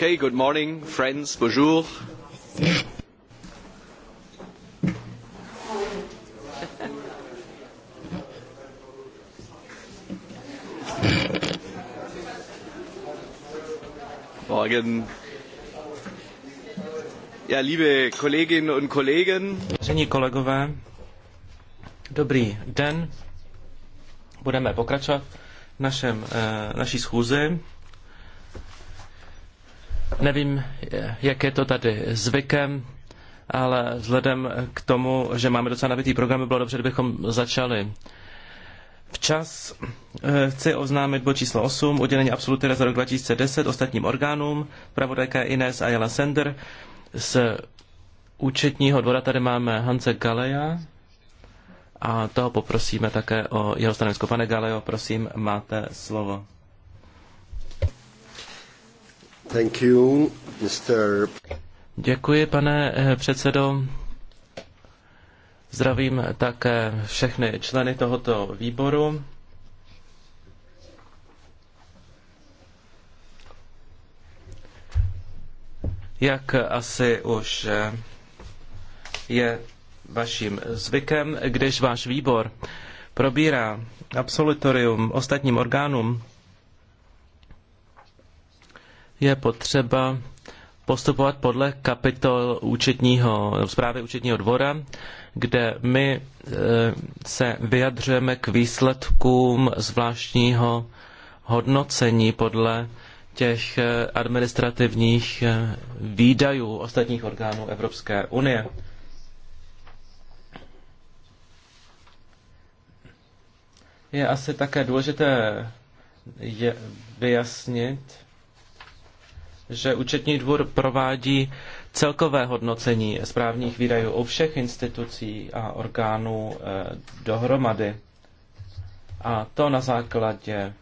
Okay, good morning, friends. Bonjour. Morgen. Ja, liebe Kolleginnen und Kollegen. Vážení kolegové, dobrý den. Budeme pokračovat v našem, eh, naší schůzi. Nevím, jak je to tady zvykem, ale vzhledem k tomu, že máme docela nabitý program, by bylo dobře, kdybychom začali včas. Eh, chci oznámit bod číslo 8, udělení absoluty za rok 2010 ostatním orgánům. Pravodajka Ines Jela Sender. Z účetního dvora tady máme Hance Galeja a toho poprosíme také o jeho stanovisko. Pane Galejo, prosím, máte slovo. Thank you, Mr. Děkuji, pane eh, předsedo. Zdravím také všechny členy tohoto výboru. Jak asi už eh, je vaším zvykem, když váš výbor probírá absolutorium ostatním orgánům, je potřeba postupovat podle kapitol účetního, zprávy účetního dvora, kde my e, se vyjadřujeme k výsledkům zvláštního hodnocení podle těch e, administrativních e, výdajů ostatních orgánů Evropské unie. Je asi také důležité je vyjasnit, že účetní dvůr provádí celkové hodnocení správních výdajů u všech institucí a orgánů eh, dohromady. A to na základě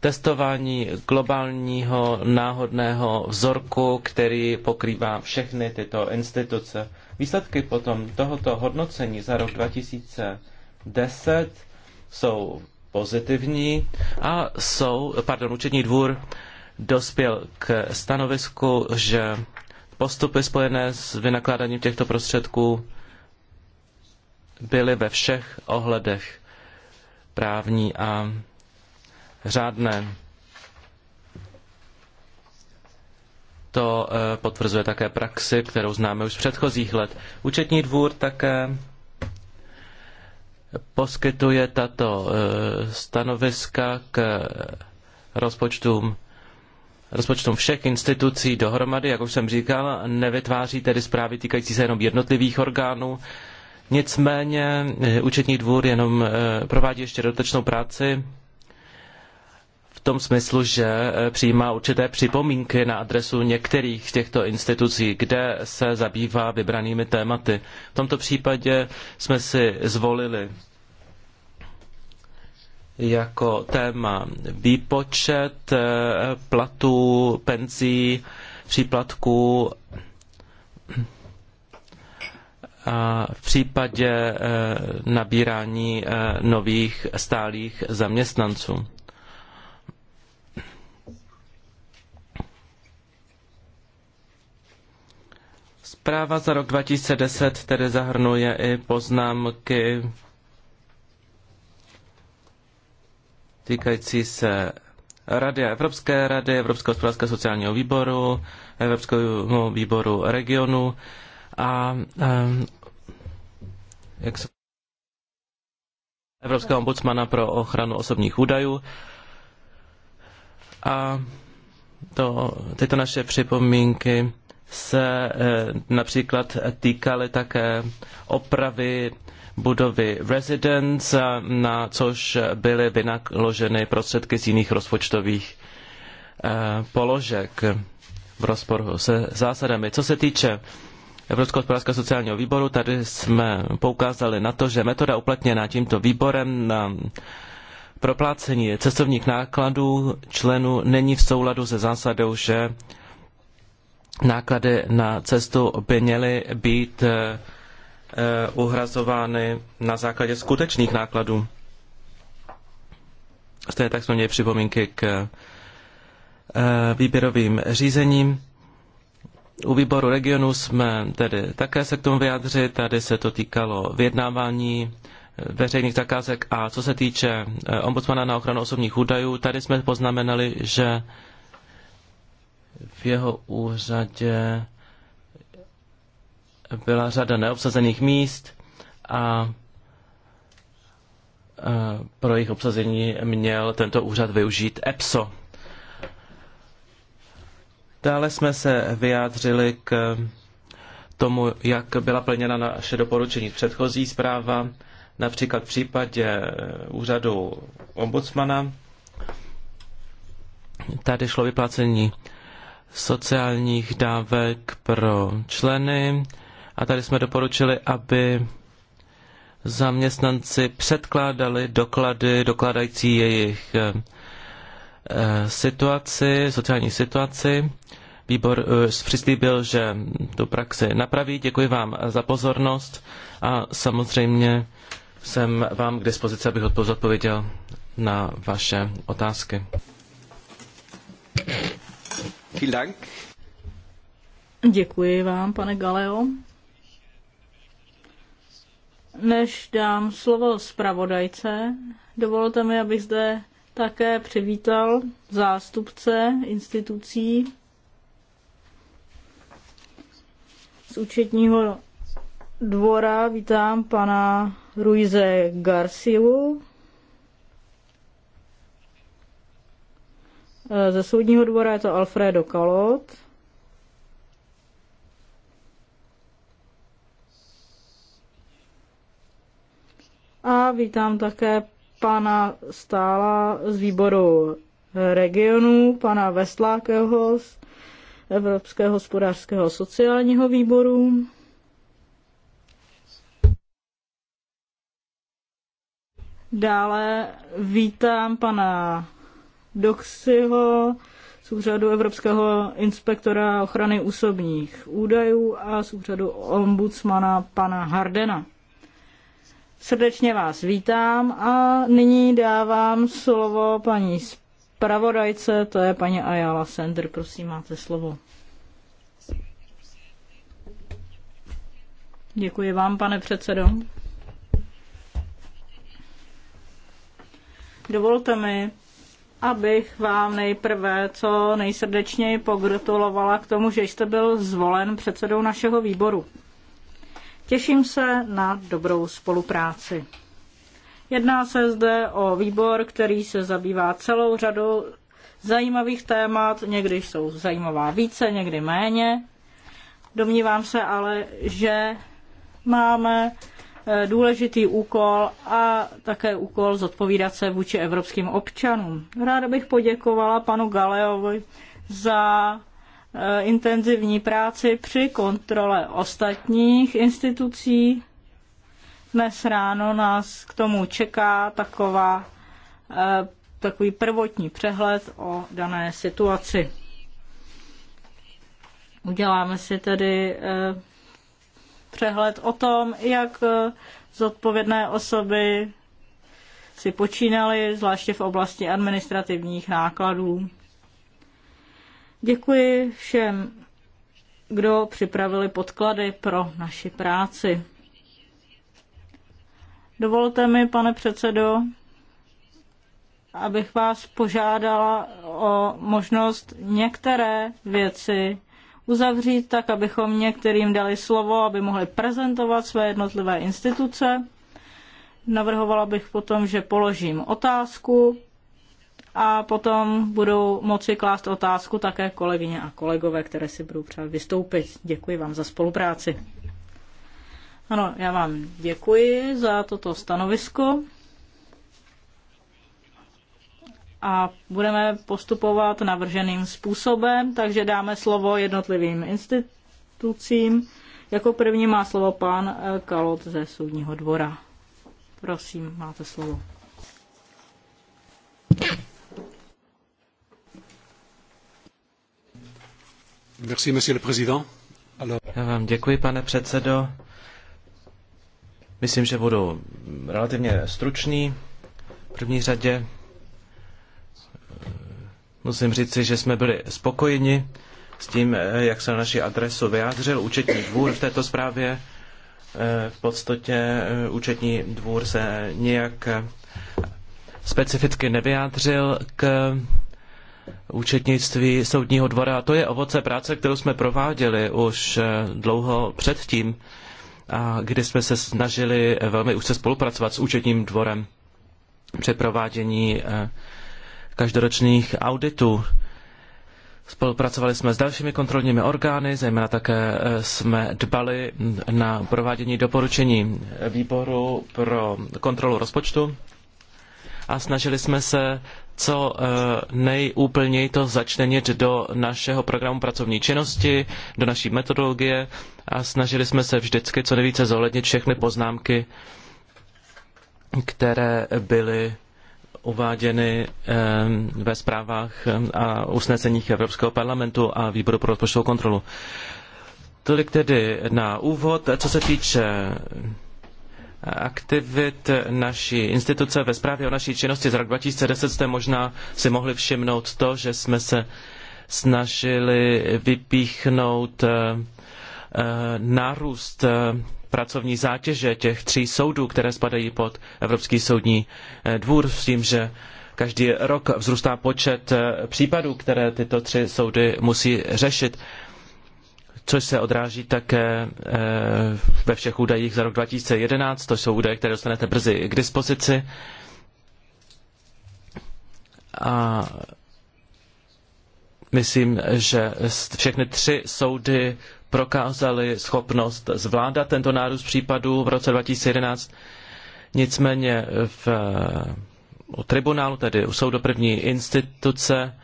testování globálního náhodného vzorku, který pokrývá všechny tyto instituce. Výsledky potom tohoto hodnocení za rok 2010 jsou pozitivní a jsou, pardon, účetní dvůr dospěl k stanovisku, že postupy spojené s vynakládáním těchto prostředků byly ve všech ohledech právní a řádné. To eh, potvrzuje také praxi, kterou známe už z předchozích let. Účetní dvůr také poskytuje tato eh, stanoviska k rozpočtům rozpočtům všech institucí dohromady, jak už jsem říkal, nevytváří tedy zprávy týkající se jenom jednotlivých orgánů. Nicméně eh, účetní dvůr jenom eh, provádí ještě dodatečnou práci v tom smyslu, že eh, přijímá určité připomínky na adresu některých z těchto institucí, kde se zabývá vybranými tématy. V tomto případě jsme si zvolili jako téma výpočet eh, platů, penzí, příplatků a v případě eh, nabírání eh, nových stálých zaměstnanců. Zpráva za rok 2010 tedy zahrnuje i poznámky týkající se Rady Evropské rady, Evropského hospodářského sociálního výboru, Evropského výboru regionu a eh, jak se, Evropského ombudsmana pro ochranu osobních údajů. A to, tyto naše připomínky se e, například týkaly také opravy budovy Residence, na což byly vynaloženy prostředky z jiných rozpočtových eh, položek v rozporu se zásadami. Co se týče Evropského hospodářského sociálního výboru, tady jsme poukázali na to, že metoda uplatněná tímto výborem na proplácení cestovních nákladů členů není v souladu se zásadou, že náklady na cestu by měly být eh, Eh, uhrazovány na základě skutečných nákladů. Stejně tak jsme měli připomínky k eh, výběrovým řízením. U výboru regionu jsme tedy také se k tomu vyjádřili, tady se to týkalo vyjednávání eh, veřejných zakázek a co se týče ombudsmana na ochranu osobních údajů, tady jsme poznamenali, že v jeho úřadě byla řada neobsazených míst a pro jejich obsazení měl tento úřad využít EPSO. Dále jsme se vyjádřili k tomu, jak byla plněna naše doporučení předchozí zpráva, například v případě úřadu ombudsmana. Tady šlo vyplácení sociálních dávek pro členy a tady jsme doporučili, aby zaměstnanci předkládali doklady dokládající jejich eh, eh, situaci, sociální situaci. Výbor eh, přislíbil, že tu praxi napraví. Děkuji vám za pozornost a samozřejmě jsem vám k dispozici, abych odpověděl na vaše otázky. Děkuji vám, pane Galeo. Než dám slovo zpravodajce, dovolte mi, abych zde také přivítal zástupce institucí z účetního dvora. Vítám pana Ruize Garciu ze soudního dvora je to Alfredo Kalot. A vítám také pana Stála z výboru regionu, pana Vestlákého z Evropského hospodářského sociálního výboru. Dále vítám pana Doxyho z úřadu Evropského inspektora ochrany osobních údajů a z úřadu ombudsmana pana Hardena. Srdečně vás vítám a nyní dávám slovo paní zpravodajce, to je paní Ayala Sender, prosím, máte slovo. Děkuji vám, pane předsedo. Dovolte mi, abych vám nejprve co nejsrdečněji pogratulovala k tomu, že jste byl zvolen předsedou našeho výboru. Těším se na dobrou spolupráci. Jedná se zde o výbor, který se zabývá celou řadou zajímavých témat, někdy jsou zajímavá více, někdy méně. Domnívám se ale, že máme eh, důležitý úkol a také úkol zodpovídat se vůči evropským občanům. Ráda bych poděkovala panu Galeovi za Eh, intenzivní práci při kontrole ostatních institucí. Dnes ráno nás k tomu čeká taková, eh, takový prvotní přehled o dané situaci. Uděláme si tedy eh, přehled o tom, jak zodpovědné osoby si počínaly, zvláště v oblasti administrativních nákladů. Děkuji všem, kdo připravili podklady pro naši práci. Dovolte mi, pane předsedo, abych vás požádala o možnost některé věci uzavřít tak, abychom některým dali slovo, aby mohli prezentovat své jednotlivé instituce. Navrhovala bych potom, že položím otázku, a potom budou moci klást otázku také kolegyně a kolegové, které si budou přát vystoupit. Děkuji vám za spolupráci. Ano, já vám děkuji za toto stanovisko. A budeme postupovat navrženým způsobem, takže dáme slovo jednotlivým institucím. Jako první má slovo pan Kalot ze Soudního dvora. Prosím, máte slovo. Merci, monsieur le président. Alors... Já vám děkuji, pane předsedo. Myslím, že budu relativně stručný. V první řadě eh, musím říci, že jsme byli spokojeni s tím, eh, jak se na naši adresu vyjádřil účetní dvůr v této zprávě. Eh, v podstatě účetní dvůr se nijak specificky nevyjádřil k účetnictví soudního dvora. A to je ovoce práce, kterou jsme prováděli už eh, dlouho předtím, a kdy jsme se snažili eh, velmi úzce spolupracovat s účetním dvorem při provádění eh, každoročních auditů. Spolupracovali jsme s dalšími kontrolními orgány, zejména také jsme dbali na provádění doporučení výboru pro kontrolu rozpočtu a snažili jsme se co eh, nejúplněji to začlenit do našeho programu pracovní činnosti, do naší metodologie a snažili jsme se vždycky co nejvíce zohlednit všechny poznámky, které byly uváděny eh, ve zprávách eh, a usneseních Evropského parlamentu a výboru pro rozpočtovou kontrolu. Tolik tedy na úvod. Co se týče aktivit naší instituce ve zprávě o naší činnosti za rok 2010 jste možná si mohli všimnout to, že jsme se snažili vypíchnout eh, eh, nárůst eh, pracovní zátěže těch tří soudů, které spadají pod Evropský soudní dvůr s tím, že každý rok vzrůstá počet případů, které tyto tři soudy musí řešit což se odráží také eh, ve všech údajích za rok 2011, to jsou údaje, které dostanete brzy k dispozici. A myslím, že všechny tři soudy prokázaly schopnost zvládat tento nárůst případů v roce 2011. Nicméně v, eh, u tribunálu, tedy u soudu první instituce,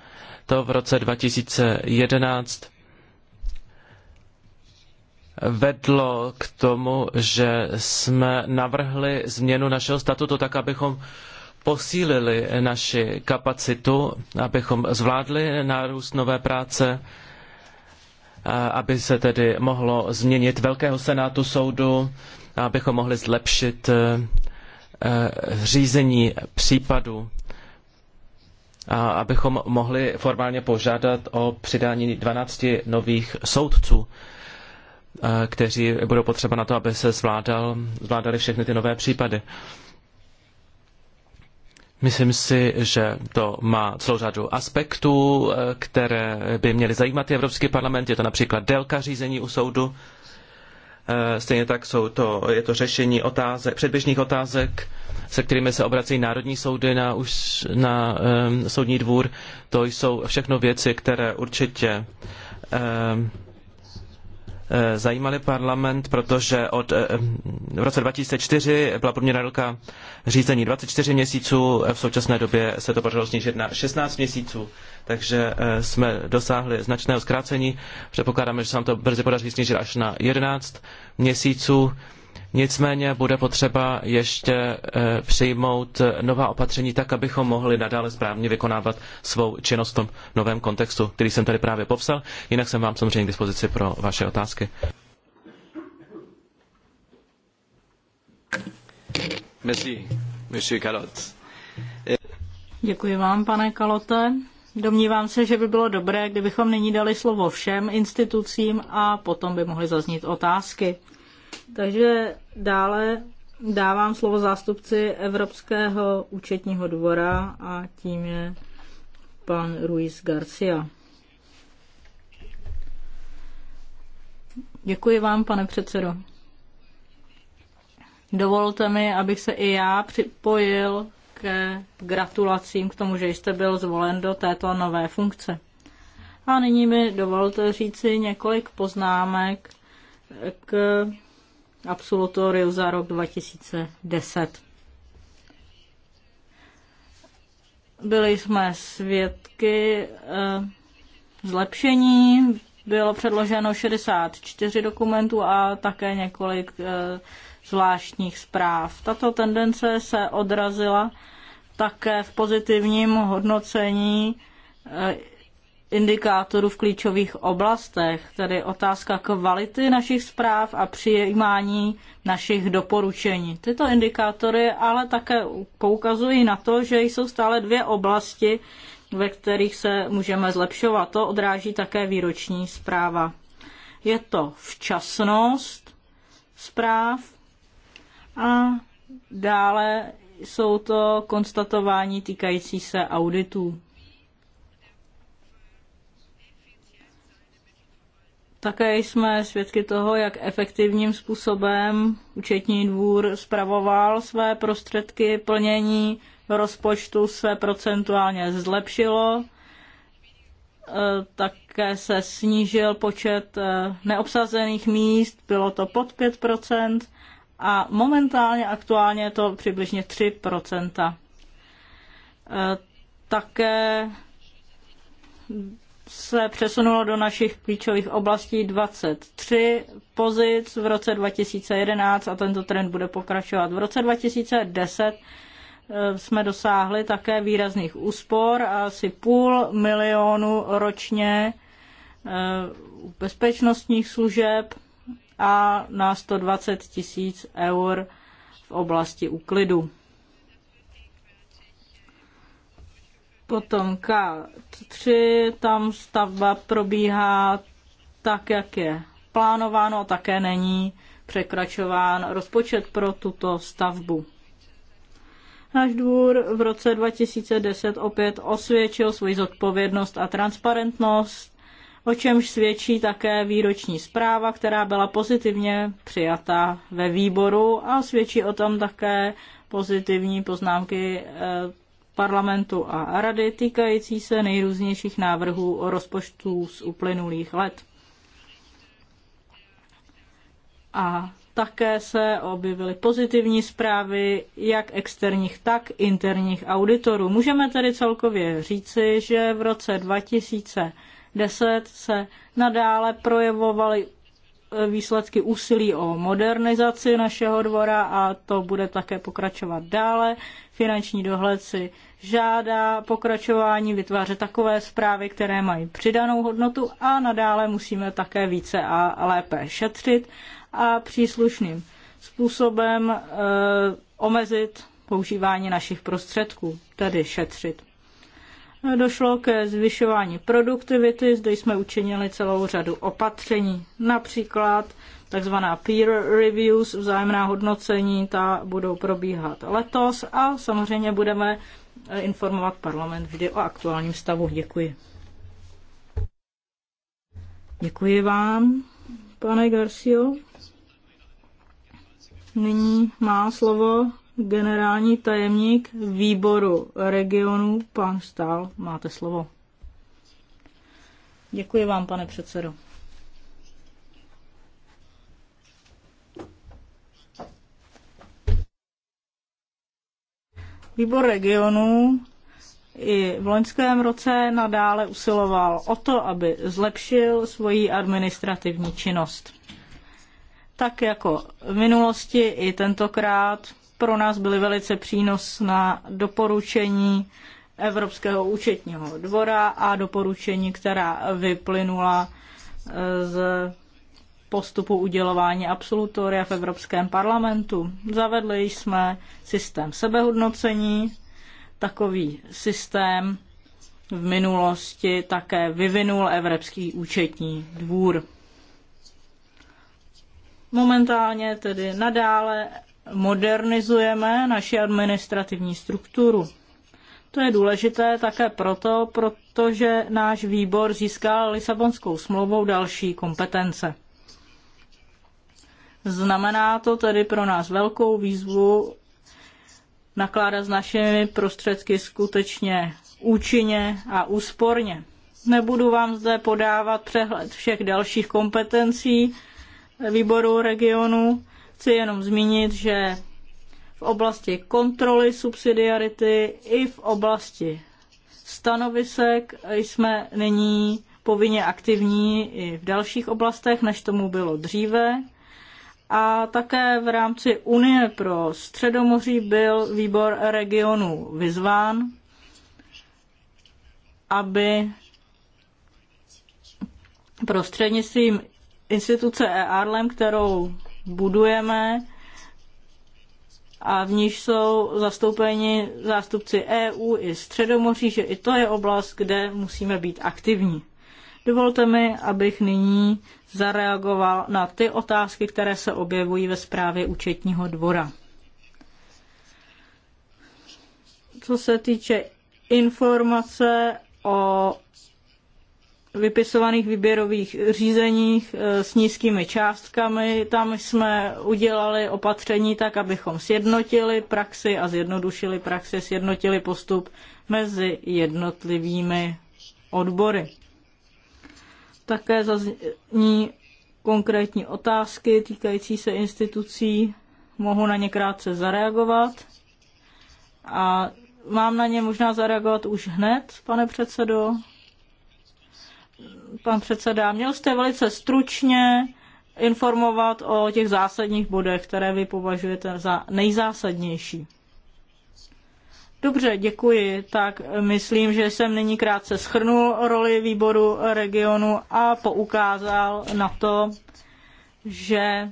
to v roce 2011 vedlo k tomu, že jsme navrhli změnu našeho statutu tak, abychom posílili naši kapacitu, abychom zvládli nárůst nové práce, aby se tedy mohlo změnit Velkého senátu soudu, abychom mohli zlepšit e, řízení případu a abychom mohli formálně požádat o přidání 12 nových soudců kteří budou potřeba na to, aby se zvládal, zvládali všechny ty nové případy. Myslím si, že to má celou řadu aspektů, e, které by měly zajímat Evropský parlament. Je to například délka řízení u soudu. E, stejně tak jsou to, je to řešení otázek, předběžných otázek, se kterými se obrací národní soudy na, už, na um, soudní dvůr. To jsou všechno věci, které určitě um, Eh, zajímaly parlament, protože od, eh, v roce 2004 byla průměrná délka řízení 24 měsíců, eh, v současné době se to podařilo snížit na 16 měsíců, takže jsme dosáhli značného zkrácení. Předpokládáme, že se nám to brzy podaří snížit až na 11 měsíců. Nicméně bude potřeba ještě eh, přijmout nová opatření tak, abychom mohli nadále správně vykonávat svou činnost v tom novém kontextu, který jsem tady právě popsal. Jinak jsem vám samozřejmě k dispozici pro vaše otázky. Merci, monsieur Kalot. Děkuji vám, pane Kalote. Domnívám se, že by bylo dobré, kdybychom nyní dali slovo všem institucím a potom by mohly zaznít otázky. Takže dále dávám slovo zástupci Evropského účetního dvora a tím je pan Ruiz Garcia. Děkuji vám, pane předsedo. Dovolte mi, abych se i já připojil ke gratulacím k tomu, že jste byl zvolen do této nové funkce. A nyní mi dovolte říci několik poznámek k absolutoriu za rok 2010. Byli jsme svědky eh, zlepšení, bylo předloženo 64 dokumentů a také několik eh, zvláštních zpráv. Tato tendence se odrazila také v pozitivním hodnocení eh, indikátorů v klíčových oblastech, tedy otázka kvality našich zpráv a přijímání našich doporučení. Tyto indikátory ale také poukazují na to, že jsou stále dvě oblasti, ve kterých se můžeme zlepšovat. To odráží také výroční zpráva. Je to včasnost zpráv a dále jsou to konstatování týkající se auditů. Také jsme svědky toho, jak efektivním způsobem účetní dvůr spravoval své prostředky plnění rozpočtu se procentuálně zlepšilo. Eh, také se snížil počet eh, neobsazených míst, bylo to pod 5% a momentálně aktuálně je to přibližně 3%. Eh, také se přesunulo do našich klíčových oblastí 23 pozic v roce 2011 a tento trend bude pokračovat. V roce 2010 eh, jsme dosáhli také výrazných úspor a asi půl milionu ročně eh, bezpečnostních služeb a na 120 tisíc eur v oblasti úklidu. Potom K3, tam stavba probíhá tak, jak je plánováno také není překračován rozpočet pro tuto stavbu. Náš dvůr v roce 2010 opět osvědčil svoji zodpovědnost a transparentnost, o čemž svědčí také výroční zpráva, která byla pozitivně přijata ve výboru a svědčí o tom také pozitivní poznámky eh, parlamentu a rady týkající se nejrůznějších návrhů o rozpočtu z uplynulých let. A také se objevily pozitivní zprávy jak externích, tak interních auditorů. Můžeme tedy celkově říci, že v roce 2010 se nadále projevovaly výsledky úsilí o modernizaci našeho dvora a to bude také pokračovat dále. Finanční dohled si žádá pokračování vytvářet takové zprávy, které mají přidanou hodnotu a nadále musíme také více a lépe šetřit a příslušným způsobem e, omezit používání našich prostředků, tedy šetřit došlo ke zvyšování produktivity, zde jsme učinili celou řadu opatření, například takzvaná peer reviews, vzájemná hodnocení, ta budou probíhat letos a samozřejmě budeme eh, informovat parlament vždy o aktuálním stavu. Děkuji. Děkuji vám, pane Garcio. Nyní má slovo generální tajemník výboru regionu, pan Stál, máte slovo. Děkuji vám, pane předsedo. Výbor regionu i v loňském roce nadále usiloval o to, aby zlepšil svoji administrativní činnost. Tak jako v minulosti i tentokrát pro nás byly velice přínosná doporučení Evropského účetního dvora a doporučení, která vyplynula e, z postupu udělování absolutoria v Evropském parlamentu. Zavedli jsme systém sebehodnocení. Takový systém v minulosti také vyvinul Evropský účetní dvůr. Momentálně tedy nadále modernizujeme naši administrativní strukturu. To je důležité také proto, protože náš výbor získal Lisabonskou smlouvou další kompetence. Znamená to tedy pro nás velkou výzvu nakládat s našimi prostředky skutečně účinně a úsporně. Nebudu vám zde podávat přehled všech dalších kompetencí výboru regionu, Chci jenom zmínit, že v oblasti kontroly subsidiarity i v oblasti stanovisek jsme nyní povinně aktivní i v dalších oblastech, než tomu bylo dříve. A také v rámci Unie pro Středomoří byl výbor regionů vyzván, aby prostřednictvím instituce e kterou budujeme a v níž jsou zastoupeni zástupci EU i Středomoří, že i to je oblast, kde musíme být aktivní. Dovolte mi, abych nyní zareagoval na ty otázky, které se objevují ve zprávě účetního dvora. Co se týče informace o vypisovaných výběrových řízeních eh, s nízkými částkami. Tam jsme udělali opatření tak, abychom sjednotili praxi a zjednodušili praxi, sjednotili postup mezi jednotlivými odbory. Také zazní konkrétní otázky týkající se institucí. Mohu na ně krátce zareagovat. A mám na ně možná zareagovat už hned, pane předsedo pan předseda. Měl jste velice stručně informovat o těch zásadních bodech, které vy považujete za nejzásadnější. Dobře, děkuji. Tak myslím, že jsem nyní krátce schrnul roli výboru regionu a poukázal na to, že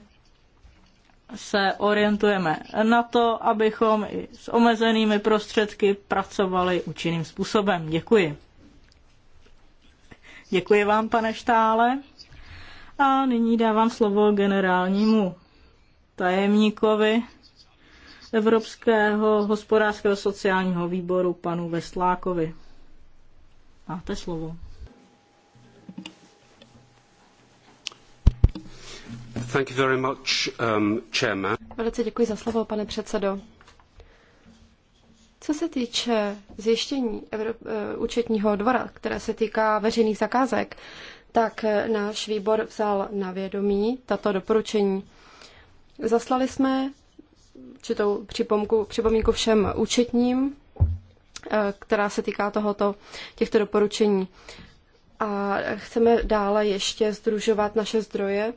se orientujeme na to, abychom i s omezenými prostředky pracovali účinným způsobem. Děkuji. Děkuji vám, pane Štále. A nyní dávám slovo generálnímu tajemníkovi Evropského hospodářského sociálního výboru panu Veslákovi. Máte slovo. Thank you very much, um, chairman. Velice děkuji za slovo, pane předsedo. Co se týče zjištění Evrop- eh, účetního dvora, které se týká veřejných zakázek, tak eh, náš výbor vzal na vědomí tato doporučení. Zaslali jsme určitou připomínku všem účetním, eh, která se týká tohoto, těchto doporučení. A chceme dále ještě združovat naše zdroje,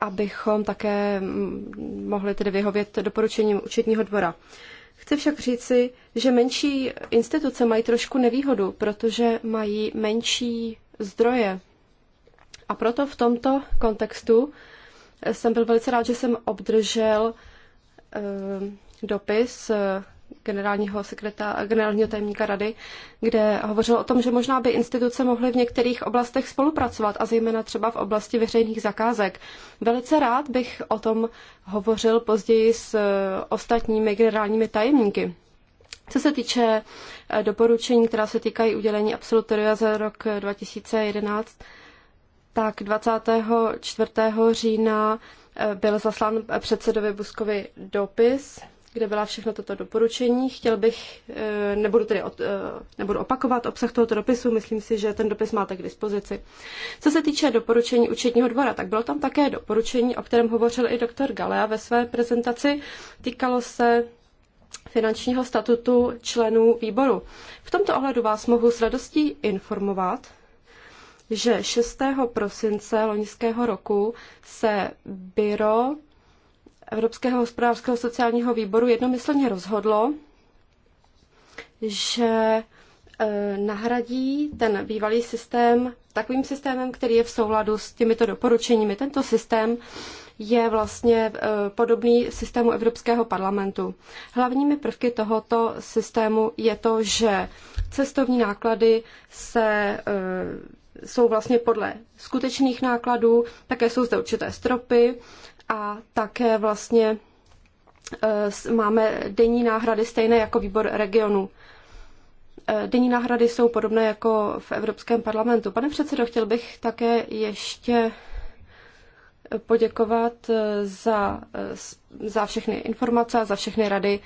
abychom také mm, mohli tedy vyhovět doporučením účetního dvora. Chci však říci, že menší instituce mají trošku nevýhodu, protože mají menší zdroje. A proto v tomto kontextu eh, jsem byl velice rád, že jsem obdržel eh, dopis eh, generálního, sekretá, generálního tajemníka rady, kde hovořil o tom, že možná by instituce mohly v některých oblastech spolupracovat, a zejména třeba v oblasti veřejných zakázek. Velice rád bych o tom hovořil později s eh, ostatními generálními tajemníky. Co se týče eh, doporučení, která se týkají udělení absolutoria za rok 2011, eh, tak 24. října byl zaslán předsedovi Buskovi dopis kde byla všechno toto doporučení. Chtěl bych, eh, nebudu tedy od, eh, nebudu opakovat obsah tohoto dopisu, myslím si, že ten dopis máte k dispozici. Co se týče doporučení účetního dvora, tak bylo tam také doporučení, o kterém hovořil i doktor Galea ve své prezentaci. Týkalo se finančního statutu členů výboru. V tomto ohledu vás mohu s radostí informovat, že 6. prosince loňského roku se byro Evropského hospodářského sociálního výboru jednomyslně rozhodlo, že e, nahradí ten bývalý systém takovým systémem, který je v souladu s těmito doporučeními. Tento systém je vlastně e, podobný systému Evropského parlamentu. Hlavními prvky tohoto systému je to, že cestovní náklady se e, jsou vlastně podle skutečných nákladů, také jsou zde určité stropy, a také vlastně e, máme denní náhrady stejné jako výbor regionu. E, denní náhrady jsou podobné jako v Evropském parlamentu. Pane předsedo, chtěl bych také ještě poděkovat e, za, za všechny informace a za všechny rady,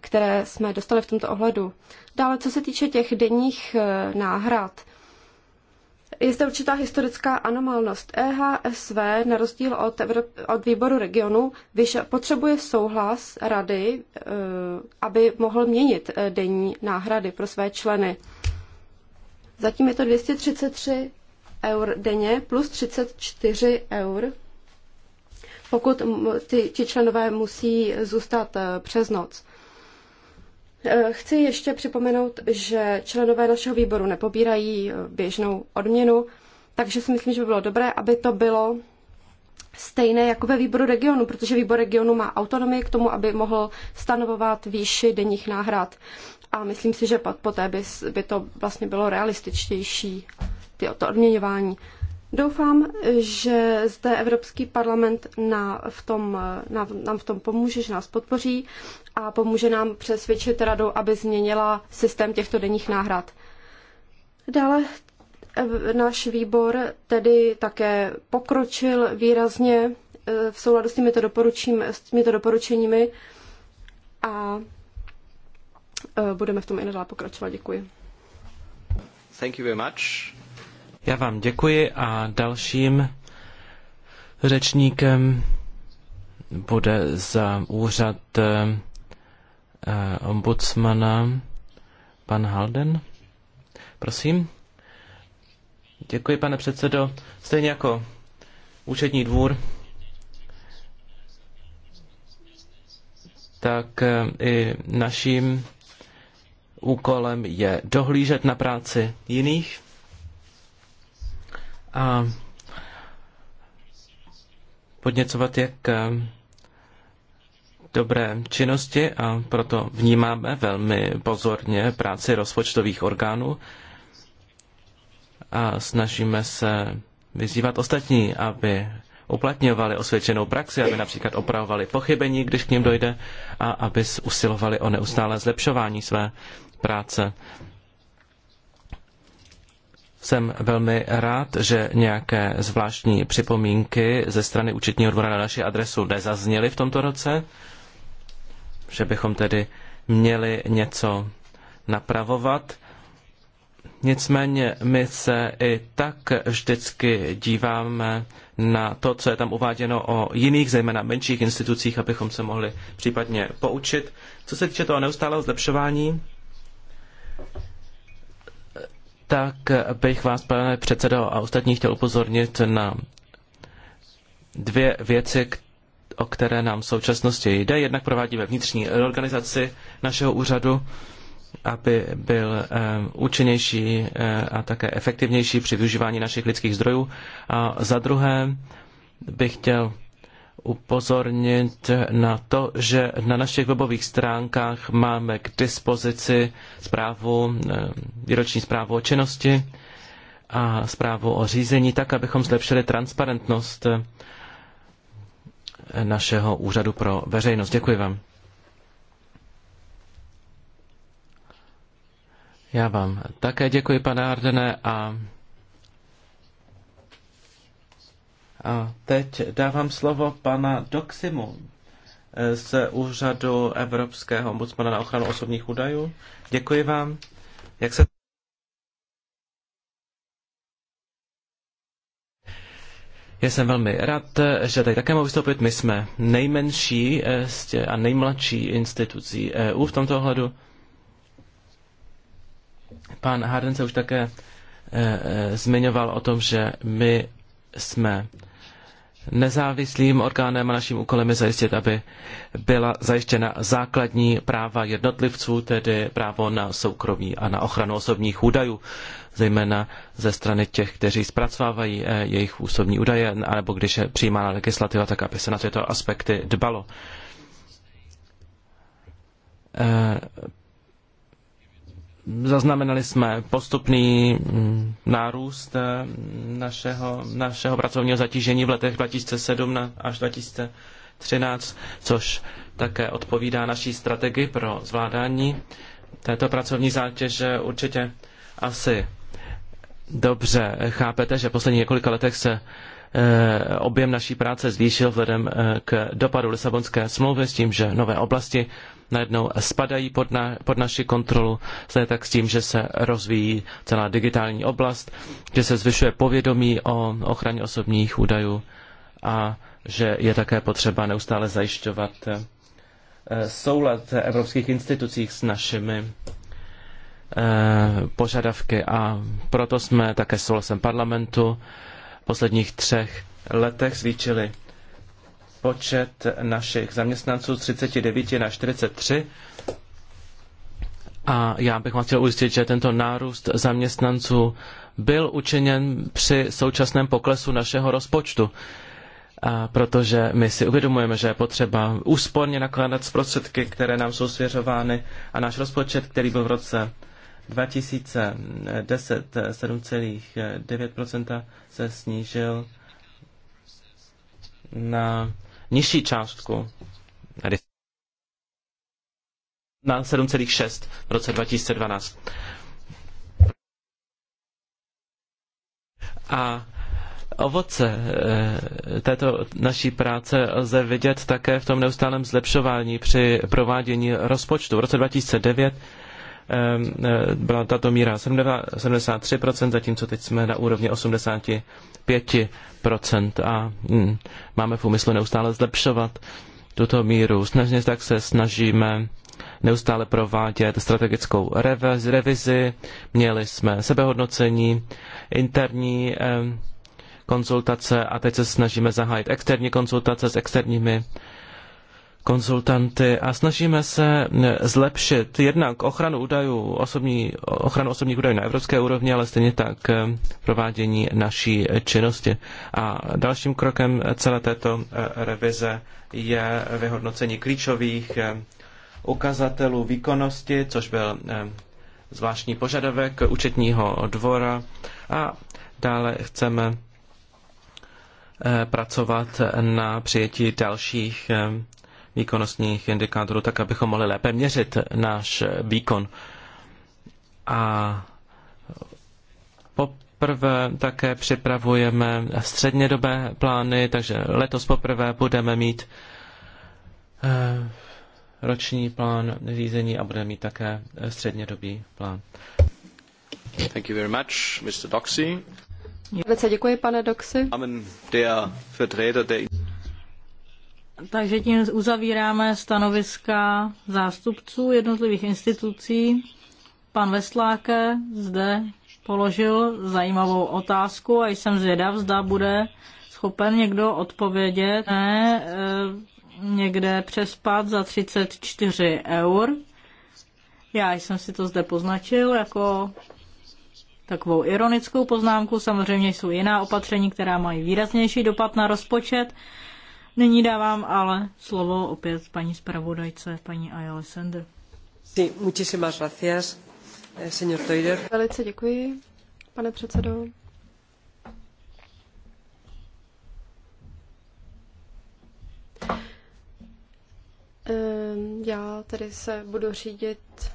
které jsme dostali v tomto ohledu. Dále, co se týče těch denních náhrad, je zde určitá historická anomálnost. EHSV, na rozdíl od, Evrop- od výboru regionu, vyš- potřebuje souhlas rady, e, aby mohl měnit e, denní náhrady pro své členy. Zatím je to 233 eur denně plus 34 eur, pokud ty, ti členové musí zůstat e, přes noc. Eh, chci ještě připomenout, že členové našeho výboru nepobírají eh, běžnou odměnu, takže si myslím, že by bylo dobré, aby to bylo stejné jako ve výboru regionu, protože výbor regionu má autonomii k tomu, aby mohl stanovovat výši denních náhrad. A myslím si, že poté by, by to vlastně bylo realističtější, ty, to odměňování. Doufám, že zde Evropský parlament na, v tom, eh, na, nám v tom pomůže, že nás podpoří a pomůže nám přesvědčit radu, aby změnila systém těchto denních náhrad. Dále eh, náš výbor tedy také pokročil výrazně eh, v souladu s těmito, s těmito doporučeními a eh, budeme v tom i nadále pokračovat. Děkuji. Thank you very much. Já vám děkuji a dalším řečníkem bude za úřad Eh, ombudsmana, pan Halden. Prosím. Děkuji, pane předsedo. Stejně jako účetní dvůr, tak eh, i naším úkolem je dohlížet na práci jiných a podněcovat je k dobré činnosti a proto vnímáme velmi pozorně práci rozpočtových orgánů a snažíme se vyzývat ostatní, aby uplatňovali osvědčenou praxi, aby například opravovali pochybení, když k ním dojde, a aby usilovali o neustále zlepšování své práce. Jsem velmi rád, že nějaké zvláštní připomínky ze strany účetního dvora na naši adresu nezazněly v tomto roce že bychom tedy měli něco napravovat. Nicméně my se i tak vždycky díváme na to, co je tam uváděno o jiných, zejména menších institucích, abychom se mohli případně poučit. Co se týče toho neustálého zlepšování, tak bych vás, pane předsedo a ostatní, chtěl upozornit na dvě věci, které o které nám v současnosti jde. Jednak provádíme vnitřní reorganizaci našeho úřadu, aby byl eh, účinnější eh, a také efektivnější při využívání našich lidských zdrojů. A za druhé bych chtěl upozornit na to, že na našich webových stránkách máme k dispozici zprávu, eh, výroční zprávu o činnosti a zprávu o řízení, tak abychom zlepšili transparentnost našeho úřadu pro veřejnost. Děkuji vám. Já vám také děkuji, pane Ardene, a, a teď dávám slovo pana Doximu z úřadu Evropského ombudsmana na ochranu osobních údajů. Děkuji vám. Jak se Já jsem velmi rád, že tady také mohu vystoupit. My jsme nejmenší eh, a nejmladší institucí EU v tomto ohledu. Pan Harden se už také eh, eh, zmiňoval o tom, že my jsme nezávislým orgánem a naším úkolem je zajistit, aby byla zajištěna základní práva jednotlivců, tedy právo na soukromí a na ochranu osobních údajů, zejména ze strany těch, kteří zpracovávají eh, jejich osobní údaje, anebo když je přijímána legislativa, tak aby se na tyto aspekty dbalo. Eh, Zaznamenali jsme postupný mm, nárůst eh, našeho, našeho pracovního zatížení v letech 2007 až 2013, což také odpovídá naší strategii pro zvládání této pracovní zátěže. Určitě asi dobře chápete, že v posledních několika letech se eh, objem naší práce zvýšil vzhledem eh, k dopadu Lisabonské smlouvy s tím, že nové oblasti najednou spadají pod, na, pod naši kontrolu, Je tak s tím, že se rozvíjí celá digitální oblast, že se zvyšuje povědomí o ochraně osobních údajů a že je také potřeba neustále zajišťovat eh, soulad evropských institucí s našimi eh, požadavky a proto jsme také s souhlasem parlamentu v posledních třech letech zvýšili počet našich zaměstnanců z 39 na 43. A já bych vám chtěl ujistit, že tento nárůst zaměstnanců byl učiněn při současném poklesu našeho rozpočtu. A protože my si uvědomujeme, že je potřeba úsporně nakládat zprostředky, prostředky, které nám jsou svěřovány a náš rozpočet, který byl v roce 2010 7,9% se snížil na nižší částku na 7,6 v roce 2012. A ovoce eh, této naší práce lze vidět také v tom neustálém zlepšování při provádění rozpočtu. V roce 2009 Ehm, e, byla tato míra 73%, zatímco teď jsme na úrovni 85% a hm, máme v úmyslu neustále zlepšovat tuto míru. Snažně tak se snažíme neustále provádět strategickou revizi. Měli jsme sebehodnocení, interní ehm, konzultace a teď se snažíme zahájit externí konzultace s externími konzultanty a snažíme se zlepšit jednak ochranu údajů, osobní, ochranu osobních údajů na evropské úrovni, ale stejně tak eh, provádění naší činnosti. A dalším krokem celé této eh, revize je vyhodnocení klíčových eh, ukazatelů výkonnosti, což byl zvláštní požadavek účetního dvora a dále chceme pracovat na přijetí dalších výkonnostních indikátorů, tak abychom mohli lépe měřit náš výkon. A poprvé také připravujeme střednědobé plány, takže letos poprvé budeme mít eh, roční plán řízení a budeme mít také střednědobý plán. Thank you very much, Mr. Doxy. Velice děkuji, pane Doxy. Amen, der der. Takže tím uzavíráme stanoviska zástupců jednotlivých institucí. Pan Vesláke zde položil zajímavou otázku a jsem zvědav, zda bude schopen někdo odpovědět. Ne, eh, někde přespat za 34 eur. Já jsem si to zde poznačil jako takovou ironickou poznámku. Samozřejmě jsou jiná opatření, která mají výraznější dopad na rozpočet, Nyní dávám ale slovo opět paní zpravodajce, paní Ayala Sender. Sí, muchísimas gracias, eh, señor Toider. Velice děkuji, pane předsedo. Ehm, já tedy se budu řídit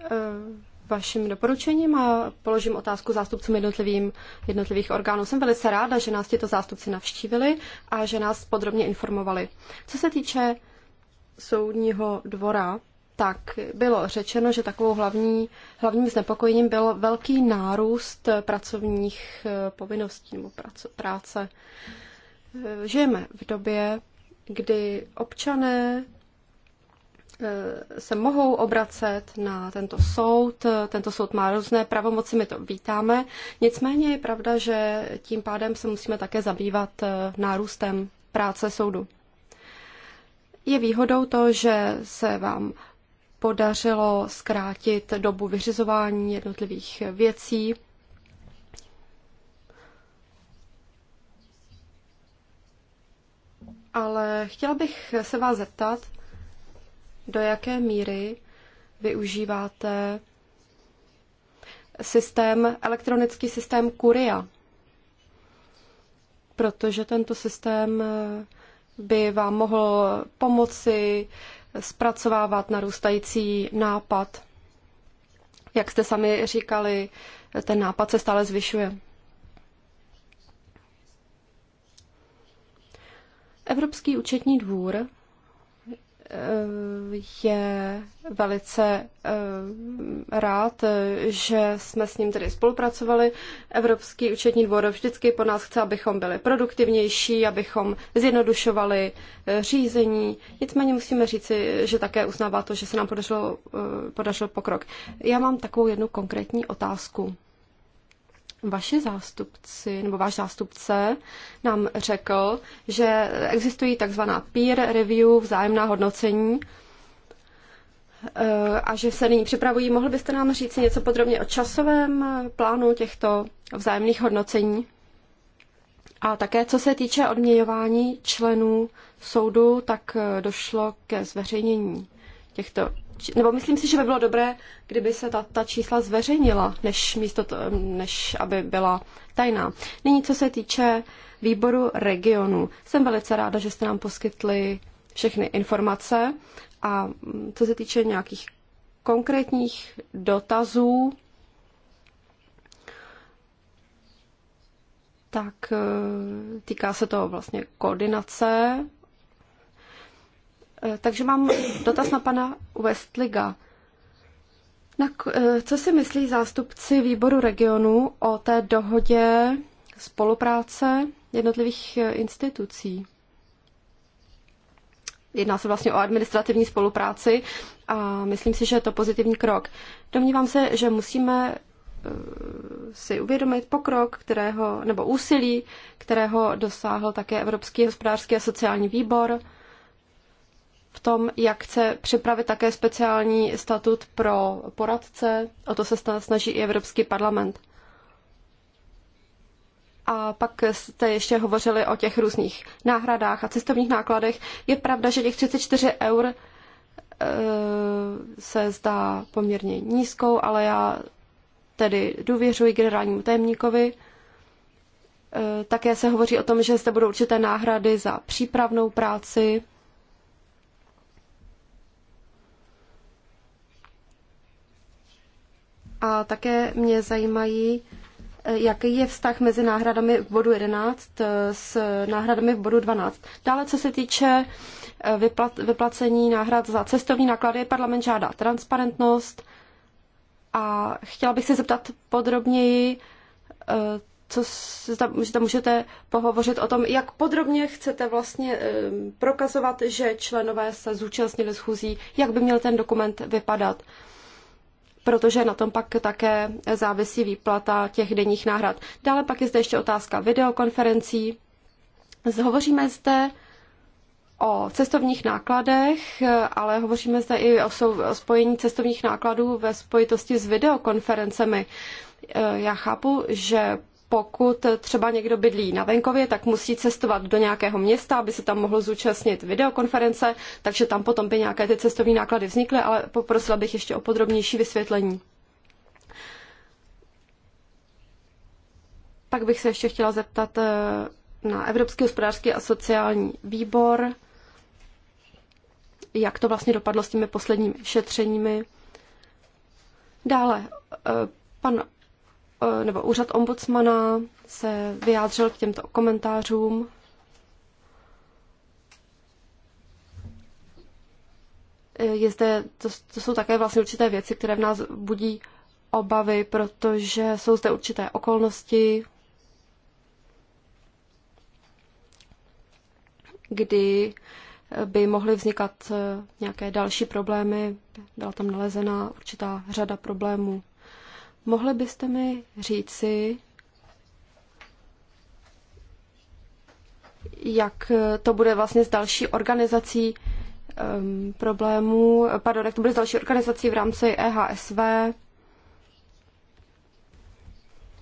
ehm, Vaším doporučením a položím otázku zástupcům jednotlivým, jednotlivých orgánů. Jsem velice ráda, že nás tyto zástupci navštívili a že nás podrobně informovali. Co se týče soudního dvora, tak bylo řečeno, že takovou hlavní, hlavním znepokojením byl velký nárůst pracovních eh, povinností nebo práce. Eh, žijeme v době, kdy občané Eh, se mohou obracet na tento soud. Tento soud má různé pravomoci, my to vítáme. Nicméně je pravda, že tím pádem se musíme také zabývat eh, nárůstem práce soudu. Je výhodou to, že se vám podařilo zkrátit dobu vyřizování jednotlivých věcí. Ale chtěla bych se vás zeptat, do jaké míry využíváte systém, elektronický systém Kuria, protože tento systém eh, by vám mohl pomoci zpracovávat narůstající nápad. Jak jste sami říkali, ten nápad se stále zvyšuje. Evropský účetní dvůr Eh, je velice eh, rád, že jsme s ním tedy spolupracovali. Evropský účetní dvor vždycky po nás chce, abychom byli produktivnější, abychom zjednodušovali eh, řízení. Nicméně musíme říci, že také uznává to, že se nám podařilo, podařilo pokrok. Já mám takovou jednu konkrétní otázku vaši zástupci nebo váš zástupce nám řekl, že existují takzvaná peer review, vzájemná hodnocení eh, a že se nyní připravují. Mohl byste nám říct něco podrobně o časovém plánu těchto vzájemných hodnocení? A také co se týče odměňování členů soudu, tak eh, došlo ke zveřejnění těchto nebo myslím si, že by bylo dobré, kdyby se ta, ta čísla zveřejnila, než, místo to, než aby byla tajná. Nyní, co se týče výboru regionu, jsem velice ráda, že jste nám poskytli všechny informace a mm, co se týče nějakých konkrétních dotazů, tak e, týká se to vlastně koordinace Eh, takže mám dotaz na pana Westliga. Na, eh, co si myslí zástupci výboru regionu o té dohodě spolupráce jednotlivých eh, institucí? Jedná se vlastně o administrativní spolupráci a myslím si, že je to pozitivní krok. Domnívám se, že musíme si uvědomit pokrok, kterého, nebo úsilí, kterého dosáhl také Evropský hospodářský a sociální výbor, v tom, jak chce připravit také speciální statut pro poradce. O to se snaží i Evropský parlament. A pak jste ještě hovořili o těch různých náhradách a cestovních nákladech. Je pravda, že těch 34 eur e, se zdá poměrně nízkou, ale já tedy důvěřuji generálnímu tajemníkovi. E, také se hovoří o tom, že zde budou určité náhrady za přípravnou práci A také mě zajímají, eh, jaký je vztah mezi náhradami v bodu 11 eh, s náhradami v bodu 12. Dále, co se týče eh, vyplat, vyplacení náhrad za cestovní náklady, parlament žádá transparentnost a chtěla bych se zeptat podrobněji, co zda můžete pohovořit o tom, jak podrobně chcete vlastně prokazovat, že členové se zúčastnili schůzí, jak by měl ten dokument vypadat protože na tom pak také závisí výplata těch denních náhrad. Dále pak je zde ještě otázka videokonferencí. Zhovoříme zde o cestovních nákladech, ale hovoříme zde i o, sou, o spojení cestovních nákladů ve spojitosti s videokonferencemi. E, já chápu, že pokud třeba někdo bydlí na venkově, tak musí cestovat do nějakého města, aby se tam mohl zúčastnit videokonference, takže tam potom by nějaké ty cestovní náklady vznikly, ale poprosila bych ještě o podrobnější vysvětlení. Pak bych se ještě chtěla zeptat eh, na Evropský hospodářský a sociální výbor, jak to vlastně dopadlo s těmi posledními šetřeními. Dále, eh, pan Eh, nebo úřad ombudsmana se vyjádřil k těmto komentářům. Eh, je zde, to, to jsou také vlastně určité věci, které v nás budí obavy, protože jsou zde určité okolnosti, kdy eh, by mohly vznikat nějaké další problémy. Byla tam nalezena určitá řada problémů. Mohli byste mi říci, jak to bude vlastně s další organizací um, problémů, pardon, jak to bude s další organizací v rámci EHSV?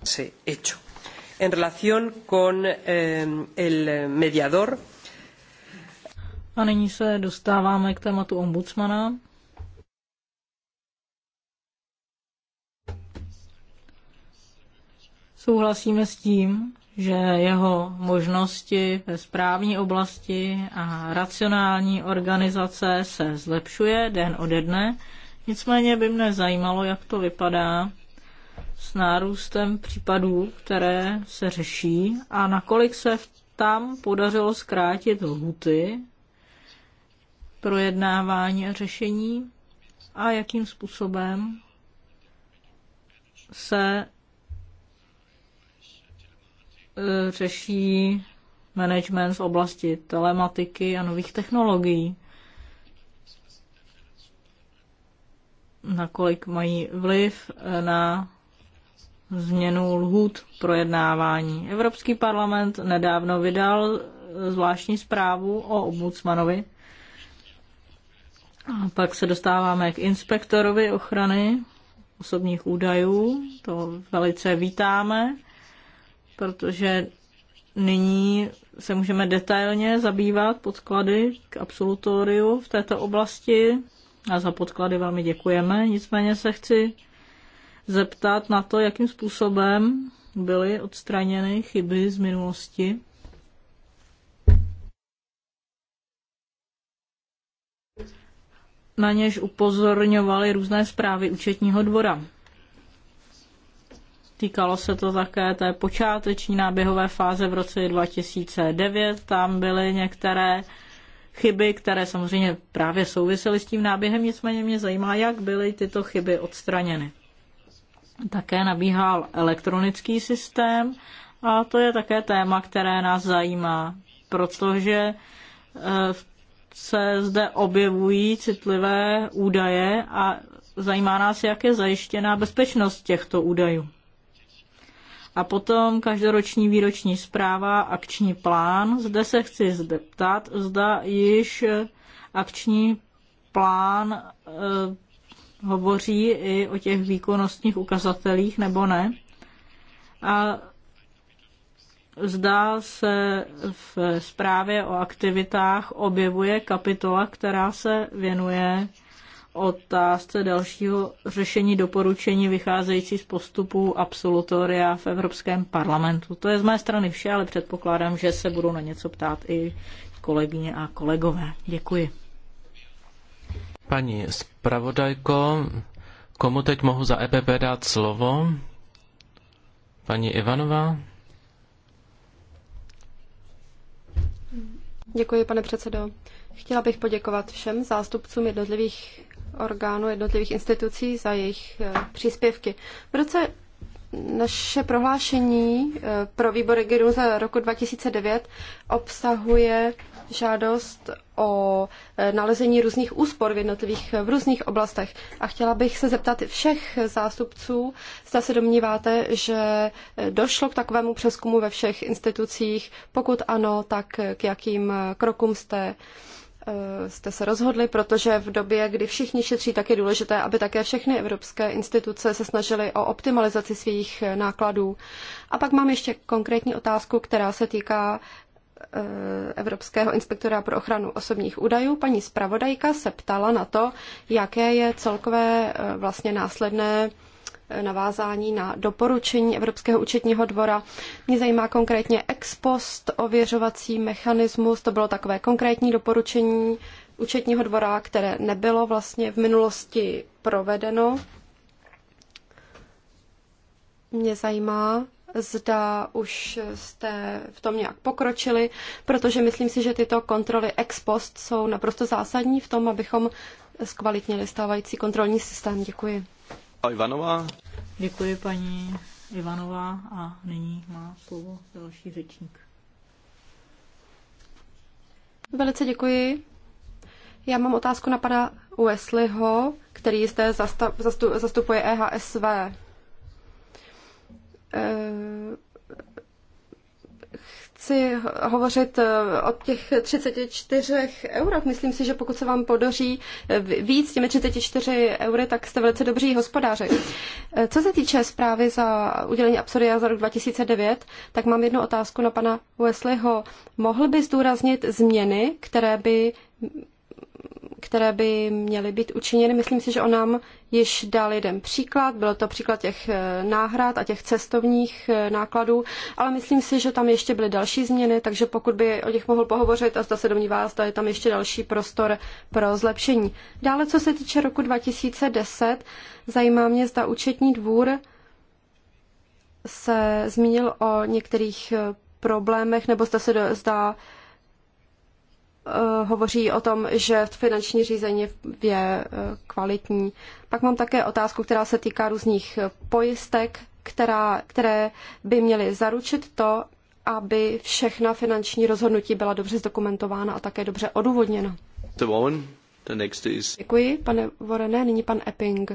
Sí, hecho. En relación con eh, el mediador. A nyní se dostáváme k tématu ombudsmana. Souhlasíme s tím, že jeho možnosti ve správní oblasti a racionální organizace se zlepšuje den ode dne. Nicméně by mne zajímalo, jak to vypadá s nárůstem případů, které se řeší a nakolik se tam podařilo zkrátit lhuty projednávání a řešení a jakým způsobem se Eh, řeší management v oblasti telematiky a nových technologií. Nakolik mají vliv na změnu lhůt projednávání. Evropský parlament nedávno vydal eh, zvláštní zprávu o ombudsmanovi. A pak se dostáváme k inspektorovi ochrany osobních údajů. To velice vítáme protože nyní se můžeme detailně zabývat podklady k absolutoriu v této oblasti a za podklady vám děkujeme. Nicméně se chci zeptat na to, jakým způsobem byly odstraněny chyby z minulosti. Na něž upozorňovaly různé zprávy účetního dvora. Týkalo se to také té počáteční náběhové fáze v roce 2009. Tam byly některé chyby, které samozřejmě právě souvisely s tím náběhem, nicméně mě zajímá, jak byly tyto chyby odstraněny. Také nabíhal elektronický systém a to je také téma, které nás zajímá, protože e, se zde objevují citlivé údaje a zajímá nás, jak je zajištěná bezpečnost těchto údajů. A potom každoroční výroční zpráva, akční plán. Zde se chci zeptat, zda již akční plán eh, hovoří i o těch výkonnostních ukazatelích nebo ne. A Zdá se v zprávě o aktivitách objevuje kapitola, která se věnuje otázce dalšího řešení doporučení vycházející z postupů absolutoria v Evropském parlamentu. To je z mé strany vše, ale předpokládám, že se budou na něco ptát i kolegyně a kolegové. Děkuji. Paní zpravodajko, komu teď mohu za EPP dát slovo? Paní Ivanová? Děkuji, pane předsedo. Chtěla bych poděkovat všem zástupcům jednotlivých orgánů jednotlivých institucí za jejich eh, příspěvky. V roce naše prohlášení eh, pro výbor regionu za roku 2009 obsahuje žádost o eh, nalezení různých úspor v jednotlivých v různých oblastech. A chtěla bych se zeptat všech zástupců, zda se domníváte, že došlo k takovému přeskumu ve všech institucích. Pokud ano, tak k jakým krokům jste Eh, jste se rozhodli, protože v době, kdy všichni šetří, tak je důležité, aby také všechny evropské instituce se snažily o optimalizaci svých eh, nákladů. A pak mám ještě konkrétní otázku, která se týká eh, Evropského inspektora pro ochranu osobních údajů. Paní zpravodajka se ptala na to, jaké je celkové vlastně následné navázání na doporučení Evropského účetního dvora. Mě zajímá konkrétně ex post ověřovací mechanismus, to bylo takové konkrétní doporučení účetního dvora, které nebylo vlastně v minulosti provedeno. Mě zajímá, zda už jste v tom nějak pokročili, protože myslím si, že tyto kontroly ex post jsou naprosto zásadní v tom, abychom zkvalitnili stávající kontrolní systém. Děkuji. Ivanová. Děkuji paní Ivanová a nyní má slovo další řečník. Velice děkuji. Já mám otázku na pana Wesleyho, který zde zastup, zastupuje EHSV. E, chci hovořit eh, o těch 34 eurách. Myslím si, že pokud se vám podaří eh, víc těmi 34 eury, tak jste velice dobří hospodáři. Eh, co se týče zprávy za udělení Absoria za rok 2009, tak mám jednu otázku na pana Wesleyho. Mohl by zdůraznit změny, které by které by měly být učiněny. Myslím si, že on nám již dal jeden příklad, byl to příklad těch eh, náhrad a těch cestovních eh, nákladů, ale myslím si, že tam ještě byly další změny, takže pokud by o nich mohl pohovořit a zda se domnívá, zda je tam ještě další prostor pro zlepšení. Dále, co se týče roku 2010, zajímá mě, zda účetní dvůr se zmínil o některých eh, problémech, nebo zda se do, zda Eh, hovoří o tom, že finanční řízení je eh, kvalitní. Pak mám také otázku, která se týká různých pojistek, která, které by měly zaručit to, aby všechna finanční rozhodnutí byla dobře zdokumentována a také dobře odůvodněna. The woman. the next is... Děkuji, pane Vorené, nyní pan Epping.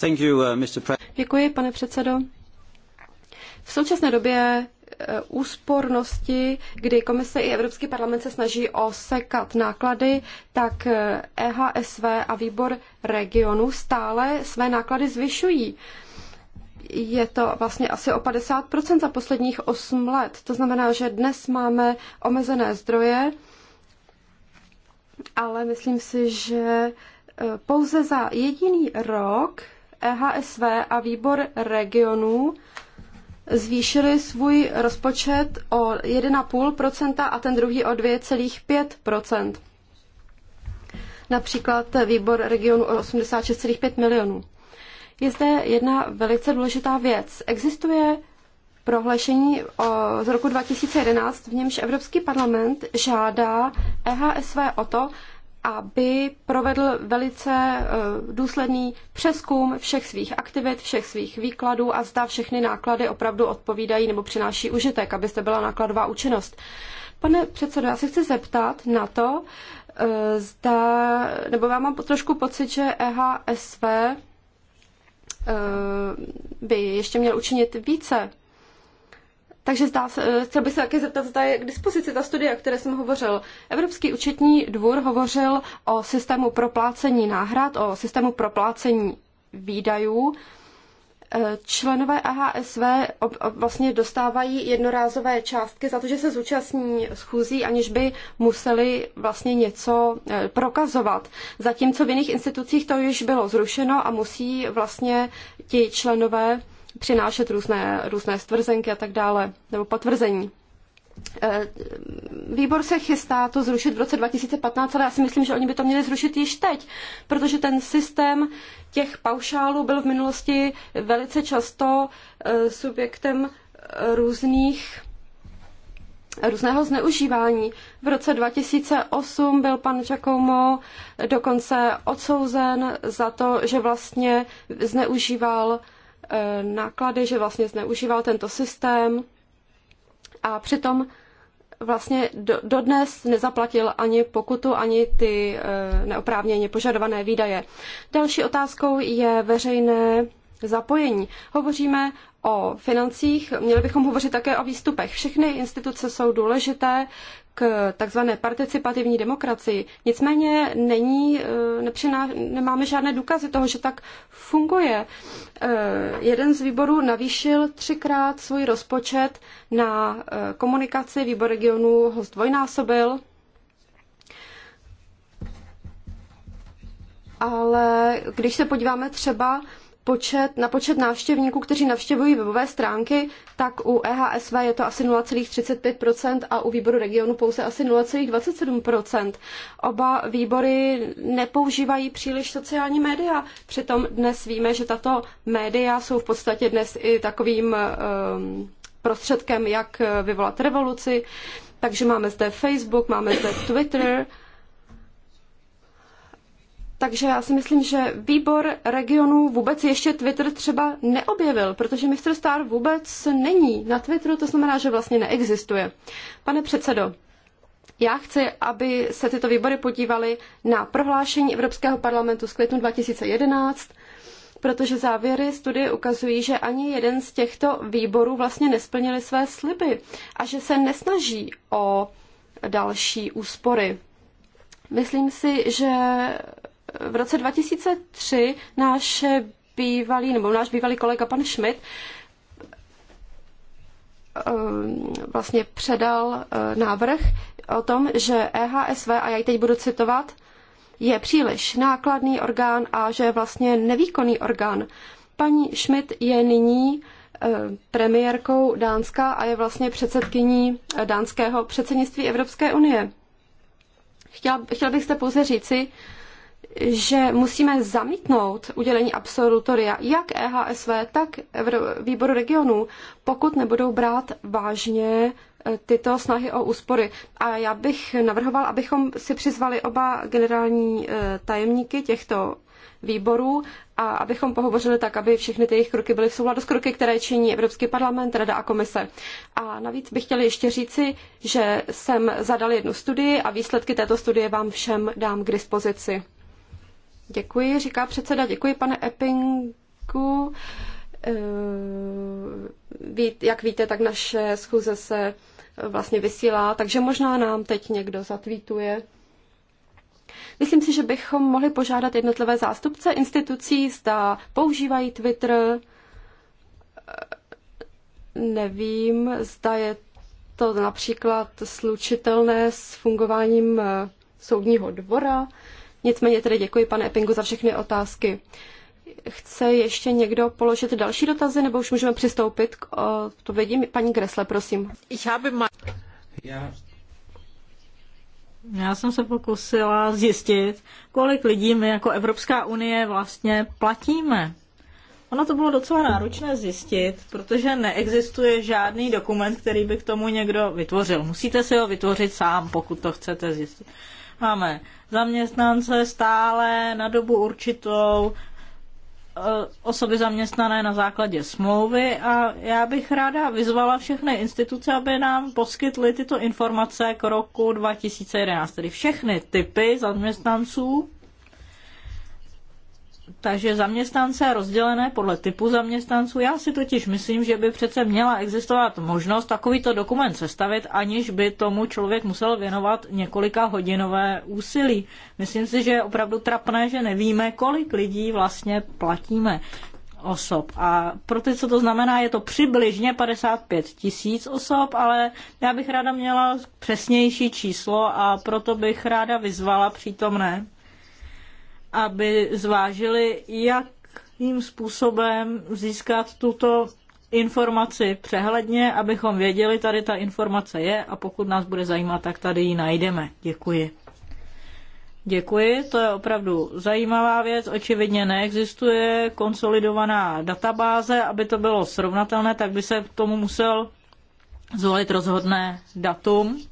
Thank you, uh, Mr. Děkuji, pane předsedo. V současné době Eh, úspornosti, kdy komise i Evropský parlament se snaží osekat náklady, tak EHSV e a výbor regionu stále své náklady zvyšují. Je to vlastně asi o 50% za posledních 8 let. To znamená, že dnes máme omezené zdroje, ale myslím si, že eh, pouze za jediný rok EHSV a výbor regionů zvýšili svůj rozpočet o 1,5% a ten druhý o 2,5%. Například výbor regionu o 86,5 milionů. Je zde jedna velice důležitá věc. Existuje prohlášení z roku 2011, v němž Evropský parlament žádá EHSV o to, aby provedl velice eh, důsledný přeskum všech svých aktivit, všech svých výkladů a zda všechny náklady opravdu odpovídají nebo přináší užitek, aby zde byla nákladová účinnost. Pane předsedo, já se chci zeptat na to, eh, zda, nebo já mám trošku pocit, že e EHSV by ještě měl učinit více takže zdá se, eh, chtěl bych se také zeptat, zda je k dispozici ta studie, o které jsem hovořil. Evropský účetní dvůr hovořil o systému proplácení náhrad, o systému proplácení výdajů. Eh, členové AHSV vlastně dostávají jednorázové částky za to, že se zúčastní schůzí, aniž by museli vlastně něco eh, prokazovat. Zatímco v jiných institucích to již bylo zrušeno a musí vlastně ti členové přinášet různé, různé stvrzenky a tak dále, nebo potvrzení. Eh, výbor se chystá to zrušit v roce 2015, ale já si myslím, že oni by to měli zrušit již teď, protože ten systém těch paušálů byl v minulosti velice často eh, subjektem různých různého zneužívání. V roce 2008 byl pan Giacomo dokonce odsouzen za to, že vlastně zneužíval Eh, náklady, že vlastně zneužíval tento systém a přitom vlastně do, dodnes nezaplatil ani pokutu, ani ty eh, neoprávněně požadované výdaje. Další otázkou je veřejné zapojení. Hovoříme o financích, měli bychom hovořit také o výstupech. Všechny instituce jsou důležité, k takzvané participativní demokracii. Nicméně není, eh, nepřiná, nemáme žádné důkazy toho, že tak funguje. Eh, jeden z výborů navýšil třikrát svůj rozpočet na eh, komunikaci, výbor regionů ho zdvojnásobil. Ale když se podíváme třeba počet, na počet návštěvníků, kteří navštěvují webové stránky, tak u EHSV je to asi 0,35% a u výboru regionu pouze asi 0,27%. Oba výbory nepoužívají příliš sociální média, přitom dnes víme, že tato média jsou v podstatě dnes i takovým um, prostředkem, jak vyvolat revoluci. Takže máme zde Facebook, máme zde Twitter, takže já si myslím, že výbor regionů vůbec ještě Twitter třeba neobjevil, protože Mr. Star vůbec není na Twitteru, to znamená, že vlastně neexistuje. Pane předsedo, já chci, aby se tyto výbory podívaly na prohlášení Evropského parlamentu z květnu 2011, protože závěry studie ukazují, že ani jeden z těchto výborů vlastně nesplnili své sliby a že se nesnaží o další úspory. Myslím si, že v roce 2003 náš bývalý, nebo náš bývalý kolega pan Schmidt eh, vlastně předal eh, návrh o tom, že EHSV, a já ji teď budu citovat, je příliš nákladný orgán a že je vlastně nevýkonný orgán. Paní Schmidt je nyní eh, premiérkou Dánska a je vlastně předsedkyní dánského předsednictví Evropské unie. Chtěla, chtěla bych se pouze říci, že musíme zamítnout udělení absolutoria jak EHSV, tak výboru regionů, pokud nebudou brát vážně eh, tyto snahy o úspory. A já bych navrhoval, abychom si přizvali oba generální eh, tajemníky těchto výborů a abychom pohovořili tak, aby všechny ty jejich kroky byly v souladu s kroky, které činí Evropský parlament, Rada a Komise. A navíc bych chtěla ještě říci, že jsem zadal jednu studii a výsledky této studie vám všem dám k dispozici. Děkuji, říká předseda. Děkuji, pane Eppingu. Eh, jak víte, tak naše schůze se vlastně vysílá, takže možná nám teď někdo zatvítuje. Myslím si, že bychom mohli požádat jednotlivé zástupce institucí, zda používají Twitter. Eh, nevím, zda je to například slučitelné s fungováním eh, soudního dvora. Nicméně tedy děkuji, pane Epingu za všechny otázky. Chce ještě někdo položit další dotazy, nebo už můžeme přistoupit k odpovědi? Paní Gresle, prosím. Já, já jsem se pokusila zjistit, kolik lidí my jako Evropská unie vlastně platíme. Ono to bylo docela náročné zjistit, protože neexistuje žádný dokument, který by k tomu někdo vytvořil. Musíte si ho vytvořit sám, pokud to chcete zjistit. Máme zaměstnance stále na dobu určitou, e, osoby zaměstnané na základě smlouvy a já bych ráda vyzvala všechny instituce, aby nám poskytly tyto informace k roku 2011, tedy všechny typy zaměstnanců, takže zaměstnance rozdělené podle typu zaměstnanců. Já si totiž myslím, že by přece měla existovat možnost takovýto dokument sestavit, aniž by tomu člověk musel věnovat několika hodinové úsilí. Myslím si, že je opravdu trapné, že nevíme, kolik lidí vlastně platíme osob. A pro ty, co to znamená, je to přibližně 55 tisíc osob, ale já bych ráda měla přesnější číslo a proto bych ráda vyzvala přítomné aby zvážili, jakým způsobem získat tuto informaci přehledně, abychom věděli, tady ta informace je a pokud nás bude zajímat, tak tady ji najdeme. Děkuji. Děkuji, to je opravdu zajímavá věc. Očividně neexistuje konsolidovaná databáze, aby to bylo srovnatelné, tak by se k tomu musel zvolit rozhodné datum.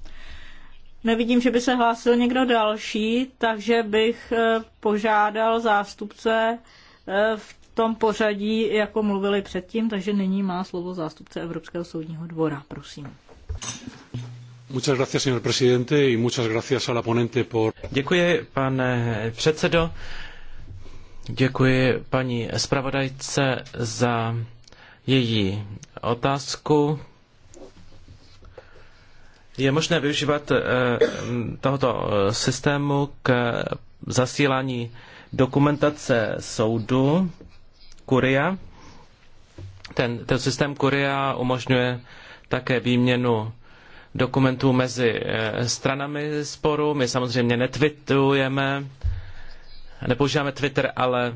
Nevidím, že by se hlásil někdo další, takže bych eh, požádal zástupce eh, v tom pořadí, jako mluvili předtím, takže nyní má slovo zástupce Evropského soudního dvora. Prosím. Děkuji, pane předsedo. Děkuji paní zpravodajce za její otázku je možné využívat eh, tohoto eh, systému k zasílání dokumentace soudu Kuria. Ten, ten systém Kuria umožňuje také výměnu dokumentů mezi eh, stranami sporu. My samozřejmě netvitujeme, nepoužíváme Twitter, ale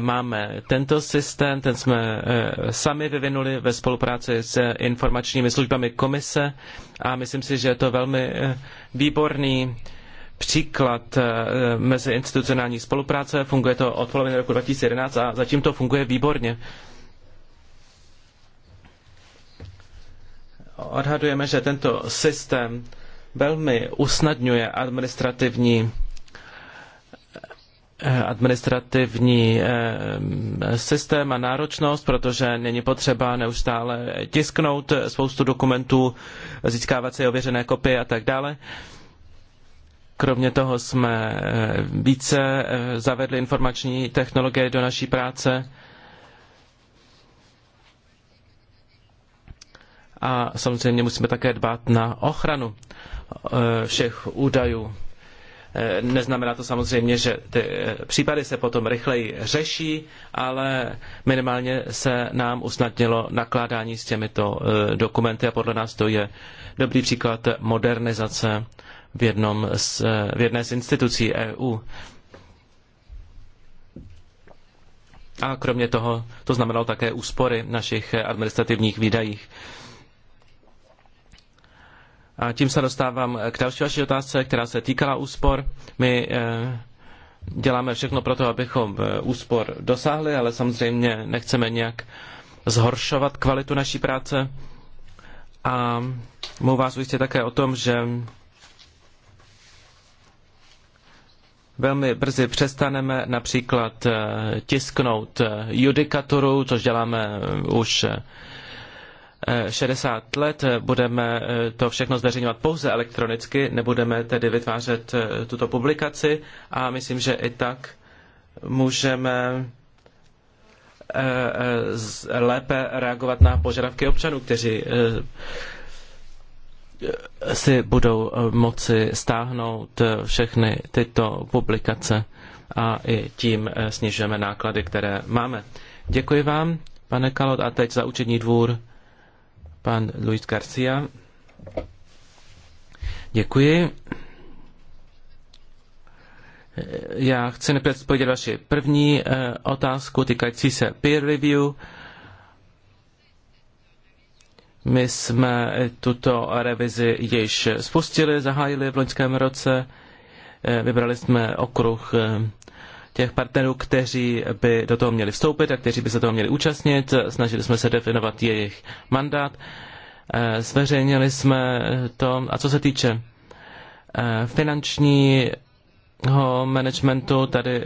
Máme tento systém, ten jsme eh, sami vyvinuli ve spolupráci s informačními službami komise a myslím si, že je to velmi eh, výborný příklad eh, meziinstitucionální spolupráce. Funguje to od poloviny roku 2011 a zatím to funguje výborně. Odhadujeme, že tento systém velmi usnadňuje administrativní Eh, administrativní eh, systém a náročnost, protože není potřeba neustále tisknout spoustu dokumentů, získávat si ověřené kopie a tak dále. Kromě toho jsme eh, více zavedli informační technologie do naší práce. A samozřejmě musíme také dbát na ochranu všech údajů. Eh, neznamená to samozřejmě, že ty eh, případy se potom rychleji řeší, ale minimálně se nám usnadnilo nakládání s těmito eh, dokumenty a podle nás to je dobrý příklad modernizace v, jednom z, v jedné z institucí EU. A kromě toho to znamenalo také úspory v našich administrativních výdajích. A tím se dostávám k další vaší otázce, která se týkala úspor. My eh, děláme všechno pro to, abychom eh, úspor dosáhli, ale samozřejmě nechceme nějak zhoršovat kvalitu naší práce. A mohu vás ujistě také o tom, že velmi brzy přestaneme například eh, tisknout judikaturu, což děláme už 60 let budeme eh, to všechno zveřejňovat pouze elektronicky, nebudeme tedy vytvářet eh, tuto publikaci a myslím, že i tak můžeme eh, lépe reagovat na požadavky občanů, kteří si budou moci stáhnout všechny tyto publikace a i tím snižujeme náklady, které máme. Děkuji vám, pane Kalot, a teď za účetní dvůr Pan Luis Garcia. Děkuji. Já chci nejprve odpovědět vaši první eh, otázku týkající se peer review. My jsme tuto revizi již spustili, zahájili v loňském roce. Eh, vybrali jsme okruh eh, těch partnerů, kteří by do toho měli vstoupit a kteří by se toho měli účastnit. Snažili jsme se definovat jejich mandát, eh, zveřejnili jsme to. A co se týče eh, finančního managementu, tady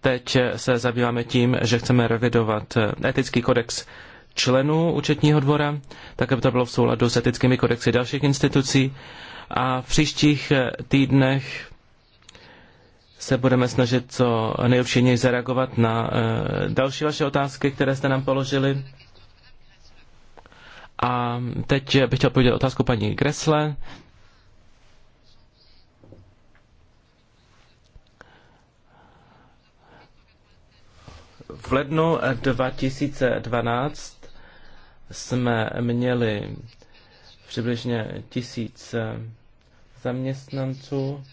teď se zabýváme tím, že chceme revidovat eh, etický kodex členů účetního dvora, tak aby to bylo v souladu s etickými kodexy dalších institucí. A v příštích týdnech se budeme snažit co nejúčinněji zareagovat na eh, další vaše otázky, které jste nám položili. A teď bych chtěl povědět otázku paní Gresle. V lednu 2012 jsme měli přibližně tisíc eh, zaměstnanců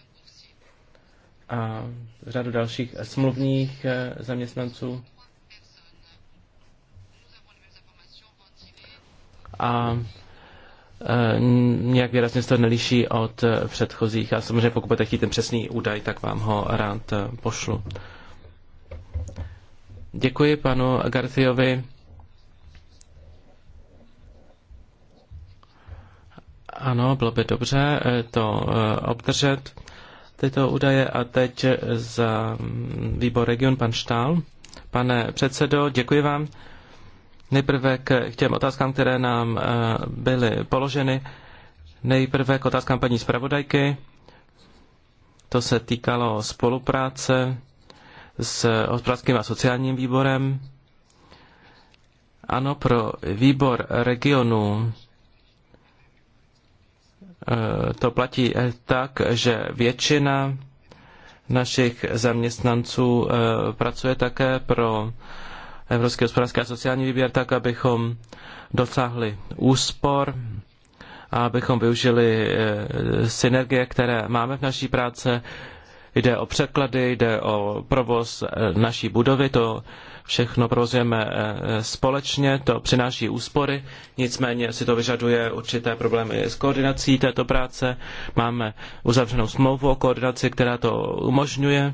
a řadu dalších smluvních eh, zaměstnanců. A eh, nějak výrazně se to neliší od eh, předchozích a samozřejmě pokud budete chtít ten přesný údaj, tak vám ho rád pošlu. Děkuji panu Garciovi. Ano, bylo by dobře to obdržet tyto údaje. A teď za výbor region pan Štál. Pane předsedo, děkuji vám. Nejprve k těm otázkám, které nám eh, byly položeny. Nejprve k otázkám paní zpravodajky. To se týkalo spolupráce s hospodářským a sociálním výborem. Ano, pro výbor regionu Eh, to platí eh, tak, že většina našich zaměstnanců eh, pracuje také pro Evropský hospodářský a sociální výběr tak, abychom dosáhli úspor a abychom využili synergie, které máme v naší práci. Jde o překlady, jde o provoz naší budovy, to všechno provozujeme eh, společně, to přináší úspory, nicméně si to vyžaduje určité problémy s koordinací této práce. Máme uzavřenou smlouvu o koordinaci, která to umožňuje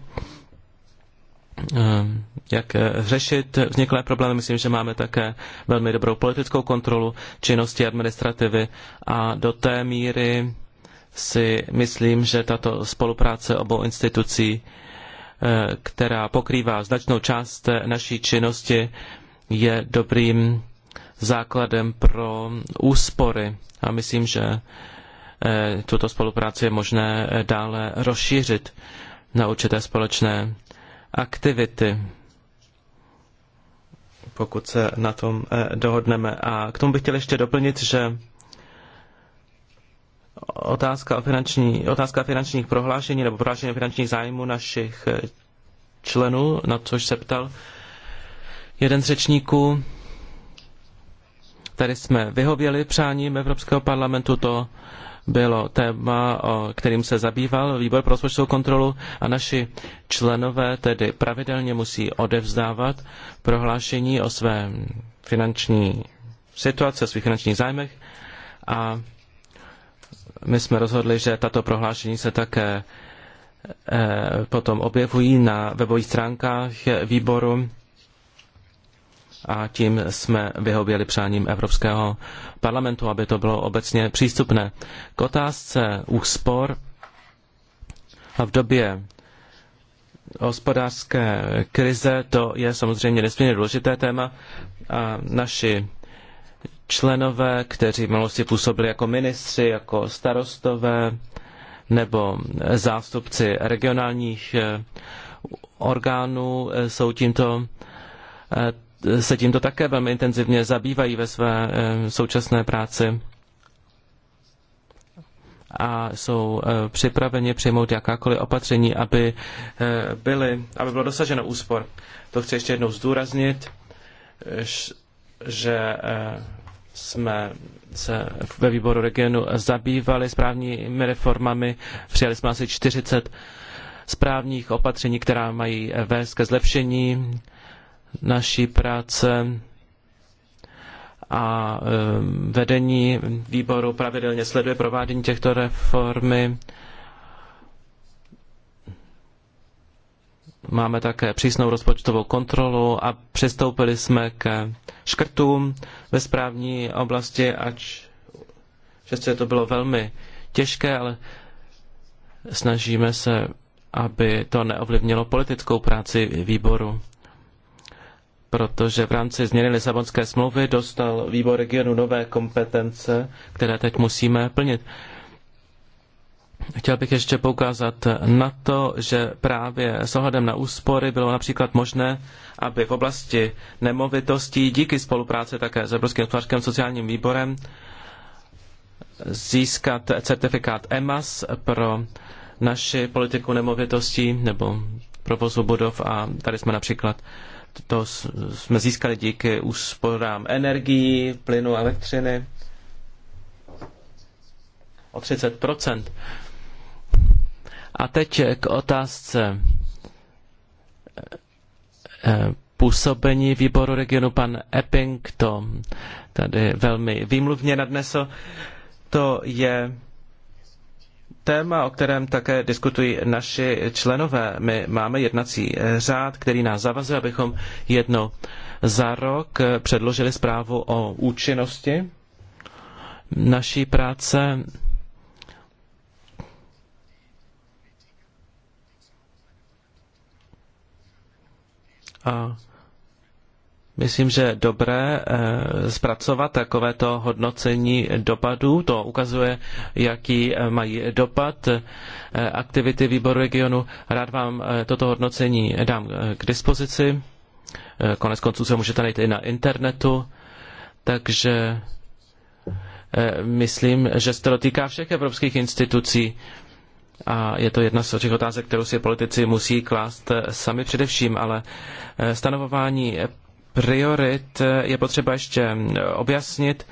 eh, jak eh, řešit vzniklé problémy. Myslím, že máme také velmi dobrou politickou kontrolu činnosti administrativy a do té míry si myslím, že tato spolupráce obou institucí Eh, která pokrývá značnou část naší činnosti, je dobrým základem pro úspory. A myslím, že eh, tuto spolupráci je možné eh, dále rozšířit na určité společné aktivity, pokud se na tom dohodneme. A k tomu bych chtěl ještě doplnit, že otázka, finanční, otázka finančních prohlášení nebo prohlášení finančních zájmů našich eh, členů, na což se ptal jeden z řečníků. Tady jsme vyhověli přáním Evropského parlamentu, to bylo téma, o kterým se zabýval výbor pro rozpočtovou kontrolu a naši členové tedy pravidelně musí odevzdávat prohlášení o své finanční situaci, o svých finančních zájmech a my jsme rozhodli, že tato prohlášení se také eh, potom objevují na webových stránkách výboru a tím jsme vyhověli přáním Evropského parlamentu, aby to bylo obecně přístupné. K otázce úspor v době hospodářské krize, to je samozřejmě nesmírně důležité téma a naši členové, kteří v minulosti působili jako ministři, jako starostové nebo zástupci regionálních eh, orgánů, eh, jsou tímto eh, se tímto také velmi intenzivně zabývají ve své současné práci a jsou připraveni přijmout jakákoliv opatření, aby, byly, aby bylo dosaženo úspor. To chci ještě jednou zdůraznit, že jsme se ve výboru regionu zabývali správními reformami. Přijali jsme asi 40 správních opatření, která mají vést ke zlepšení naší práce a eh, vedení výboru pravidelně sleduje provádění těchto reformy Máme také přísnou rozpočtovou kontrolu a přistoupili jsme k škrtům ve správní oblasti, ač přesto to bylo velmi těžké, ale snažíme se, aby to neovlivnilo politickou práci výboru. Protože v rámci změny Lisabonské smlouvy dostal výbor regionu nové kompetence, které teď musíme plnit. Chtěl bych ještě poukázat na to, že právě s ohledem na úspory bylo například možné, aby v oblasti nemovitostí díky spolupráci také s Evropským hospodářským sociálním výborem získat certifikát EMAS pro naši politiku nemovitostí nebo provozu budov a tady jsme například to jsme získali díky úsporám energií, plynu, elektřiny o 30 a teď k otázce eh, působení výboru regionu pan Epping to tady velmi výmluvně nadnesl. To je téma, o kterém také diskutují naši členové. My máme jednací eh, řád, který nás zavazuje, abychom jedno za rok eh, předložili zprávu o účinnosti naší práce A myslím, že dobré eh, zpracovat takovéto hodnocení dopadů. To ukazuje, jaký eh, mají dopad eh, aktivity výboru regionu. Rád vám toto hodnocení dám k dispozici. Konec konců se můžete najít i na internetu. Takže myslím, že se to dotýká všech evropských institucí a je to jedna z těch otázek, kterou si politici musí klást eh, sami především, ale eh, stanovování eh, priorit je potřeba ještě mm, objasnit,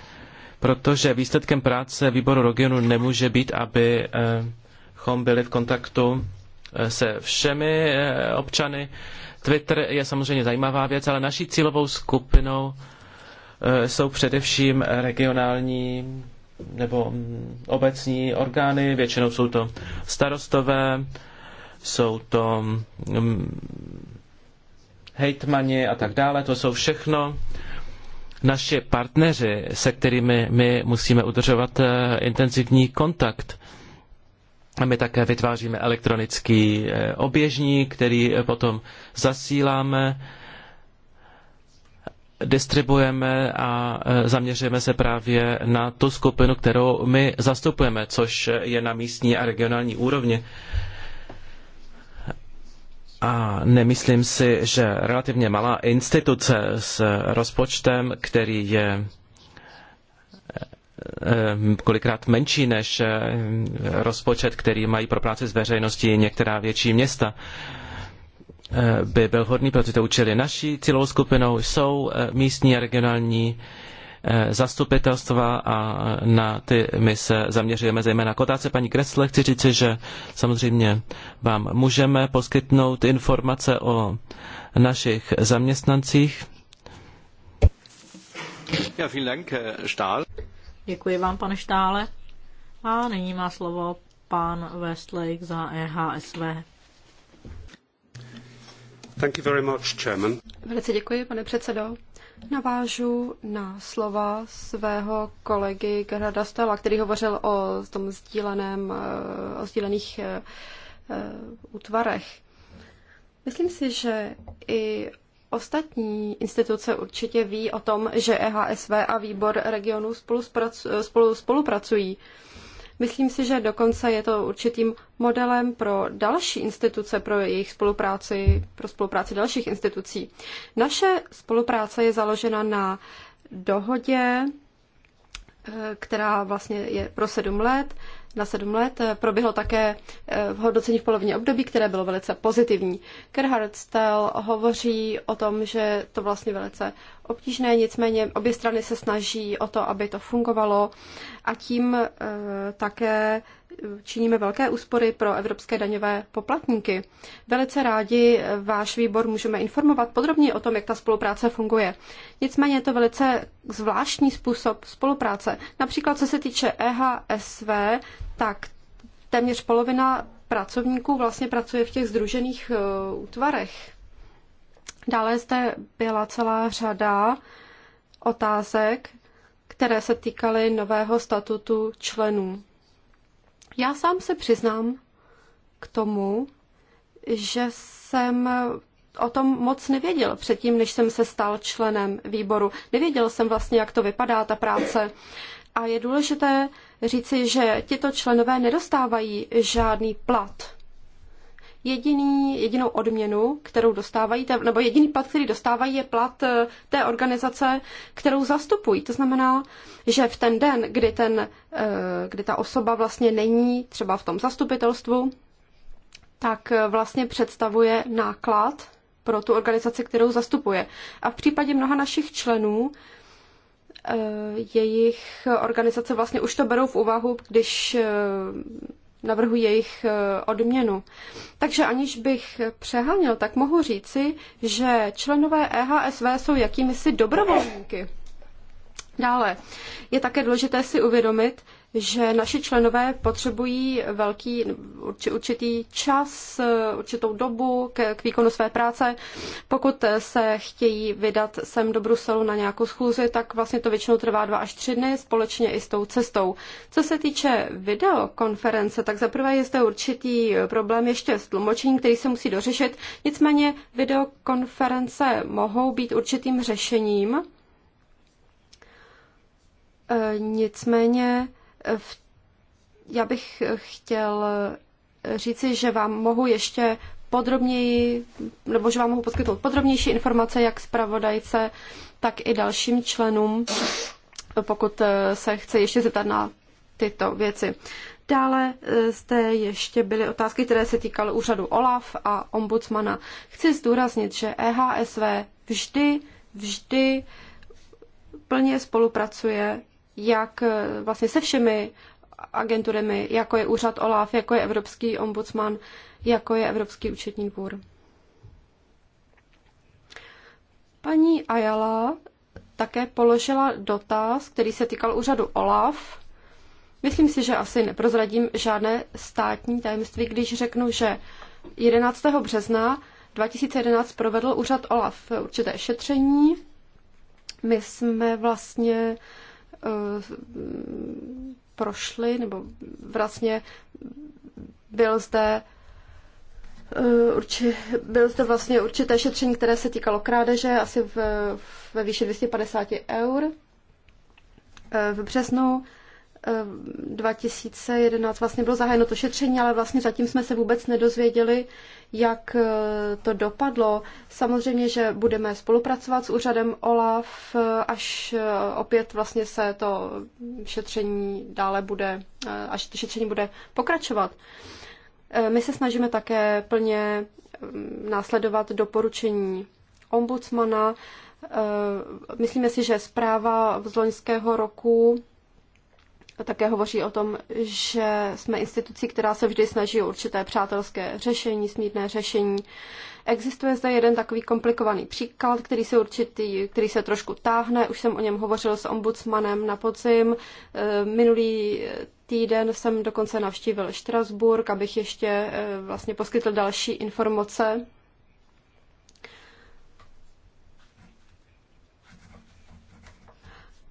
protože výsledkem práce výboru regionu nemůže být, abychom byli v kontaktu se všemi občany. Twitter je samozřejmě zajímavá věc, ale naší cílovou skupinou jsou především regionální nebo obecní orgány, většinou jsou to starostové, jsou to mm, hejtmani a tak dále. To jsou všechno naši partneři, se kterými my musíme udržovat eh, intenzivní kontakt. A my také vytváříme elektronický eh, oběžník, který eh, potom zasíláme distribuujeme a e, zaměřujeme se právě na tu skupinu, kterou my zastupujeme, což je na místní a regionální úrovni. A nemyslím si, že relativně malá instituce s rozpočtem, který je e, e, kolikrát menší než rozpočet, který mají pro práci s veřejností některá větší města, Eh, by byl hodný pro tyto účely. Naší cílovou skupinou jsou eh, místní a regionální eh, zastupitelstva a na ty my se zaměřujeme zejména k otázce paní Kresle. Chci říci, že samozřejmě vám můžeme poskytnout informace o našich zaměstnancích. Ja, Dank, Stahl. Děkuji vám, pane Štále. A nyní má slovo pan Westlake za EHSV. Thank you very much, Chairman. Velice děkuji, pane předsedo. Navážu na slova svého kolegy Gerarda Stela, který hovořil o tom sdíleném, eh, o sdílených eh, eh, útvarech. Myslím si, že i ostatní instituce určitě ví o tom, že EHSV a výbor regionů spolu, spolu spolupracují. Myslím si, že dokonce je to určitým modelem pro další instituce, pro jejich spolupráci, pro spolupráci dalších institucí. Naše spolupráce je založena na dohodě, eh, která vlastně je pro sedm let na sedm let. Eh, proběhlo také eh, v hodnocení v polovině období, které bylo velice pozitivní. Gerhard Stell hovoří o tom, že to vlastně velice obtížné, nicméně obě strany se snaží o to, aby to fungovalo a tím eh, také činíme velké úspory pro evropské daňové poplatníky. Velice rádi váš výbor můžeme informovat podrobně o tom, jak ta spolupráce funguje. Nicméně je to velice zvláštní způsob spolupráce. Například co se týče EHSV, tak téměř polovina pracovníků vlastně pracuje v těch združených e, útvarech. Dále zde byla celá řada otázek, které se týkaly nového statutu členů. Já sám se přiznám k tomu, že jsem o tom moc nevěděl předtím, než jsem se stal členem výboru. Nevěděl jsem vlastně, jak to vypadá, ta práce. A je důležité říci, že tito členové nedostávají žádný plat jediný, jedinou odměnu, kterou dostávají, nebo jediný plat, který dostávají, je plat eh, té organizace, kterou zastupují. To znamená, že v ten den, kdy, ten, eh, kdy ta osoba vlastně není třeba v tom zastupitelstvu, tak eh, vlastně představuje náklad pro tu organizaci, kterou zastupuje. A v případě mnoha našich členů jejich organizace vlastně už to berou v úvahu, když navrhuji jejich eh, odměnu. Takže aniž bych přehánil, tak mohu říci, že členové EHSV jsou jakýmisi dobrovolníky. Dále je také důležité si uvědomit, že naši členové potřebují velký, určitý čas, určitou dobu k, k výkonu své práce. Pokud se chtějí vydat sem do Bruselu na nějakou schůzi, tak vlastně to většinou trvá dva až tři dny společně i s tou cestou. Co se týče videokonference, tak zaprvé je zde určitý problém ještě s tlumočením, který se musí dořešit. Nicméně videokonference mohou být určitým řešením. E, nicméně v, já bych chtěl říci, že vám mohu ještě podrobněji, nebo že vám mohu poskytnout podrobnější informace jak zpravodajce, tak i dalším členům, pokud eh, se chce ještě zeptat na tyto věci. Dále eh, zde ještě byly otázky, které se týkaly úřadu OLAF a ombudsmana. Chci zdůraznit, že EHSV vždy, vždy plně spolupracuje jak eh, vlastně se všemi agenturemi, jako je úřad OLAF, jako je Evropský ombudsman, jako je Evropský účetní dvůr. Paní Ayala také položila dotaz, který se týkal úřadu OLAF. Myslím si, že asi neprozradím žádné státní tajemství, když řeknu, že 11. března 2011 provedl úřad OLAF určité šetření. My jsme vlastně Eh, prošly, nebo vlastně byl zde eh, Urči, byl zde vlastně určité šetření, které se týkalo krádeže, asi v, ve výši 250 eur. Eh, v březnu 2011 vlastně bylo zahájeno to šetření, ale vlastně zatím jsme se vůbec nedozvěděli, jak eh, to dopadlo. Samozřejmě, že budeme spolupracovat s úřadem OLAF, eh, až eh, opět vlastně se to šetření dále bude, až to šetření bude pokračovat. My se snažíme také plně mm, následovat doporučení ombudsmana. Myslíme si, že zpráva z loňského roku také hovoří o tom, že jsme institucí, která se vždy snaží o určité přátelské řešení, smírné řešení. Existuje zde jeden takový komplikovaný příklad, který se určitý, který se trošku táhne. Už jsem o něm hovořil s ombudsmanem na podzim. Eh, minulý týden jsem dokonce navštívil Štrasburg, abych ještě eh, vlastně poskytl další informace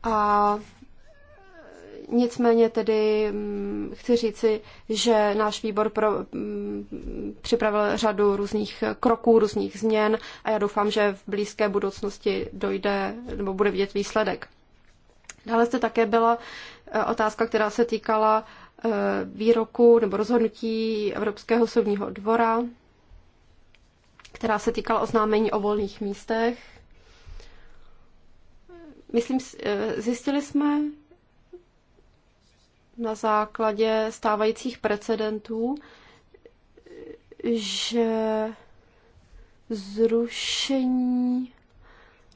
a Nicméně tedy mm, chci říci, že náš výbor pro, mm, připravil řadu různých kroků, různých změn a já doufám, že v blízké budoucnosti dojde nebo bude vidět výsledek. Dále zde také byla e, otázka, která se týkala e, výroku nebo rozhodnutí Evropského soudního dvora, která se týkala oznámení o volných místech. Myslím, e, zjistili jsme, na základě stávajících precedentů, že zrušení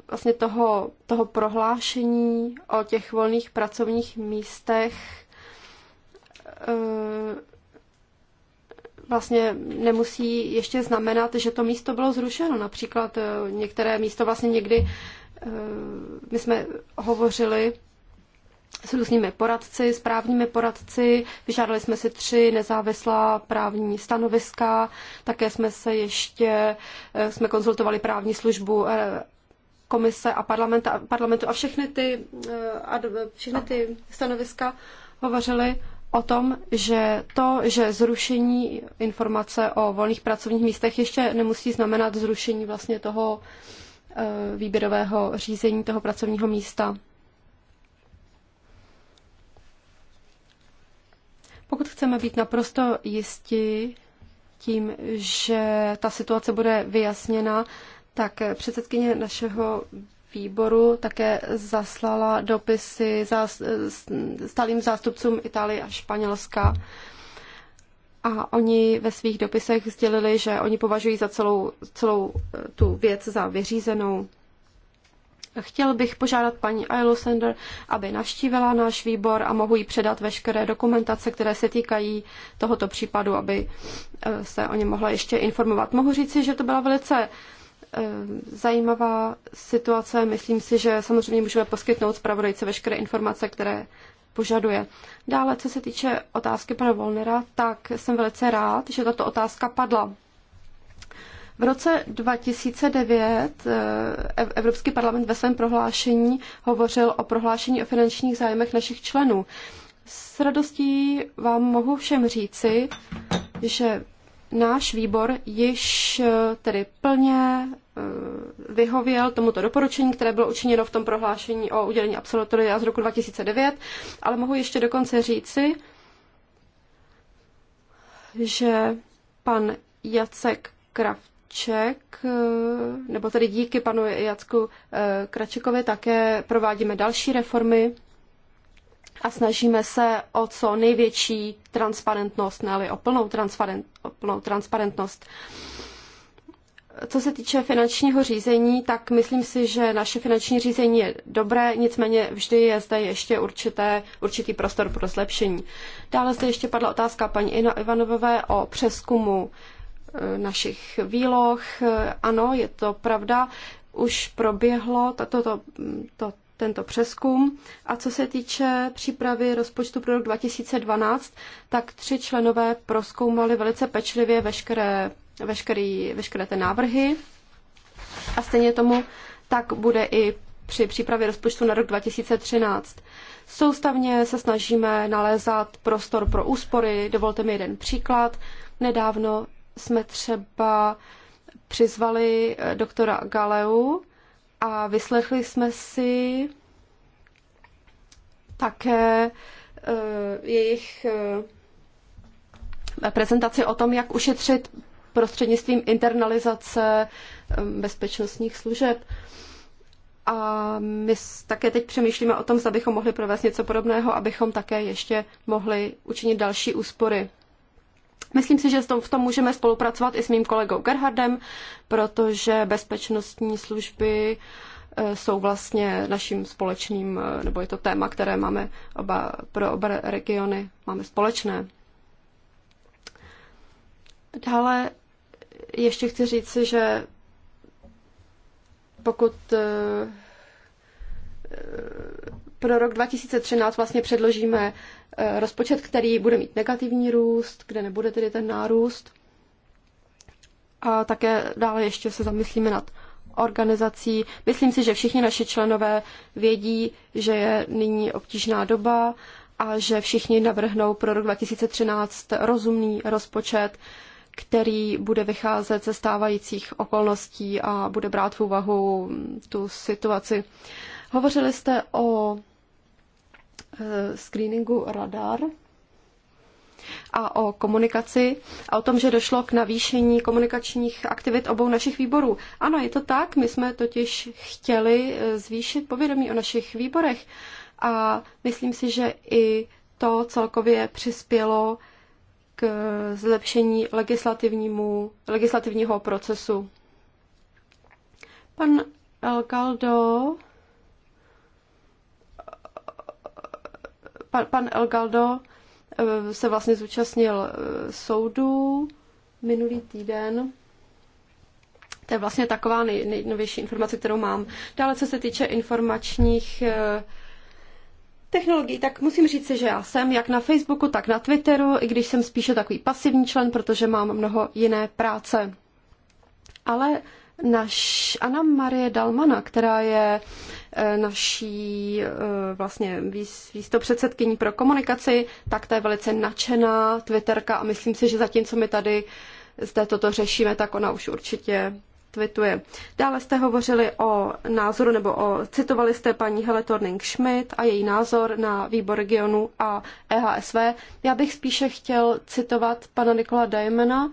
vlastně toho, toho prohlášení o těch volných pracovních místech eh, vlastně nemusí ještě znamenat, že to místo bylo zrušeno. Například eh, některé místo vlastně někdy, eh, my jsme hovořili s různými poradci, s právními poradci. Vyžádali jsme si tři nezávislá právní stanoviska. Také jsme se ještě eh, jsme konzultovali právní službu eh, komise a parlamentu a všechny ty, eh, a všechny ty stanoviska hovořily o tom, že to, že zrušení informace o volných pracovních místech ještě nemusí znamenat zrušení vlastně toho výběrového řízení toho pracovního místa. Pokud chceme být naprosto jistí tím, že ta situace bude vyjasněna, tak předsedkyně našeho výboru také zaslala dopisy stálým zástupcům Itálie a Španělska. A oni ve svých dopisech sdělili, že oni považují za celou, celou eh, tu věc za vyřízenou. Chtěl bych požádat paní Ailu Sender, aby navštívila náš výbor a mohu jí předat veškeré dokumentace, které se týkají tohoto případu, aby eh, se o ně mohla ještě informovat. Mohu říci, že to byla velice eh, zajímavá situace. Myslím si, že samozřejmě můžeme poskytnout zpravodajce veškeré informace, které požaduje. Dále, co se týče otázky pana Volnera, tak jsem velice rád, že tato otázka padla v roce 2009 eh, Evropský parlament ve svém prohlášení hovořil o prohlášení o finančních zájmech našich členů. S radostí vám mohu všem říci, že náš výbor již eh, tedy plně eh, vyhověl tomuto doporučení, které bylo učiněno v tom prohlášení o udělení absolutoria z roku 2009, ale mohu ještě dokonce říci, že pan Jacek Kraft Kraček, eh, nebo tedy díky panu Jacku eh, Kračekovi také provádíme další reformy a snažíme se o co největší transparentnost, ne o plnou, transparent, o plnou transparentnost. Co se týče finančního řízení, tak myslím si, že naše finanční řízení je dobré, nicméně vždy je zde ještě určité, určitý prostor pro zlepšení. Dále zde ještě padla otázka paní Ivanovové o přeskumu Eh, našich výloh. Eh, ano, je to pravda, už proběhlo tato, to, to, tento přeskum. A co se týče přípravy rozpočtu pro rok 2012, tak tři členové proskoumali velice pečlivě veškeré, veškerý, veškeré ty návrhy. A stejně tomu tak bude i při přípravě rozpočtu na rok 2013. Soustavně se snažíme nalézat prostor pro úspory. Dovolte mi jeden příklad. Nedávno jsme třeba přizvali eh, doktora Galeu a vyslechli jsme si také eh, jejich eh, prezentaci o tom, jak ušetřit prostřednictvím internalizace bezpečnostních služeb. A my také teď přemýšlíme o tom, zda bychom mohli provést něco podobného, abychom také ještě mohli učinit další úspory. Myslím si, že v tom můžeme spolupracovat i s mým kolegou Gerhardem, protože bezpečnostní služby eh, jsou vlastně naším společným, eh, nebo je to téma, které máme oba, pro oba regiony, máme společné. Dále ještě chci říct, že pokud eh, Eh, pro rok 2013 vlastně předložíme eh, rozpočet, který bude mít negativní růst, kde nebude tedy ten nárůst. A také dále ještě se zamyslíme nad organizací. Myslím si, že všichni naši členové vědí, že je nyní obtížná doba a že všichni navrhnou pro rok 2013 rozumný rozpočet, který bude vycházet ze stávajících okolností a bude brát v úvahu tu situaci. Hovořili jste o e, screeningu radar a o komunikaci a o tom, že došlo k navýšení komunikačních aktivit obou našich výborů. Ano, je to tak, my jsme totiž chtěli e, zvýšit povědomí o našich výborech a myslím si, že i to celkově přispělo k e, zlepšení legislativnímu, legislativního procesu. Pan Elgaldo pan, pan Elgaldo eh, se vlastně zúčastnil eh, soudu minulý týden. To je vlastně taková nej, nejnovější informace, kterou mám. Dále, co se týče informačních eh, technologií, tak musím říct, že já jsem jak na Facebooku, tak na Twitteru, i když jsem spíše takový pasivní člen, protože mám mnoho jiné práce. Ale Naš Anna Marie Dalmana, která je e, naší e, vlastně výstopředsedkyní pro komunikaci, tak ta je velice nadšená Twitterka a myslím si, že zatímco my tady zde toto řešíme, tak ona už určitě tweetuje. Dále jste hovořili o názoru, nebo o, citovali jste paní Hele Torning Schmidt a její názor na výbor regionu a EHSV. Já bych spíše chtěl citovat pana Nikola Dajmena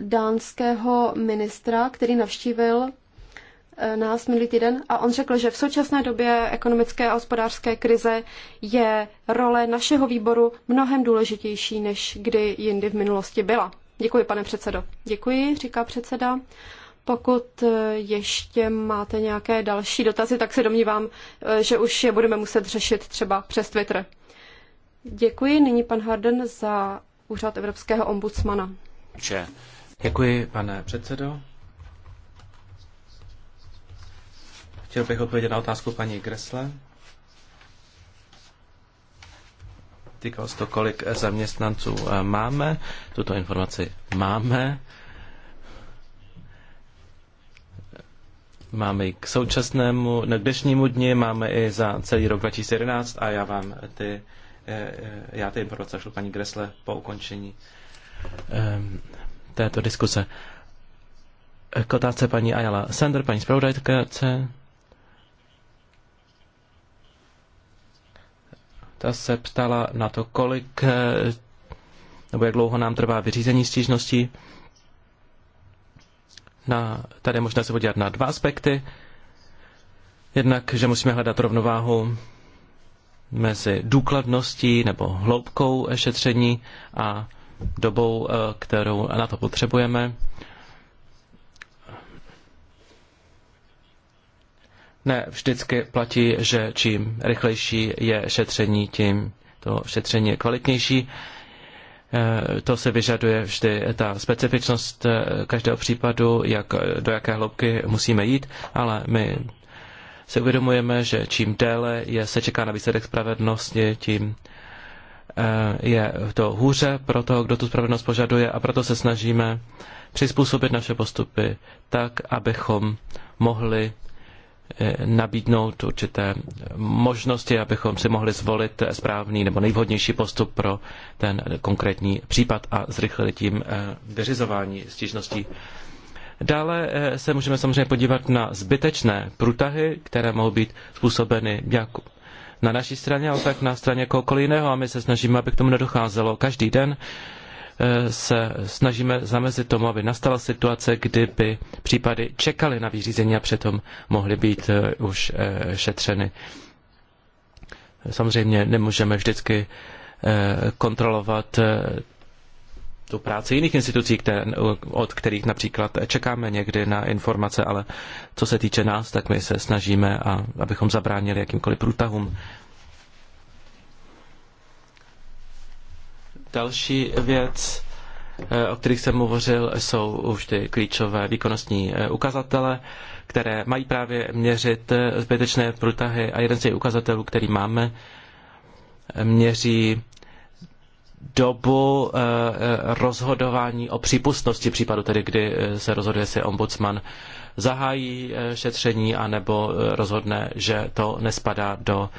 dánského ministra, který navštívil eh, nás minulý týden a on řekl, že v současné době ekonomické a hospodářské krize je role našeho výboru mnohem důležitější, než kdy jindy v minulosti byla. Děkuji, pane předsedo. Děkuji, říká předseda. Pokud eh, ještě máte nějaké další dotazy, tak se domnívám, eh, že už je budeme muset řešit třeba přes Twitter. Děkuji. Nyní pan Harden za úřad Evropského ombudsmana. Če. Děkuji, pane předsedo. Chtěl bych odpovědět na otázku paní Gresle. Týkalo se to, kolik zaměstnanců eh, máme. Tuto informaci máme. Máme i k současnému, k dnešnímu dni, máme i za celý rok 2011 a já vám ty, eh, eh, já ty informace šlu paní Gresle po ukončení ehm, této diskuse. K otázce paní Ayala Sander, paní zpravodajce. Ta se ptala na to, kolik eh, nebo jak dlouho nám trvá vyřízení stížností. Na, tady možná se podívat na dva aspekty. Jednak, že musíme hledat rovnováhu mezi důkladností nebo hloubkou šetření a dobou, eh, kterou na to potřebujeme. Ne, vždycky platí, že čím rychlejší je šetření, tím to šetření je kvalitnější. Eh, to se vyžaduje vždy ta specifičnost eh, každého případu, jak, do jaké hloubky musíme jít, ale my si uvědomujeme, že čím déle je, se čeká na výsledek spravedlnosti, tím Eh, je to hůře pro toho, kdo tu spravedlnost požaduje a proto se snažíme přizpůsobit naše postupy tak, abychom mohli eh, nabídnout určité možnosti, abychom si mohli zvolit správný nebo nejvhodnější postup pro ten konkrétní případ a zrychlili tím eh, vyřizování stížností. Dále se můžeme samozřejmě podívat na zbytečné průtahy, které mohou být způsobeny jak na naší straně, ale tak na straně kohokoliv jiného a my se snažíme, aby k tomu nedocházelo. Každý den eh, se snažíme zamezit tomu, aby nastala situace, kdyby případy čekaly na vyřízení a přitom mohly být eh, už eh, šetřeny. Samozřejmě nemůžeme vždycky kontrolovat tu práci jiných institucí, které, od kterých například čekáme někdy na informace, ale co se týče nás, tak my se snažíme, a, abychom zabránili jakýmkoliv průtahům. Další věc, eh, o kterých jsem hovořil, jsou už ty klíčové výkonnostní eh, ukazatele, které mají právě měřit eh, zbytečné průtahy a jeden z těch ukazatelů, který máme, měří dobu eh, eh, rozhodování o přípustnosti případu, tedy kdy eh, se rozhoduje, jestli ombudsman zahájí šetření anebo rozhodne, že to nespadá do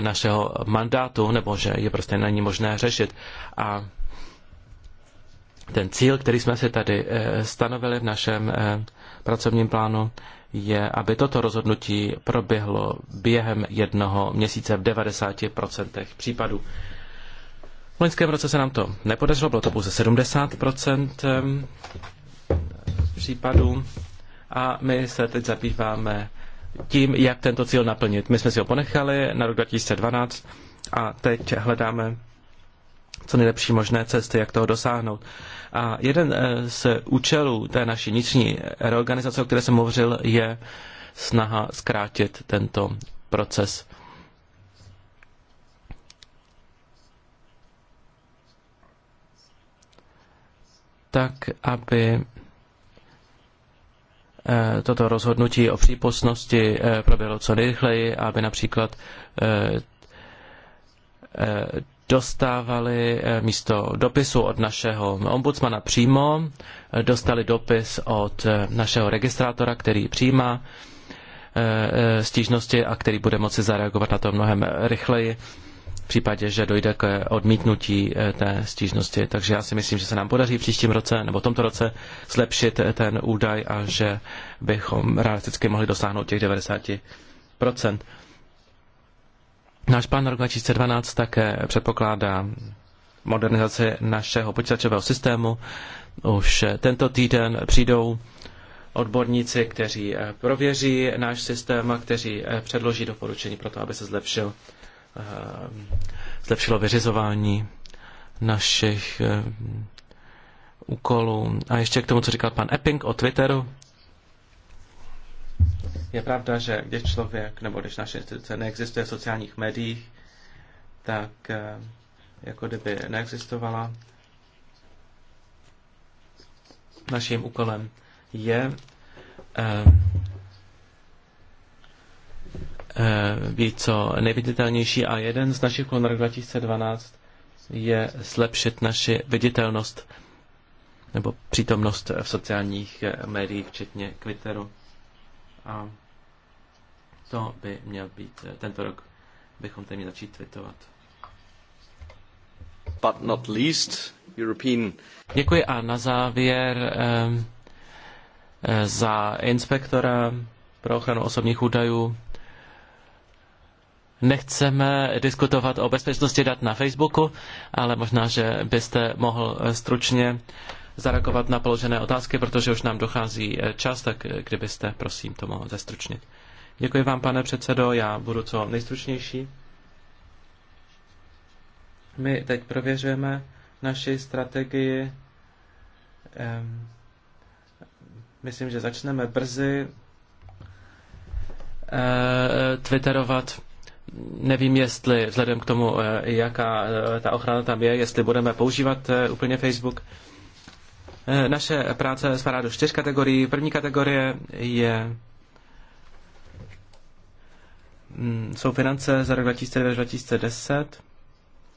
našeho mandátu, nebo že je prostě není možné řešit. A ten cíl, který jsme si tady stanovili v našem pracovním plánu, je, aby toto rozhodnutí proběhlo během jednoho měsíce v 90% případů. V loňském roce se nám to nepodařilo, bylo to pouze 70 ehm, případů a my se teď zabýváme tím, jak tento cíl naplnit. My jsme si ho ponechali na rok 2012 a teď hledáme co nejlepší možné cesty, jak toho dosáhnout. A jeden eh, z účelů té naší vnitřní reorganizace, o které jsem hovořil, je snaha zkrátit tento proces. tak, aby eh, toto rozhodnutí o přípustnosti eh, proběhlo co nejrychleji, aby například eh, dostávali místo dopisu od našeho ombudsmana přímo, dostali dopis od našeho registrátora, který přijímá stížnosti a který bude moci zareagovat na to mnohem rychleji v případě, že dojde k odmítnutí eh, té stížnosti. Takže já si myslím, že se nám podaří v příštím roce nebo tomto roce zlepšit eh, ten údaj a že bychom realisticky mohli dosáhnout těch 90%. Náš plán na rok 2012 také předpokládá modernizaci našeho počítačového systému. Už eh, tento týden přijdou odborníci, kteří prověří náš systém a kteří předloží doporučení pro to, aby se zlepšil. Eh, zlepšilo vyřizování našich eh, úkolů. A ještě k tomu, co říkal pan Epping o Twitteru. Je pravda, že když člověk, nebo když naše instituce neexistuje v sociálních médiích, tak eh, jako kdyby neexistovala. Naším úkolem je být eh, co nejviditelnější a jeden z našich plánů 2012 je zlepšit naši viditelnost nebo přítomnost v sociálních eh, médiích, včetně Twitteru. A to by měl být eh, tento rok, bychom tady měli začít tweetovat. But not least, European... Děkuji a na závěr eh, za inspektora pro ochranu osobních údajů nechceme diskutovat o bezpečnosti dat na Facebooku, ale možná, že byste mohl eh, stručně zareagovat na položené otázky, protože už nám dochází eh, čas, tak eh, kdybyste, prosím, to mohl zestručnit. Děkuji vám, pane předsedo, já budu co nejstručnější. My teď prověřujeme naši strategii. Myslím, že začneme brzy twitterovat nevím, jestli vzhledem k tomu, eh, jaká eh, ta ochrana tam je, jestli budeme používat eh, úplně Facebook. Naše práce spadá do čtyř kategorií. První kategorie je mm, jsou finance za rok 2010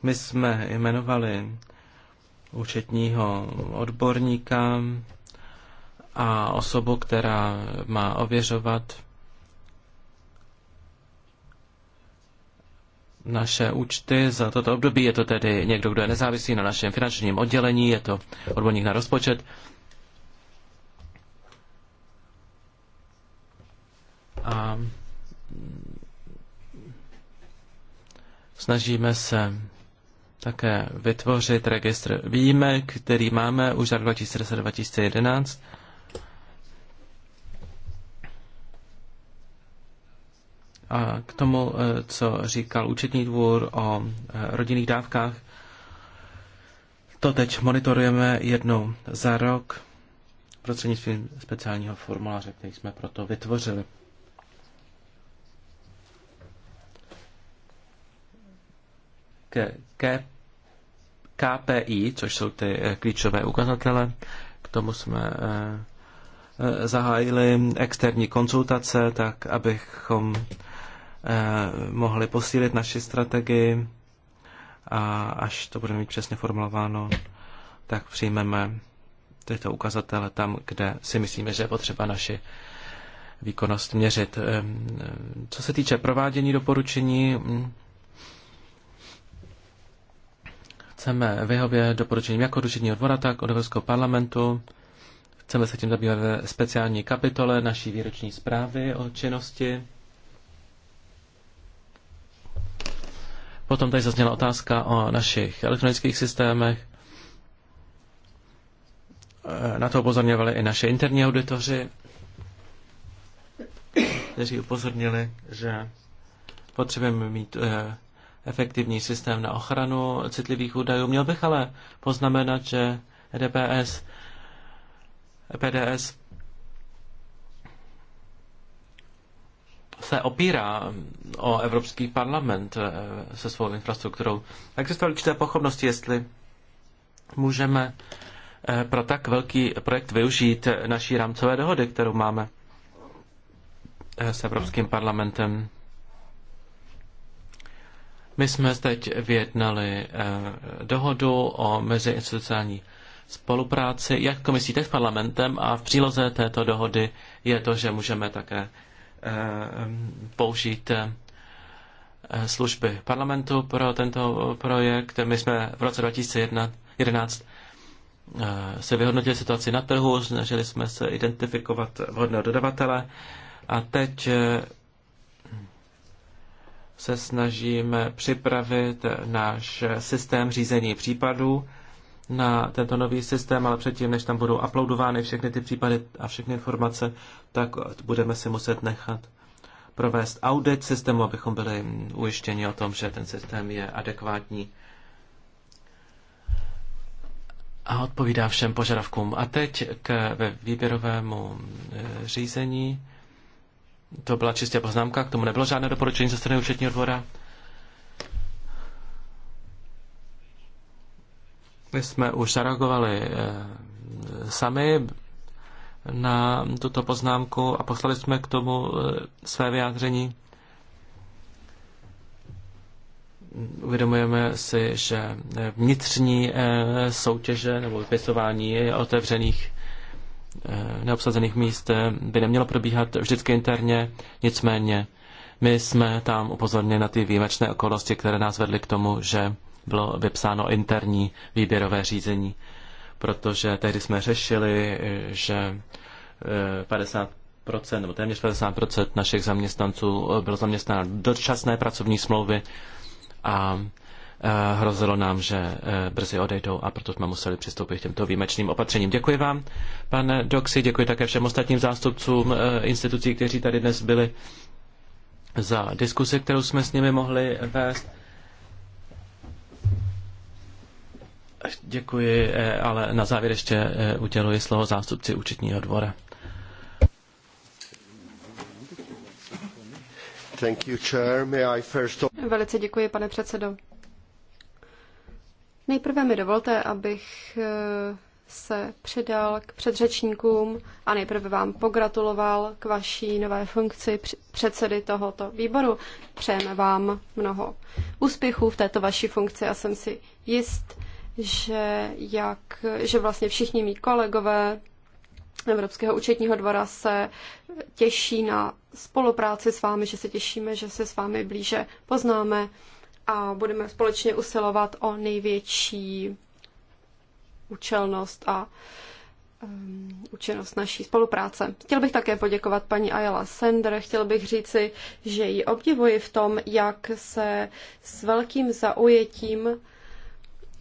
My jsme jmenovali účetního odborníka a osobu, která má ověřovat naše účty za toto období. Je to tedy někdo, kdo je nezávislý na našem finančním oddělení, je to odborník na rozpočet. A snažíme se také vytvořit registr výjimek, který máme už za 2010-2011 A k tomu, eh, co říkal účetní dvůr o eh, rodinných dávkách, to teď monitorujeme jednou za rok prostřednictvím speciálního formuláře, který jsme proto vytvořili. K, k, KPI, což jsou ty eh, klíčové ukazatele, k tomu jsme zahájili externí konzultace, tak abychom Eh, mohli posílit naši strategii a až to bude mít přesně formulováno, tak přijmeme tyto ukazatele tam, kde si myslíme, že je potřeba naši výkonnost měřit. Eh, co se týče provádění doporučení, chceme vyhovět doporučením jak ručení odvora tak od Evropského parlamentu. Chceme se tím zabývat ve speciální kapitole naší výroční zprávy o činnosti Potom tady zazněla otázka o našich elektronických systémech. E, na to upozorňovali i naše interní auditoři, kteří upozornili, že potřebujeme mít e, efektivní systém na ochranu citlivých údajů. Měl bych ale poznamenat, že EDPS, e PDS se opírá o Evropský parlament eh, se svou infrastrukturou. Existují určité pochopnosti, jestli můžeme eh, pro tak velký projekt využít eh, naší rámcové dohody, kterou máme s Evropským parlamentem. My jsme teď vyjednali dohodu o meziinstitucionální spolupráci, jak komisí, tak s parlamentem a v příloze této dohody je to, že můžeme také Eh, použít eh, služby parlamentu pro tento projekt. My jsme v roce 2011 eh, se vyhodnotili situaci na trhu, snažili jsme se identifikovat vhodného dodavatele a teď se snažíme připravit náš systém řízení případů na tento nový systém, ale předtím, než tam budou uploadovány všechny ty případy a všechny informace, tak budeme si muset nechat provést audit systému, abychom byli ujištěni o tom, že ten systém je adekvátní a odpovídá všem požadavkům. A teď k ve výběrovému e, řízení. To byla čistě poznámka, k tomu nebylo žádné doporučení ze strany účetního dvora. My jsme už zareagovali eh, sami na tuto poznámku a poslali jsme k tomu eh, své vyjádření. Uvědomujeme si, že eh, vnitřní soutěže nebo vypisování otevřených neobsazených míst by nemělo probíhat vždycky interně, nicméně my jsme tam upozorněni na ty výjimečné okolnosti, které nás vedly k tomu, že bylo vypsáno interní výběrové řízení, protože tehdy jsme řešili, že 50 eh, nebo téměř 50 našich zaměstnanců eh, bylo zaměstnáno dočasné pracovní smlouvy a eh, hrozilo nám, že brzy odejdou a proto jsme museli přistoupit k těmto výjimečným opatřením. Děkuji vám, pane Doxy, děkuji také všem ostatním zástupcům institucí, kteří tady dnes byli za diskusi, kterou jsme s nimi mohli vést. Děkuji, eh, ale na závěr ještě eh, uděluji slovo zástupci účetního dvora. Thank you, chair. May I first... Velice děkuji, pane předsedo. Nejprve mi dovolte, abych eh, se přidal k předřečníkům a nejprve vám pogratuloval k vaší nové funkci předsedy tohoto výboru. Přejeme vám mnoho úspěchů v této vaší funkci a jsem si jist, že, jak, že vlastně všichni mý kolegové Evropského účetního dvora se těší na spolupráci s vámi, že se těšíme, že se s vámi blíže poznáme a budeme společně usilovat o největší účelnost a um, účinnost naší spolupráce. Chtěl bych také poděkovat paní Ayala Sender, chtěl bych říci, že ji obdivuji v tom, jak se s velkým zaujetím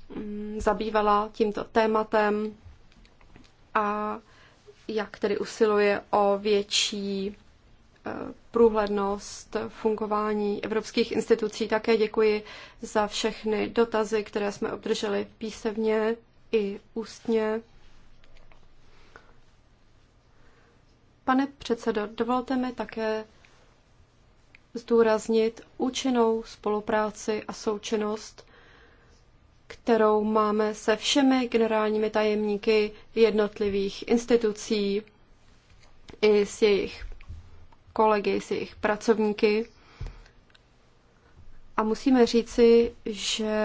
Mm, zabývala tímto tématem a jak tedy usiluje o větší eh, průhlednost fungování evropských institucí. Také děkuji za všechny dotazy, které jsme obdrželi písemně i ústně. Pane předsedo, dovolte mi také zdůraznit účinnou spolupráci a součinnost kterou máme se všemi generálními tajemníky jednotlivých institucí i s jejich kolegy, s jejich pracovníky. A musíme říci, že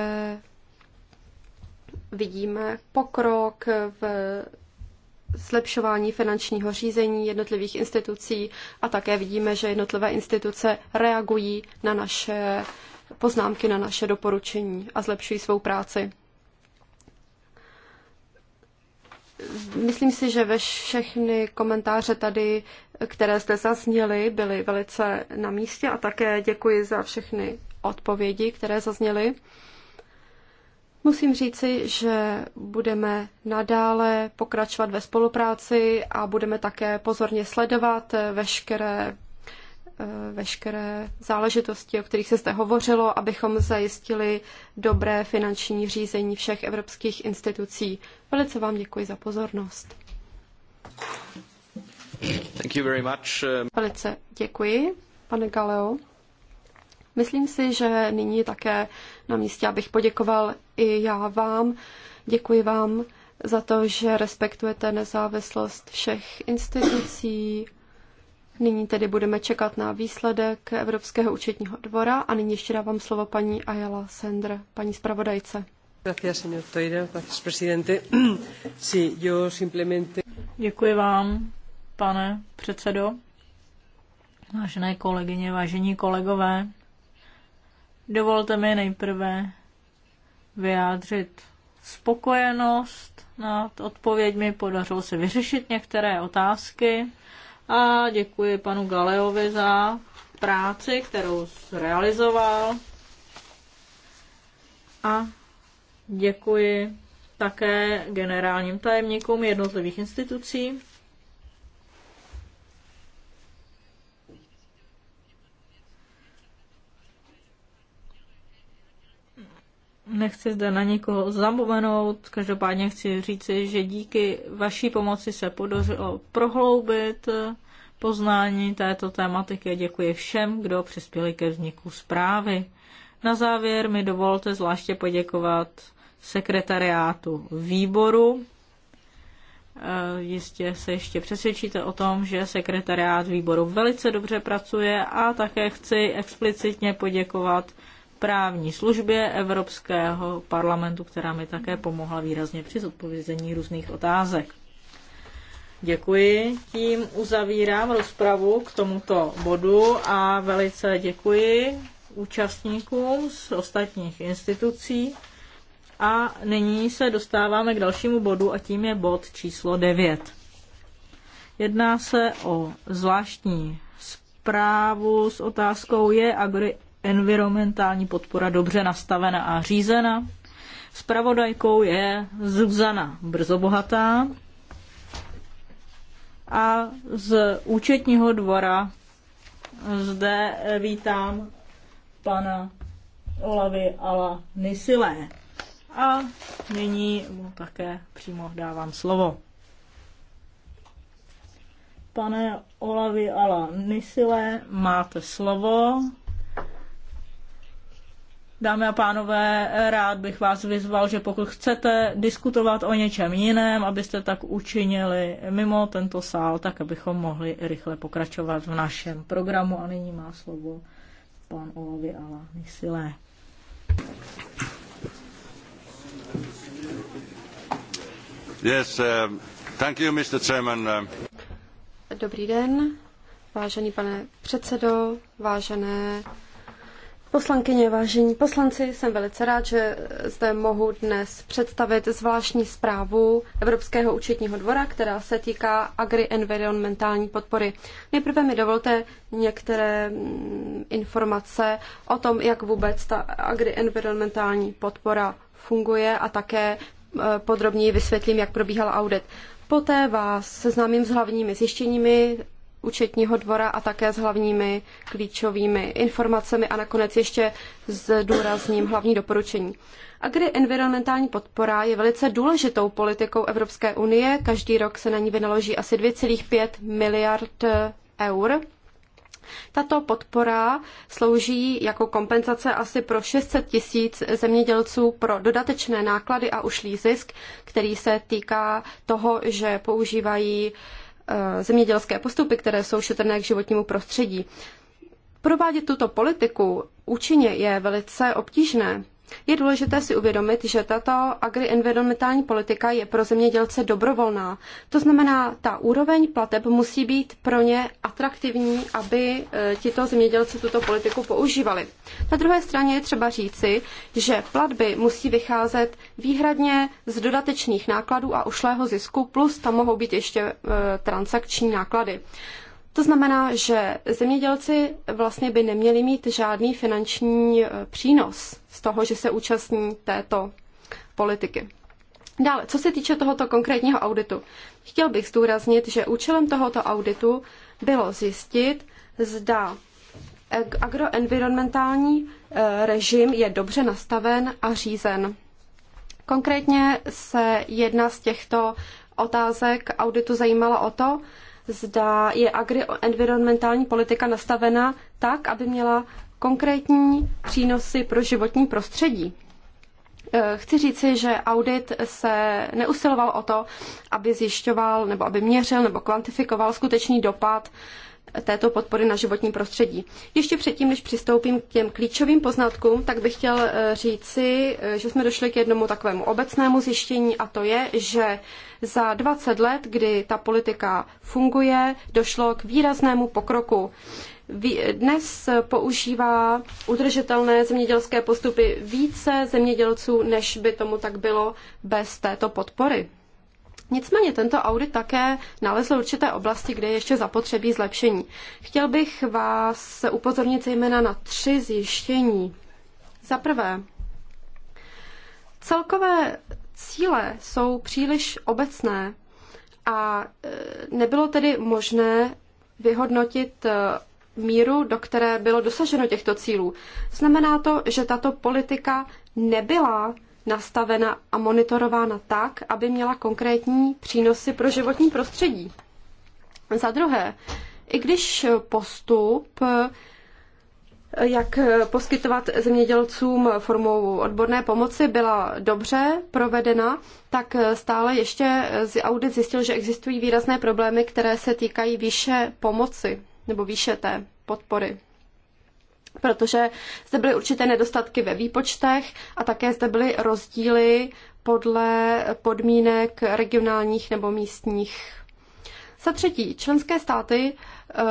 vidíme pokrok v zlepšování finančního řízení jednotlivých institucí a také vidíme, že jednotlivé instituce reagují na naše poznámky na naše doporučení a zlepšují svou práci. Myslím si, že ve všechny komentáře tady, které jste zazněly, byly velice na místě a také děkuji za všechny odpovědi, které zazněly. Musím říci, že budeme nadále pokračovat ve spolupráci a budeme také pozorně sledovat veškeré Eh, veškeré záležitosti, o kterých se zde hovořilo, abychom zajistili dobré finanční řízení všech evropských institucí. Velice vám děkuji za pozornost. Thank you very much. Eh, Velice děkuji, pane Galeo. Myslím si, že nyní také na místě, abych poděkoval i já vám. Děkuji vám za to, že respektujete nezávislost všech institucí, Nyní tedy budeme čekat na výsledek Evropského účetního dvora a nyní ještě dávám slovo paní Ayala Sender, paní zpravodajce. Děkuji vám, pane předsedo. Vážené kolegyně, vážení kolegové, dovolte mi nejprve vyjádřit spokojenost nad odpověďmi. Podařilo se vyřešit některé otázky, a děkuji panu Galeovi za práci, kterou zrealizoval. A děkuji také generálním tajemníkům jednotlivých institucí. nechci zde na někoho zamomenout, každopádně chci říci, že díky vaší pomoci se podařilo prohloubit poznání této tématiky a děkuji všem, kdo přispěli ke vzniku zprávy. Na závěr mi dovolte zvláště poděkovat sekretariátu výboru. Eh, jistě se ještě přesvědčíte o tom, že sekretariát výboru velice dobře pracuje a také chci explicitně poděkovat právní službě Evropského parlamentu, která mi také pomohla výrazně při zodpovězení různých otázek. Děkuji. Tím uzavírám rozpravu k tomuto bodu a velice děkuji účastníkům z ostatních institucí. A nyní se dostáváme k dalšímu bodu a tím je bod číslo 9. Jedná se o zvláštní zprávu s otázkou je agri environmentální podpora dobře nastavena a řízena. Spravodajkou je Zuzana Brzobohatá a z účetního dvora zde vítám pana Olavy Ala Nisilé. A nyní mu také přímo dávám slovo. Pane Olavi Ala Nisilé, máte slovo Dámy a pánové, rád bych vás vyzval, že pokud chcete diskutovat o něčem jiném, abyste tak učinili mimo tento sál, tak abychom mohli rychle pokračovat v našem programu. A nyní má slovo pan Olavi Ala Nisilé. Yes, um, thank you, Mr. Chairman. Um, Dobrý den, vážený pane předsedo, vážené Poslankyně, vážení poslanci, jsem velice rád, že zde mohu dnes představit zvláštní zprávu Evropského účetního dvora, která se týká agri-environmentální podpory. Nejprve mi dovolte některé mm, informace o tom, jak vůbec ta agri-environmentální podpora funguje a také e, podrobněji vysvětlím, jak probíhal audit. Poté vás seznámím s hlavními zjištěními účetního dvora a také s hlavními klíčovými informacemi a nakonec ještě s důrazním hlavní doporučení. Agri-environmentální podpora je velice důležitou politikou Evropské unie. Každý rok se na ní vynaloží asi 2,5 miliard eh, eur. Tato podpora slouží jako kompenzace asi pro 600 tisíc zemědělců pro dodatečné náklady a ušlý zisk, který se týká toho, že používají Eh, zemědělské postupy, které jsou šetrné k životnímu prostředí. Provádět tuto politiku účinně je velice obtížné. Je důležité si uvědomit, že tato agri-environmentální politika je pro zemědělce dobrovolná. To znamená, ta úroveň plateb musí být pro ně atraktivní, aby eh, tito zemědělci tuto politiku používali. Na druhé straně je třeba říci, že platby musí vycházet výhradně z dodatečných nákladů a ušlého zisku, plus tam mohou být ještě eh, transakční náklady. To znamená, že zemědělci vlastně by neměli mít žádný finanční eh, přínos z toho, že se účastní této politiky. Dále, co se týče tohoto konkrétního auditu, chtěl bych zdůraznit, že účelem tohoto auditu bylo zjistit, zda agroenvironmentální eh, režim je dobře nastaven a řízen. Konkrétně se jedna z těchto otázek auditu zajímala o to, zda je agri-environmentální politika nastavena tak, aby měla konkrétní přínosy pro životní prostředí. Eh, chci říci, že audit se neusiloval o to, aby zjišťoval nebo aby měřil nebo kvantifikoval skutečný dopad této podpory na životní prostředí. Ještě předtím, než přistoupím k těm klíčovým poznatkům, tak bych chtěl eh, říci, eh, že jsme došli k jednomu takovému obecnému zjištění a to je, že za 20 let, kdy ta politika funguje, došlo k výraznému pokroku. Dnes používá udržitelné zemědělské postupy více zemědělců, než by tomu tak bylo bez této podpory. Nicméně tento audit také nalezl určité oblasti, kde je ještě zapotřebí zlepšení. Chtěl bych vás upozornit zejména na tři zjištění. Za prvé, celkové cíle jsou příliš obecné a e, nebylo tedy možné vyhodnotit e, míru, do které bylo dosaženo těchto cílů. Znamená to, že tato politika nebyla nastavena a monitorována tak, aby měla konkrétní přínosy pro životní prostředí. Za druhé, i když postup, jak poskytovat zemědělcům formou odborné pomoci, byla dobře provedena, tak stále ještě audit zjistil, že existují výrazné problémy, které se týkají výše pomoci nebo výše té podpory protože zde byly určité nedostatky ve výpočtech a také zde byly rozdíly podle podmínek regionálních nebo místních. Za třetí, členské státy eh,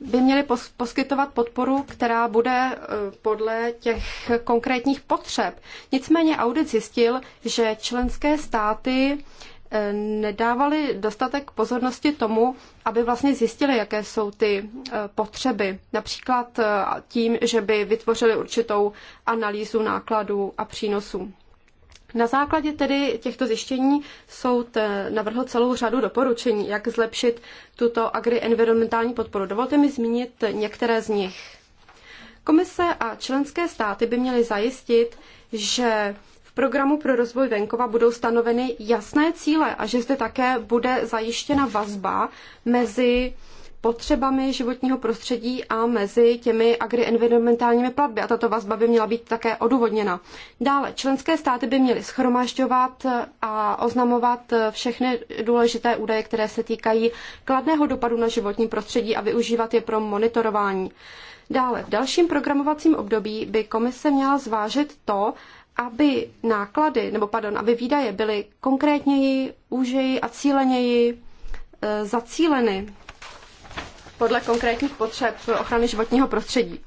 by měly poskytovat podporu, která bude eh, podle těch konkrétních potřeb. Nicméně audit zjistil, že členské státy nedávali dostatek pozornosti tomu, aby vlastně zjistili, jaké jsou ty e, potřeby. Například e, tím, že by vytvořili určitou analýzu nákladů a přínosů. Na základě tedy těchto zjištění soud e, navrhl celou řadu doporučení, jak zlepšit tuto agri-environmentální podporu. Dovolte mi zmínit některé z nich. Komise a členské státy by měly zajistit, že programu pro rozvoj venkova budou stanoveny jasné cíle a že zde také bude zajištěna vazba mezi potřebami životního prostředí a mezi těmi agrienvironmentálními platby. A tato vazba by měla být také odůvodněna. Dále, členské státy by měly schromažďovat a oznamovat všechny důležité údaje, které se týkají kladného dopadu na životní prostředí a využívat je pro monitorování. Dále, v dalším programovacím období by komise měla zvážit to, aby náklady, nebo pardon, aby výdaje byly konkrétněji, úžeji a cíleněji e, zacíleny podle konkrétních potřeb ochrany životního prostředí.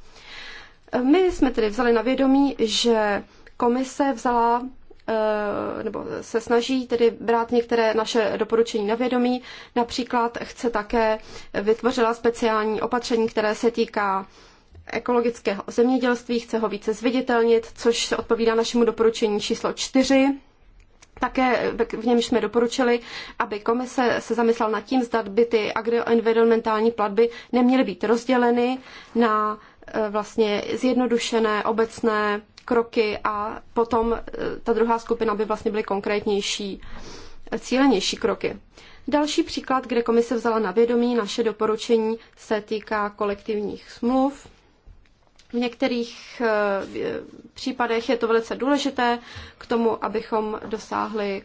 E, my jsme tedy vzali na vědomí, že komise vzala e, nebo se snaží tedy brát některé naše doporučení na vědomí. Například chce také vytvořila speciální opatření, které se týká ekologického zemědělství, chce ho více zviditelnit, což se odpovídá našemu doporučení číslo čtyři. Také v něm jsme doporučili, aby komise se zamyslela nad tím, zda by ty agroenvironmentální platby neměly být rozděleny na e, vlastně zjednodušené obecné kroky a potom e, ta druhá skupina by vlastně byly konkrétnější, e, cílenější kroky. Další příklad, kde komise vzala na vědomí naše doporučení, se týká kolektivních smluv. V některých eh, případech je to velice důležité k tomu, abychom dosáhli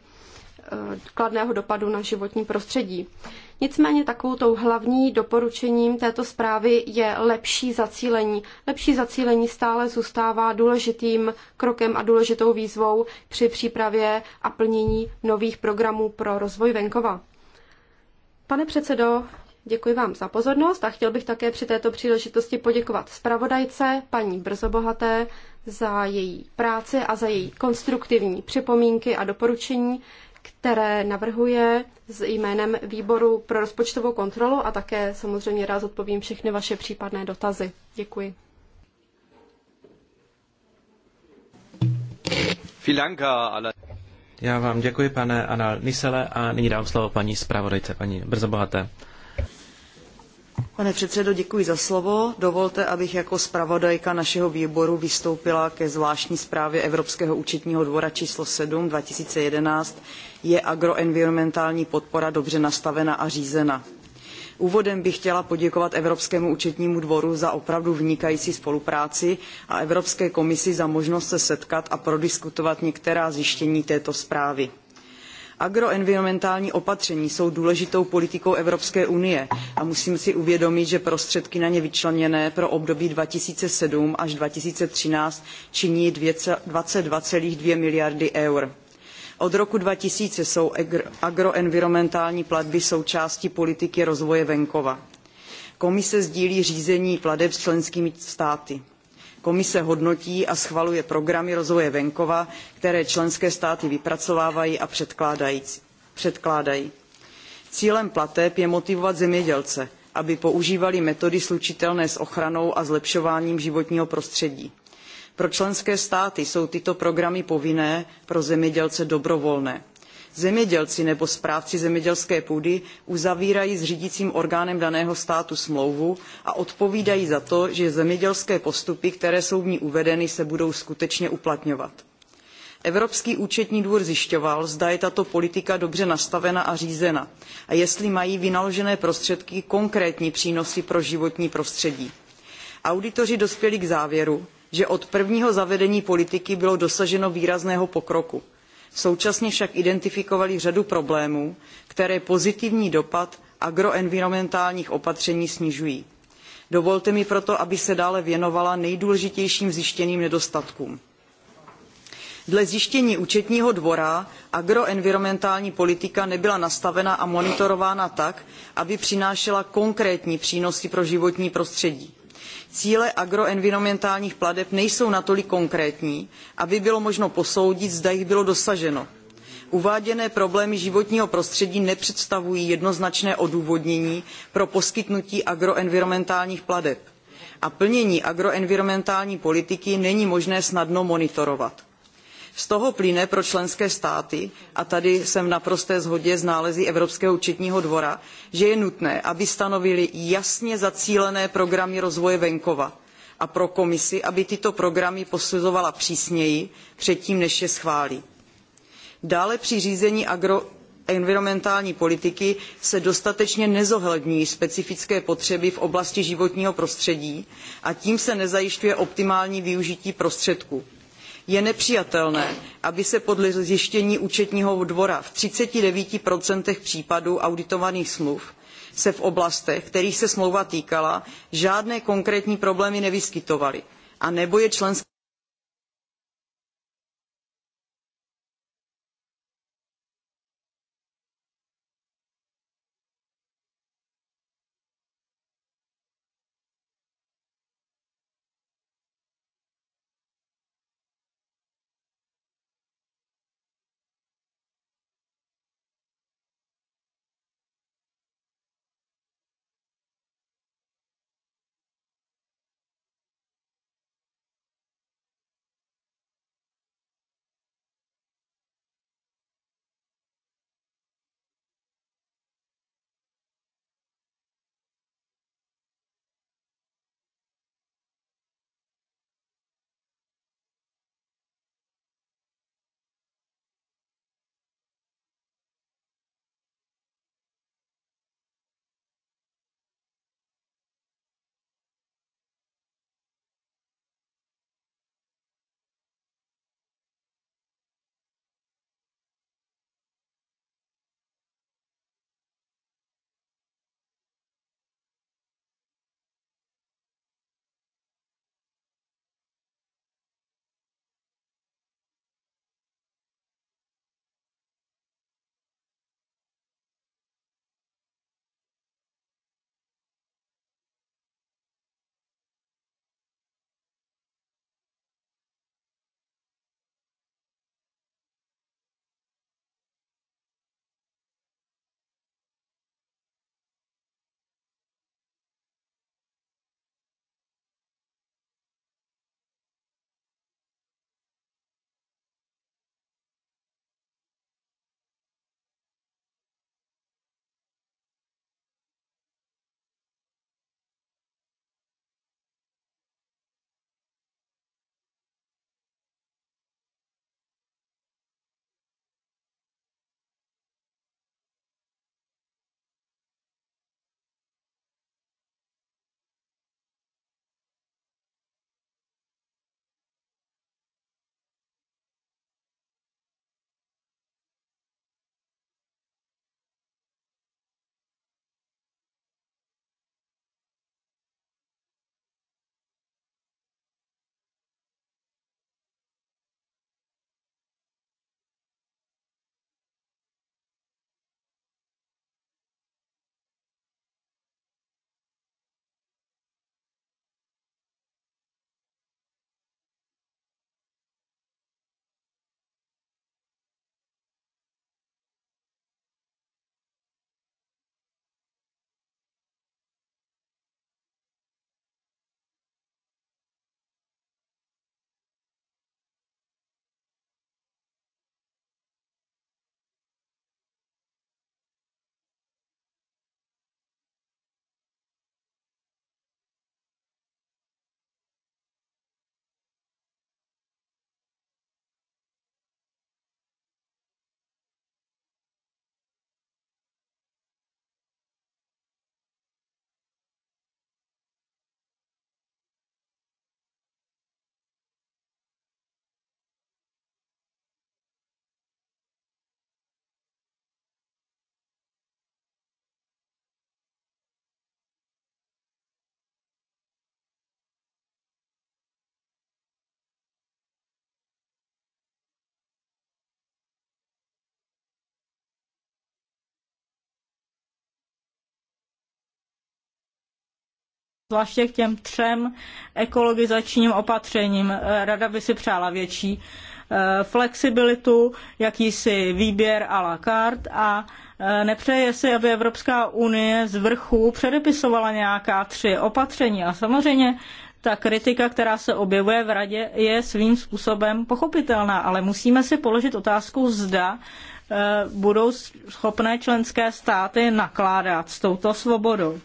eh, kladného dopadu na životní prostředí. Nicméně takovou tou hlavní doporučením této zprávy je lepší zacílení. Lepší zacílení stále zůstává důležitým krokem a důležitou výzvou při přípravě a plnění nových programů pro rozvoj venkova. Pane předsedo, Děkuji vám za pozornost a chtěl bych také při této příležitosti poděkovat zpravodajce, paní Brzobohaté, za její práci a za její konstruktivní připomínky a doporučení, které navrhuje s jménem Výboru pro rozpočtovou kontrolu a také samozřejmě rád odpovím všechny vaše případné dotazy. Děkuji. Já vám děkuji, pane Anal Nisele, a nyní dám slovo paní zpravodajce, paní Brzobohaté. Pane předsedo, děkuji za slovo. Dovolte, abych jako zpravodajka našeho výboru vystoupila ke zvláštní zprávě Evropského účetního dvora číslo 7 2011. Je agroenvironmentální podpora dobře nastavena a řízena? Úvodem bych chtěla poděkovat Evropskému účetnímu dvoru za opravdu vynikající spolupráci a Evropské komisi za možnost se setkat a prodiskutovat některá zjištění této zprávy agroenvironmentální opatření jsou důležitou politikou evropské unie a musíme si uvědomit že prostředky na ně vyčleněné pro období two thousand and seven až two thousand and thirteen činí twenty two two miliardy eur. od roku two thousand jsou agroenvironmentální platby součástí politiky rozvoje venkova. komise sdílí řízení plateb s členskými státy Komise hodnotí a schvaluje programy rozvoje venkova, které členské státy vypracovávají a předkládají. Cílem plateb je motivovat zemědělce, aby používali metody slučitelné s ochranou a zlepšováním životního prostředí. Pro členské státy jsou tyto programy povinné, pro zemědělce dobrovolné Zemědělci nebo správci zemědělské půdy uzavírají s řídícím orgánem daného státu smlouvu a odpovídají za to, že zemědělské postupy, které jsou v ní uvedeny, se budou skutečně uplatňovat. Evropský účetní dvůr zjišťoval, zda je tato politika dobře nastavena a řízena a jestli mají vynaložené prostředky konkrétní přínosy pro životní prostředí. Auditoři dospěli k závěru, že od prvního zavedení politiky bylo dosaženo výrazného pokroku Současně však identifikovali řadu problémů, které pozitivní dopad agroenvironmentálních opatření snižují. Dovolte mi proto, aby se dále věnovala nejdůležitějším zjištěným nedostatkům. Dle zjištění účetního dvora agroenvironmentální politika nebyla nastavena a monitorována tak, aby přinášela konkrétní přínosy pro životní prostředí Cíle agroenvironmentálních plateb nejsou natolik konkrétní, aby bylo možno posoudit, zda jich bylo dosaženo. Uváděné problémy životního prostředí nepředstavují jednoznačné odůvodnění pro poskytnutí agroenvironmentálních plateb a plnění agroenvironmentální politiky není možné snadno monitorovat z toho plyne pro členské státy, a tady jsem v naprosté shodě s nálezy Evropského účetního dvora, že je nutné, aby stanovili jasně zacílené programy rozvoje venkova a pro komisi, aby tyto programy posuzovala přísněji předtím, než je schválí. Dále při řízení agro environmentální politiky se dostatečně nezohledňují specifické potřeby v oblasti životního prostředí a tím se nezajišťuje optimální využití prostředků je nepřijatelné aby se podle zjištění účetního dvora v thirty nine případů auditovaných smluv se v oblastech kterých se smlouva týkala žádné konkrétní problémy nevyskytovaly anebo je členské zvláště k těm třem ekologizačním opatřením. Eh, Rada by si přála větší eh, flexibilitu, jakýsi výběr à la carte a eh, nepřeje si, aby Evropská unie z vrchu předepisovala nějaká tři opatření. A samozřejmě ta kritika, která se objevuje v radě, je svým způsobem pochopitelná, ale musíme si položit otázku, zda budou schopné členské státy nakládat s touto svobodou.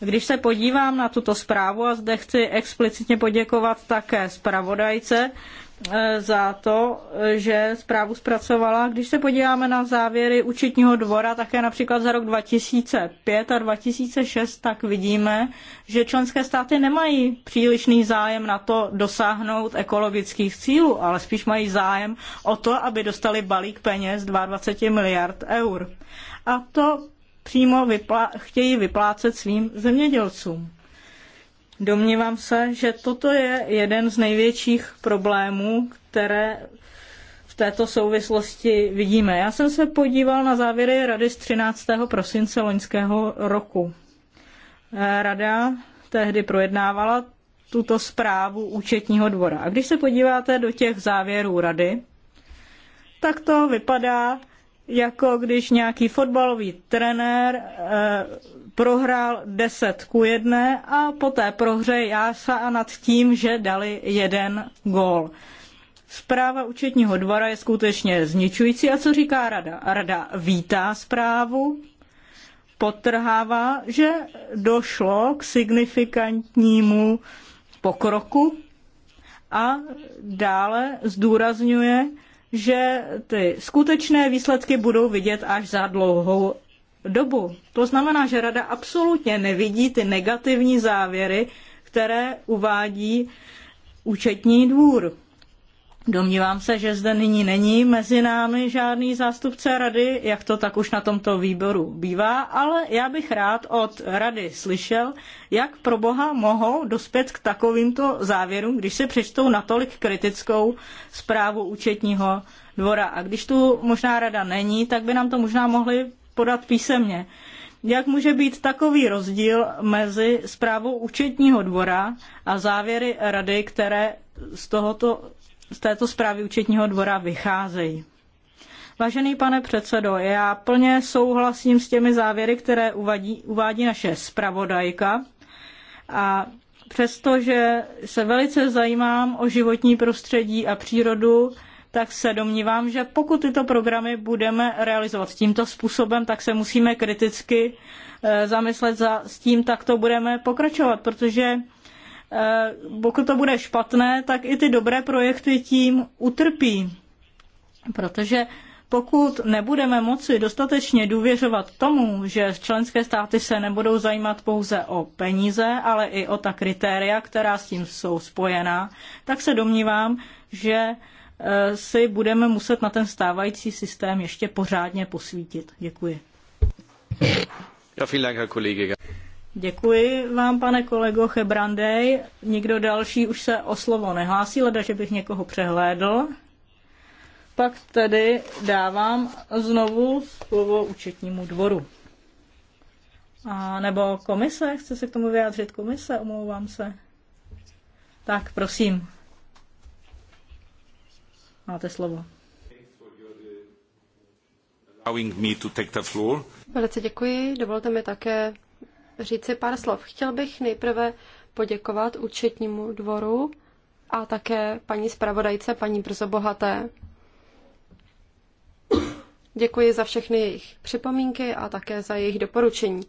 Když se podívám na tuto zprávu a zde chci explicitně poděkovat také zpravodajce eh, za to, že zprávu zpracovala. Když se podíváme na závěry účetního dvora, také například za rok 2005 a 2006, tak vidíme, že členské státy nemají přílišný zájem na to dosáhnout ekologických cílů, ale spíš mají zájem o to, aby dostali balík peněz 22 miliard eur. A to přímo vyplá- chtějí vyplácet svým zemědělcům. Domnívám se, že toto je jeden z největších problémů, které v této souvislosti vidíme. Já jsem se podíval na závěry Rady z 13. prosince loňského roku. Eh, Rada tehdy projednávala tuto zprávu účetního dvora. A když se podíváte do těch závěrů rady, tak to vypadá jako když nějaký fotbalový trenér e, prohrál 10 ku 1 a po té prohře jása a nad tím, že dali jeden gól. Zpráva účetního dvora je skutečně zničující. A co říká rada? Rada vítá zprávu, podtrhává, že došlo k signifikantnímu pokroku a dále zdůrazňuje, že ty skutečné výsledky budou vidět až za dlouhou dobu. To znamená, že rada absolutně nevidí ty negativní závěry, které uvádí účetní dvůr. Domnívám se, že zde nyní není mezi námi žádný zástupce rady, jak to tak už na tomto výboru bývá, ale já bych rád od rady slyšel, jak pro boha mohou dospět k takovýmto závěrům, když se přečtou natolik kritickou zprávu účetního dvora. A když tu možná rada není, tak by nám to možná mohli podat písemně. Jak může být takový rozdíl mezi zprávou účetního dvora a závěry rady, které z tohoto z této zprávy účetního dvora vycházejí. Vážený pane předsedo, já plně souhlasím s těmi závěry, které uvádí, uvádí naše zpravodajka a přestože se velice zajímám o životní prostředí a přírodu, tak se domnívám, že pokud tyto programy budeme realizovat tímto způsobem, tak se musíme kriticky eh, zamyslet za s tím, tak to budeme pokračovat, protože Eh, pokud to bude špatné, tak i ty dobré projekty tím utrpí. Protože pokud nebudeme moci dostatečně důvěřovat tomu, že členské státy se nebudou zajímat pouze o peníze, ale i o ta kritéria, která s tím jsou spojená, tak se domnívám, že eh, si budeme muset na ten stávající systém ještě pořádně posvítit. Děkuji. Ja, vielen Dank, Herr Kollege. Děkuji vám, pane kolego Chebrandej. Nikdo další už se o slovo nehlásí, leda, že bych někoho přehlédl. Pak tedy dávám znovu slovo účetnímu dvoru. A nebo komise, chce se k tomu vyjádřit komise, omlouvám se. Tak, prosím. Máte slovo. Velice děkuji. Dovolte mi také říci pár slov. Chtěl bych nejprve poděkovat účetnímu dvoru a také paní zpravodajce, paní Brzo Bohaté. Děkuji za všechny jejich připomínky a také za jejich doporučení.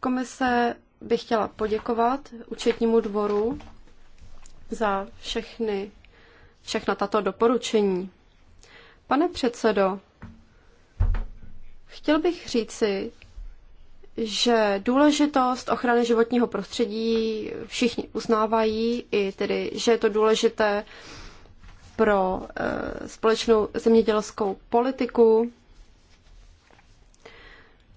Komise bych chtěla poděkovat účetnímu dvoru za všechny, všechna tato doporučení. Pane předsedo, Chtěl bych říci, že důležitost ochrany životního prostředí všichni uznávají, i tedy, že je to důležité pro eh, společnou zemědělskou politiku.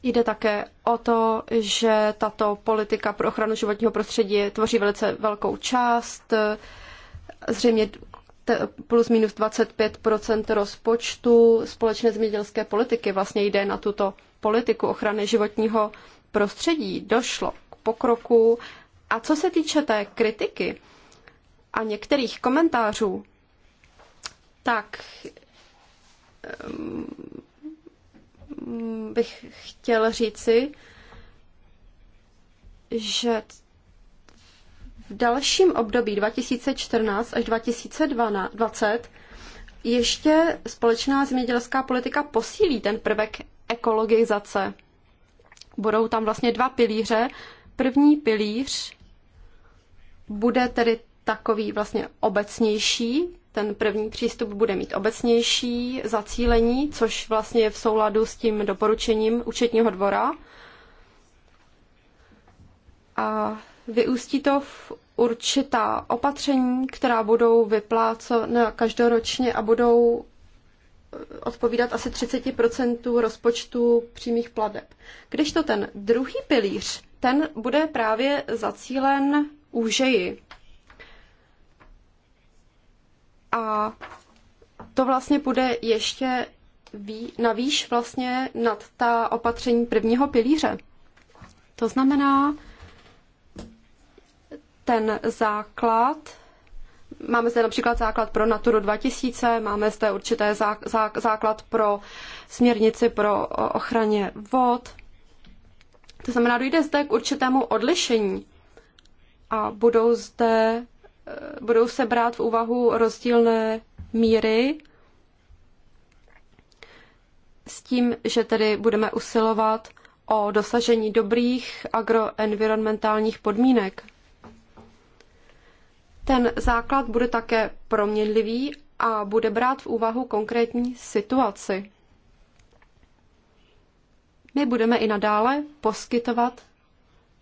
Jde také o to, že tato politika pro ochranu životního prostředí tvoří velice velkou část. Eh, zřejmě plus minus 25 rozpočtu společné zemědělské politiky vlastně jde na tuto politiku ochrany životního prostředí. Došlo k pokroku. A co se týče té kritiky a některých komentářů, tak ehm, bych chtěl říci, že v dalším období 2014 až 2020 ještě společná zemědělská politika posílí ten prvek ekologizace. Budou tam vlastně dva pilíře. První pilíř bude tedy takový vlastně obecnější, ten první přístup bude mít obecnější zacílení, což vlastně je v souladu s tím doporučením účetního dvora. A vyústí to v určitá opatření, která budou vyplácena každoročně a budou eh, odpovídat asi 30% rozpočtu přímých plateb. Když to ten druhý pilíř, ten bude právě zacílen úžeji. A to vlastně bude ještě navýš navíš vlastně nad ta opatření prvního pilíře. To znamená, ten základ, máme zde například základ pro Naturu 2000, máme zde určité základ pro směrnici pro ochraně vod. To znamená, dojde zde k určitému odlišení a budou zde, eh, budou se brát v úvahu rozdílné míry s tím, že tedy budeme usilovat o dosažení dobrých agroenvironmentálních podmínek. Ten základ bude také proměnlivý a bude brát v úvahu konkrétní situaci. My budeme i nadále poskytovat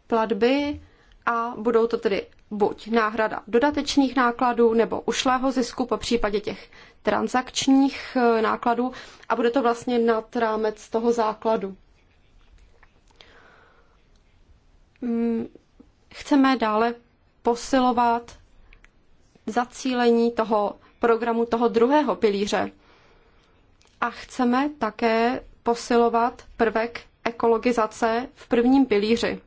platby a budou to tedy buď náhrada dodatečných nákladů nebo ušlého zisku po případě těch transakčních eh, nákladů a bude to vlastně nad rámec toho základu. Hmm, chceme dále posilovat zacílení toho programu, toho druhého pilíře. A chceme také posilovat prvek ekologizace v prvním pilíři.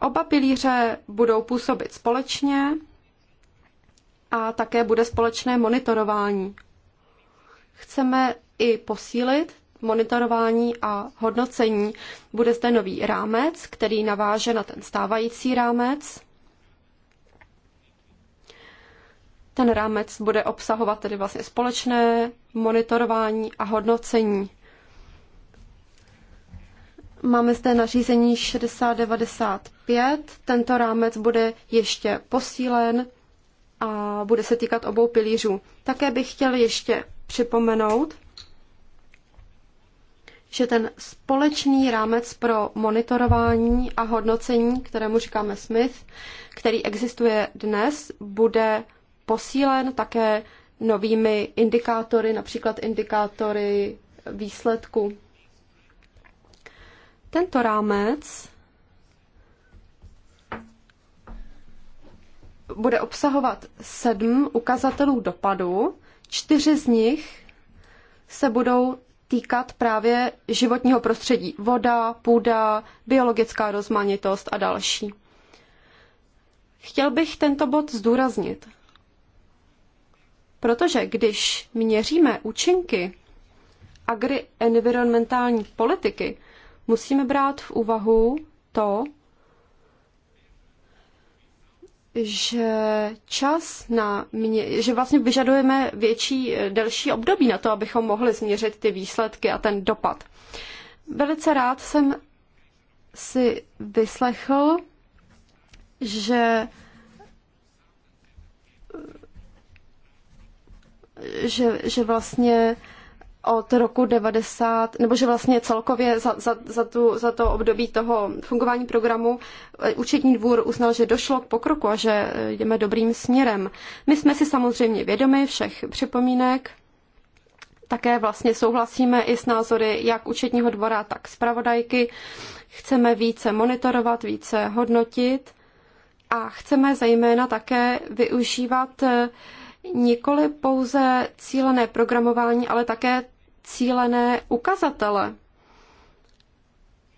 Oba pilíře budou působit společně a také bude společné monitorování. Chceme i posílit monitorování a hodnocení. Bude zde nový rámec, který naváže na ten stávající rámec. Ten rámec bude obsahovat tedy vlastně společné monitorování a hodnocení. Máme zde nařízení 6095. Tento rámec bude ještě posílen a bude se týkat obou pilířů. Také bych chtěl ještě připomenout, že ten společný rámec pro monitorování a hodnocení, kterému říkáme Smith, který existuje dnes, bude posílen také novými indikátory, například indikátory výsledku. Tento rámec bude obsahovat sedm ukazatelů dopadu. Čtyři z nich se budou týkat právě životního prostředí. Voda, půda, biologická rozmanitost a další. Chtěl bych tento bod zdůraznit, Protože když měříme účinky agri-environmentální politiky, musíme brát v úvahu to, že čas na mě, že vlastně vyžadujeme větší, delší období na to, abychom mohli změřit ty výsledky a ten dopad. Velice rád jsem si vyslechl, že že, že vlastně od roku 90, nebo že vlastně celkově za, za, za, tu, za to období toho fungování programu eh, účetní dvůr uznal, že došlo k pokroku a že eh, jdeme dobrým směrem. My jsme si samozřejmě vědomi všech připomínek, také vlastně souhlasíme i s názory jak účetního dvora, tak zpravodajky. Chceme více monitorovat, více hodnotit a chceme zejména také využívat eh, nikoli pouze cílené programování, ale také cílené ukazatele.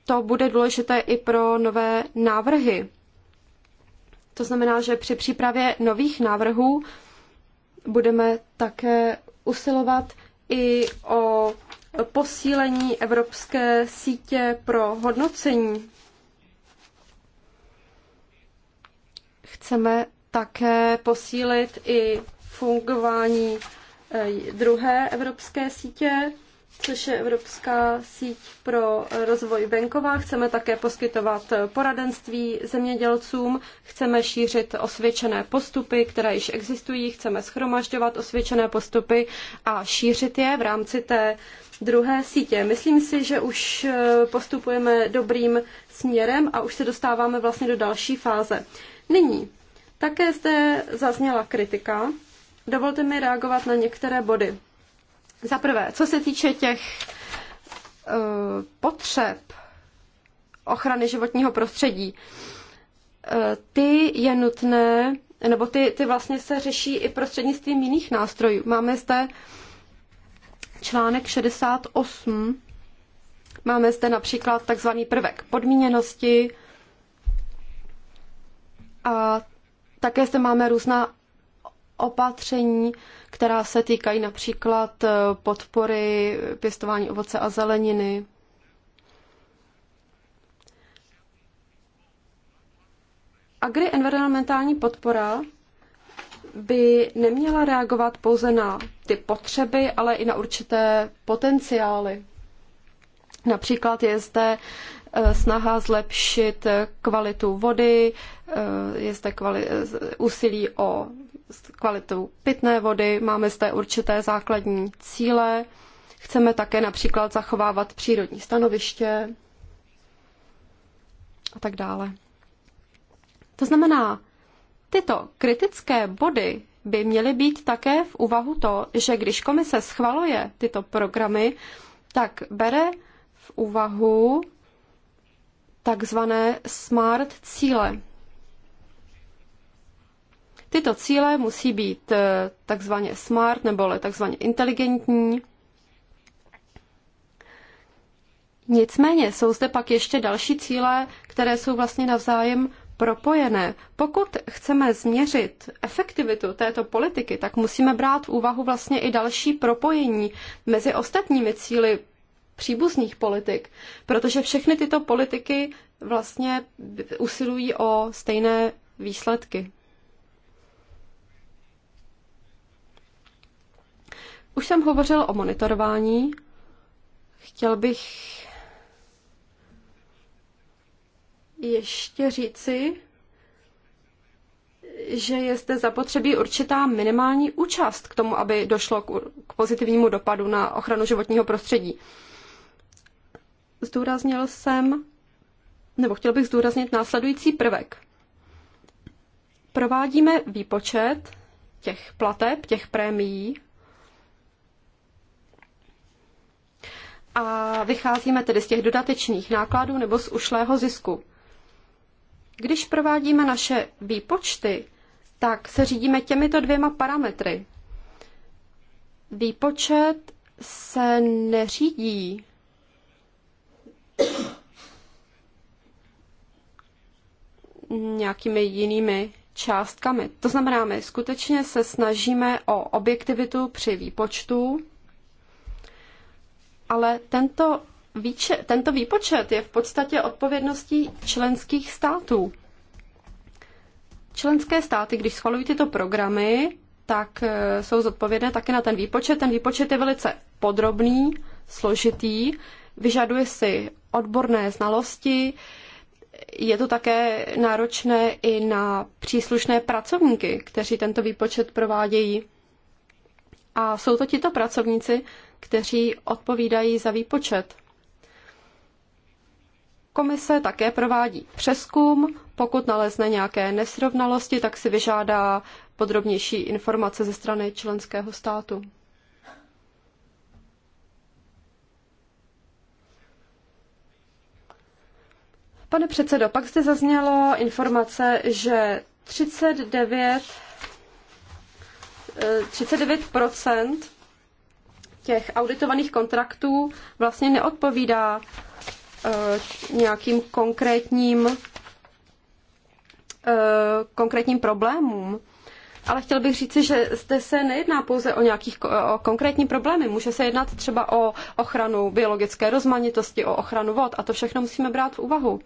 To bude důležité i pro nové návrhy. To znamená, že při přípravě nových návrhů budeme také usilovat i o posílení evropské sítě pro hodnocení. Chceme také posílit i fungování eh, druhé evropské sítě, což je Evropská síť pro rozvoj venkova. Chceme také poskytovat poradenství zemědělcům, chceme šířit osvědčené postupy, které již existují, chceme schromažďovat osvědčené postupy a šířit je v rámci té druhé sítě. Myslím si, že už eh, postupujeme dobrým směrem a už se dostáváme vlastně do další fáze. Nyní také zde zazněla kritika Dovolte mi reagovat na některé body. Za prvé, co se týče těch uh, potřeb ochrany životního prostředí, uh, ty je nutné, nebo ty, ty vlastně se řeší i prostřednictvím jiných nástrojů. Máme zde článek 68, máme zde například takzvaný prvek podmíněnosti a také zde máme různá opatření, která se týkají například eh, podpory pěstování ovoce a zeleniny. Agri-environmentální podpora by neměla reagovat pouze na ty potřeby, ale i na určité potenciály. Například je zde eh, snaha zlepšit eh, kvalitu vody, je zde kvali- úsilí o s kvalitou pitné vody, máme zde určité základní cíle, chceme také například zachovávat přírodní stanoviště a tak dále. To znamená, tyto kritické body by měly být také v úvahu to, že když komise schvaluje tyto programy, tak bere v úvahu takzvané smart cíle. Tyto cíle musí být eh, takzvaně smart nebo takzvaně inteligentní. Nicméně jsou zde pak ještě další cíle, které jsou vlastně navzájem propojené. Pokud chceme změřit efektivitu této politiky, tak musíme brát v úvahu vlastně i další propojení mezi ostatními cíly příbuzných politik, protože všechny tyto politiky vlastně usilují o stejné výsledky. Už jsem hovořil o monitorování. Chtěl bych ještě říci, že je zde zapotřebí určitá minimální účast k tomu, aby došlo k, pozitivnímu dopadu na ochranu životního prostředí. Zdůraznil jsem, nebo chtěl bych zdůraznit následující prvek. Provádíme výpočet těch plateb, těch prémií a vycházíme tedy z těch dodatečných nákladů nebo z ušlého zisku. Když provádíme naše výpočty, tak se řídíme těmito dvěma parametry. Výpočet se neřídí nějakými jinými částkami. To znamená, my skutečně se snažíme o objektivitu při výpočtu ale tento, výče, tento výpočet je v podstatě odpovědností členských států. Členské státy, když schvalují tyto programy, tak e, jsou zodpovědné také na ten výpočet. Ten výpočet je velice podrobný, složitý, vyžaduje si odborné znalosti, je to také náročné i na příslušné pracovníky, kteří tento výpočet provádějí. A jsou to tito pracovníci, kteří odpovídají za výpočet. Komise také provádí přeskum. Pokud nalezne nějaké nesrovnalosti, tak si vyžádá podrobnější informace ze strany členského státu. Pane předsedo, pak zde zaznělo informace, že 39 39 těch auditovaných kontraktů vlastně neodpovídá eh, nějakým konkrétním, eh, konkrétním problémům. Ale chtěl bych říci, že zde se nejedná pouze o nějakých o konkrétní problémy. Může se jednat třeba o ochranu biologické rozmanitosti, o ochranu vod a to všechno musíme brát v úvahu.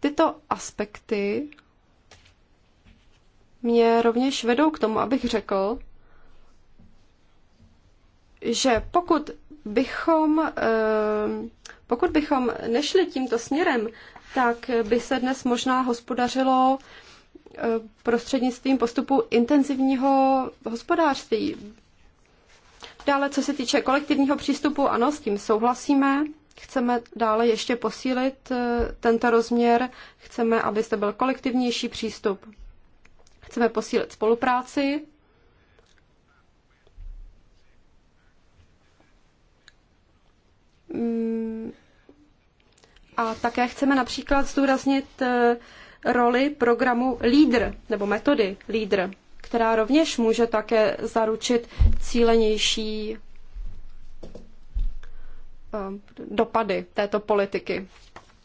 Tyto aspekty mě rovněž vedou k tomu, abych řekl, že pokud bychom, eh, pokud bychom nešli tímto směrem, tak by se dnes možná hospodařilo eh, prostřednictvím postupu intenzivního hospodářství. Dále, co se týče kolektivního přístupu, ano, s tím souhlasíme. Chceme dále ještě posílit eh, tento rozměr. Chceme, aby zde byl kolektivnější přístup. Chceme posílit spolupráci. Mm. A také chceme například zdůraznit eh, roli programu LEADER nebo metody LEADER, která rovněž může také zaručit cílenější eh, dopady této politiky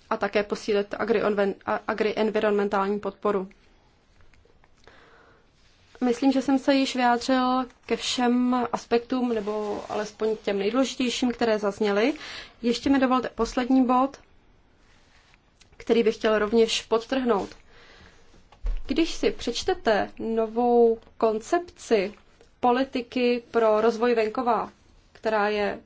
a také posílit agri-environmentální podporu. Myslím, že jsem se již vyjádřil ke všem aspektům, nebo alespoň těm nejdůležitějším, které zazněly. Ještě mi dovolte poslední bod, který bych chtěl rovněž podtrhnout. Když si přečtete novou koncepci politiky pro rozvoj venkova, která je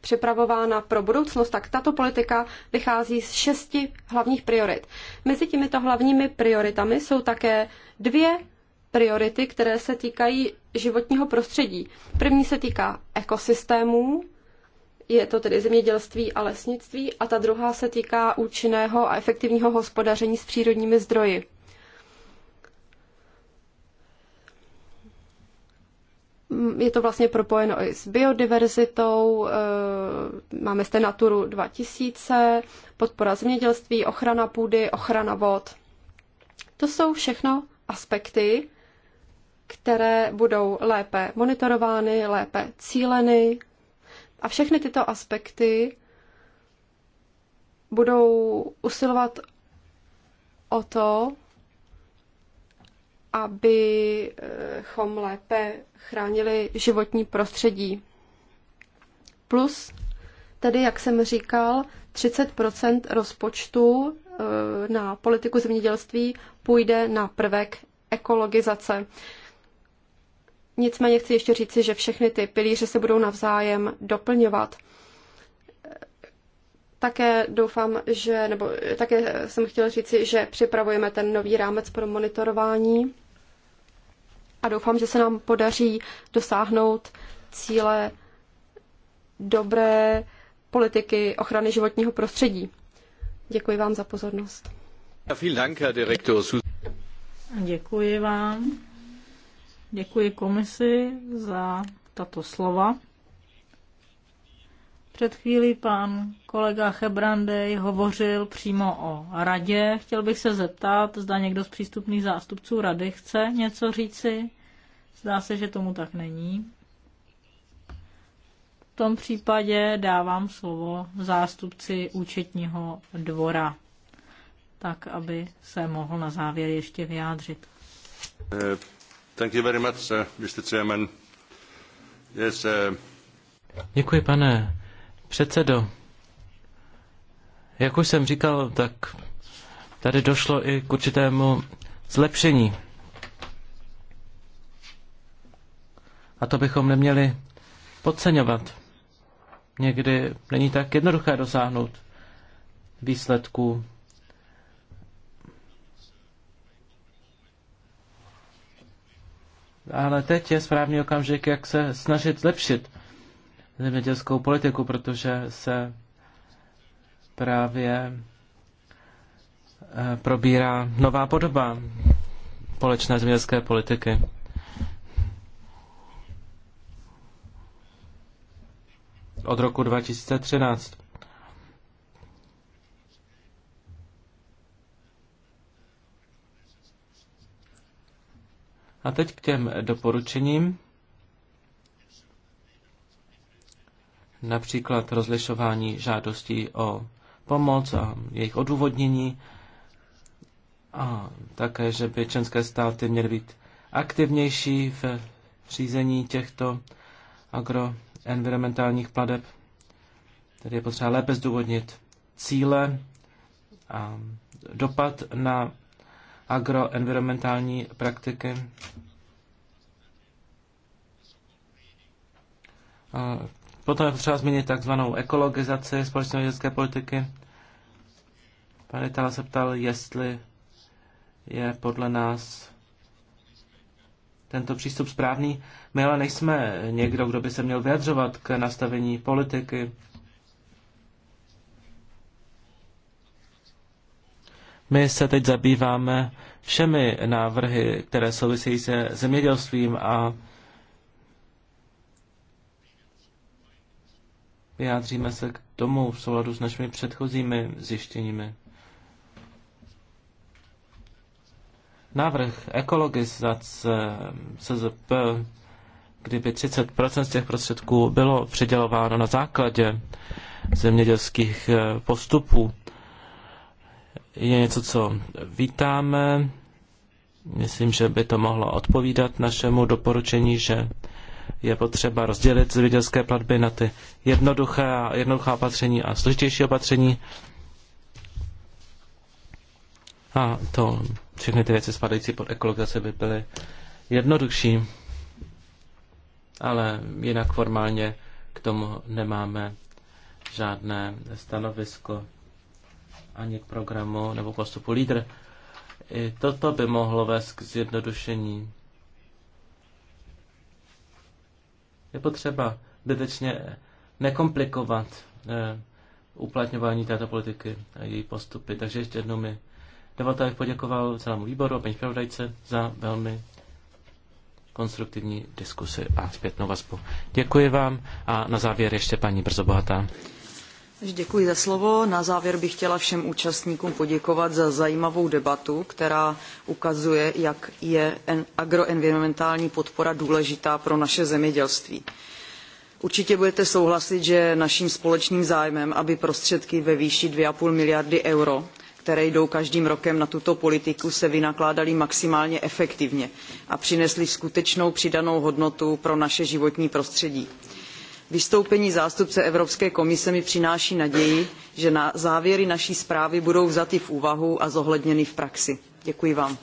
připravována pro budoucnost, tak tato politika vychází z šesti hlavních priorit. Mezi těmito hlavními prioritami jsou také dvě priority, které se týkají životního prostředí. První se týká ekosystémů, je to tedy zemědělství a lesnictví, a ta druhá se týká účinného a efektivního hospodaření s přírodními zdroji. Je to vlastně propojeno i s biodiverzitou, eh, máme zde Naturu 2000, podpora zemědělství, ochrana půdy, ochrana vod. To jsou všechno aspekty, které budou lépe monitorovány, lépe cíleny. A všechny tyto aspekty budou usilovat o to, abychom lépe chránili životní prostředí. Plus, tedy, jak jsem říkal, 30 rozpočtu eh, na politiku zemědělství půjde na prvek ekologizace. Nicméně chci ještě říci, že všechny ty pilíře se budou navzájem doplňovat. Také doufám, že, nebo také jsem chtěla říci, že připravujeme ten nový rámec pro monitorování a doufám, že se nám podaří dosáhnout cíle dobré politiky ochrany životního prostředí. Děkuji vám za pozornost. Děkuji vám. Děkuji komisi za tato slova. Před chvílí pan kolega Hebrandej hovořil přímo o radě. Chtěl bych se zeptat, zda někdo z přístupných zástupců rady chce něco říci. Zdá se, že tomu tak není. V tom případě dávám slovo zástupci účetního dvora, tak aby se mohl na závěr ještě vyjádřit. Eh, Uh, Děkuji, pane předsedo. Jak už jsem říkal, tak tady došlo i k určitému zlepšení. A to bychom neměli podceňovat. Někdy není tak jednoduché dosáhnout výsledků ale teď je správný okamžik, jak se snažit zlepšit zemědělskou politiku, protože se právě eh, probírá nová podoba společné zemědělské politiky. Od roku 2013. A teď k těm doporučením. Například rozlišování žádostí o pomoc a jejich odůvodnění. A také, že by členské státy měly být aktivnější v řízení těchto agroenvironmentálních pladeb. Tedy je potřeba lépe zdůvodnit cíle a dopad na agroenvironmentální praktiky. potom je potřeba změnit takzvanou ekologizaci společné dětské politiky. Pan Itala se ptal, jestli je podle nás tento přístup správný. My ale nejsme někdo, kdo by se měl vyjadřovat k nastavení politiky My se teď zabýváme všemi návrhy, které souvisejí se zemědělstvím a vyjádříme se k tomu v souladu s našimi předchozími zjištěními. Návrh ekologizace CZP, kdyby 30% z těch prostředků bylo předělováno na základě zemědělských eh, postupů, je něco, co vítáme. Myslím, že by to mohlo odpovídat našemu doporučení, že je potřeba rozdělit zemědělské platby na ty jednoduché a jednoduchá opatření a složitější opatření. A to všechny ty věci spadající pod ekologizaci by byly jednodušší. Ale jinak formálně k tomu nemáme žádné stanovisko ani k programu nebo postupu lídr. I toto by mohlo vést k zjednodušení. Je potřeba zbytečně nekomplikovat eh, uplatňování této politiky a její postupy. Takže ještě jednou mi dovolte, abych poděkoval celému výboru a paní zpravodajce za velmi konstruktivní diskusy a zpětnou vazbu. Děkuji vám a na závěr ještě paní Brzobohatá. Děkuji za slovo. Na závěr bych chtěla všem účastníkům poděkovat za zajímavou debatu, která ukazuje, jak je agroenvironmentální podpora důležitá pro naše zemědělství. Určitě budete souhlasit, že je naším společným zájmem, aby prostředky ve výši 2,5 miliardy euro, které jdou každým rokem na tuto politiku, se vynakládaly maximálně efektivně a přinesly skutečnou přidanou hodnotu pro naše životní prostředí Vystoupení zástupce Evropské komise mi přináší naději, že na závěry naší zprávy budou vzaty v úvahu a zohledněny v praxi. Děkuji vám.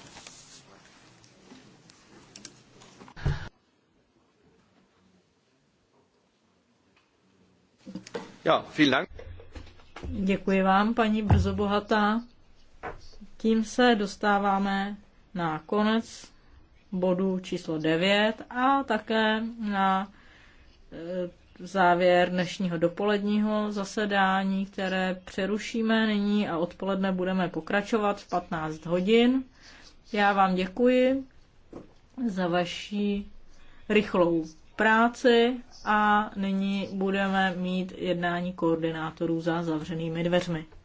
Děkuji vám, paní Brzobohatá. Tím se dostáváme na konec bodu číslo 9 a také na eh, závěr dnešního dopoledního zasedání, které přerušíme nyní a odpoledne budeme pokračovat v 15 hodin. Já vám děkuji za vaši rychlou práci a nyní budeme mít jednání koordinátorů za zavřenými dveřmi.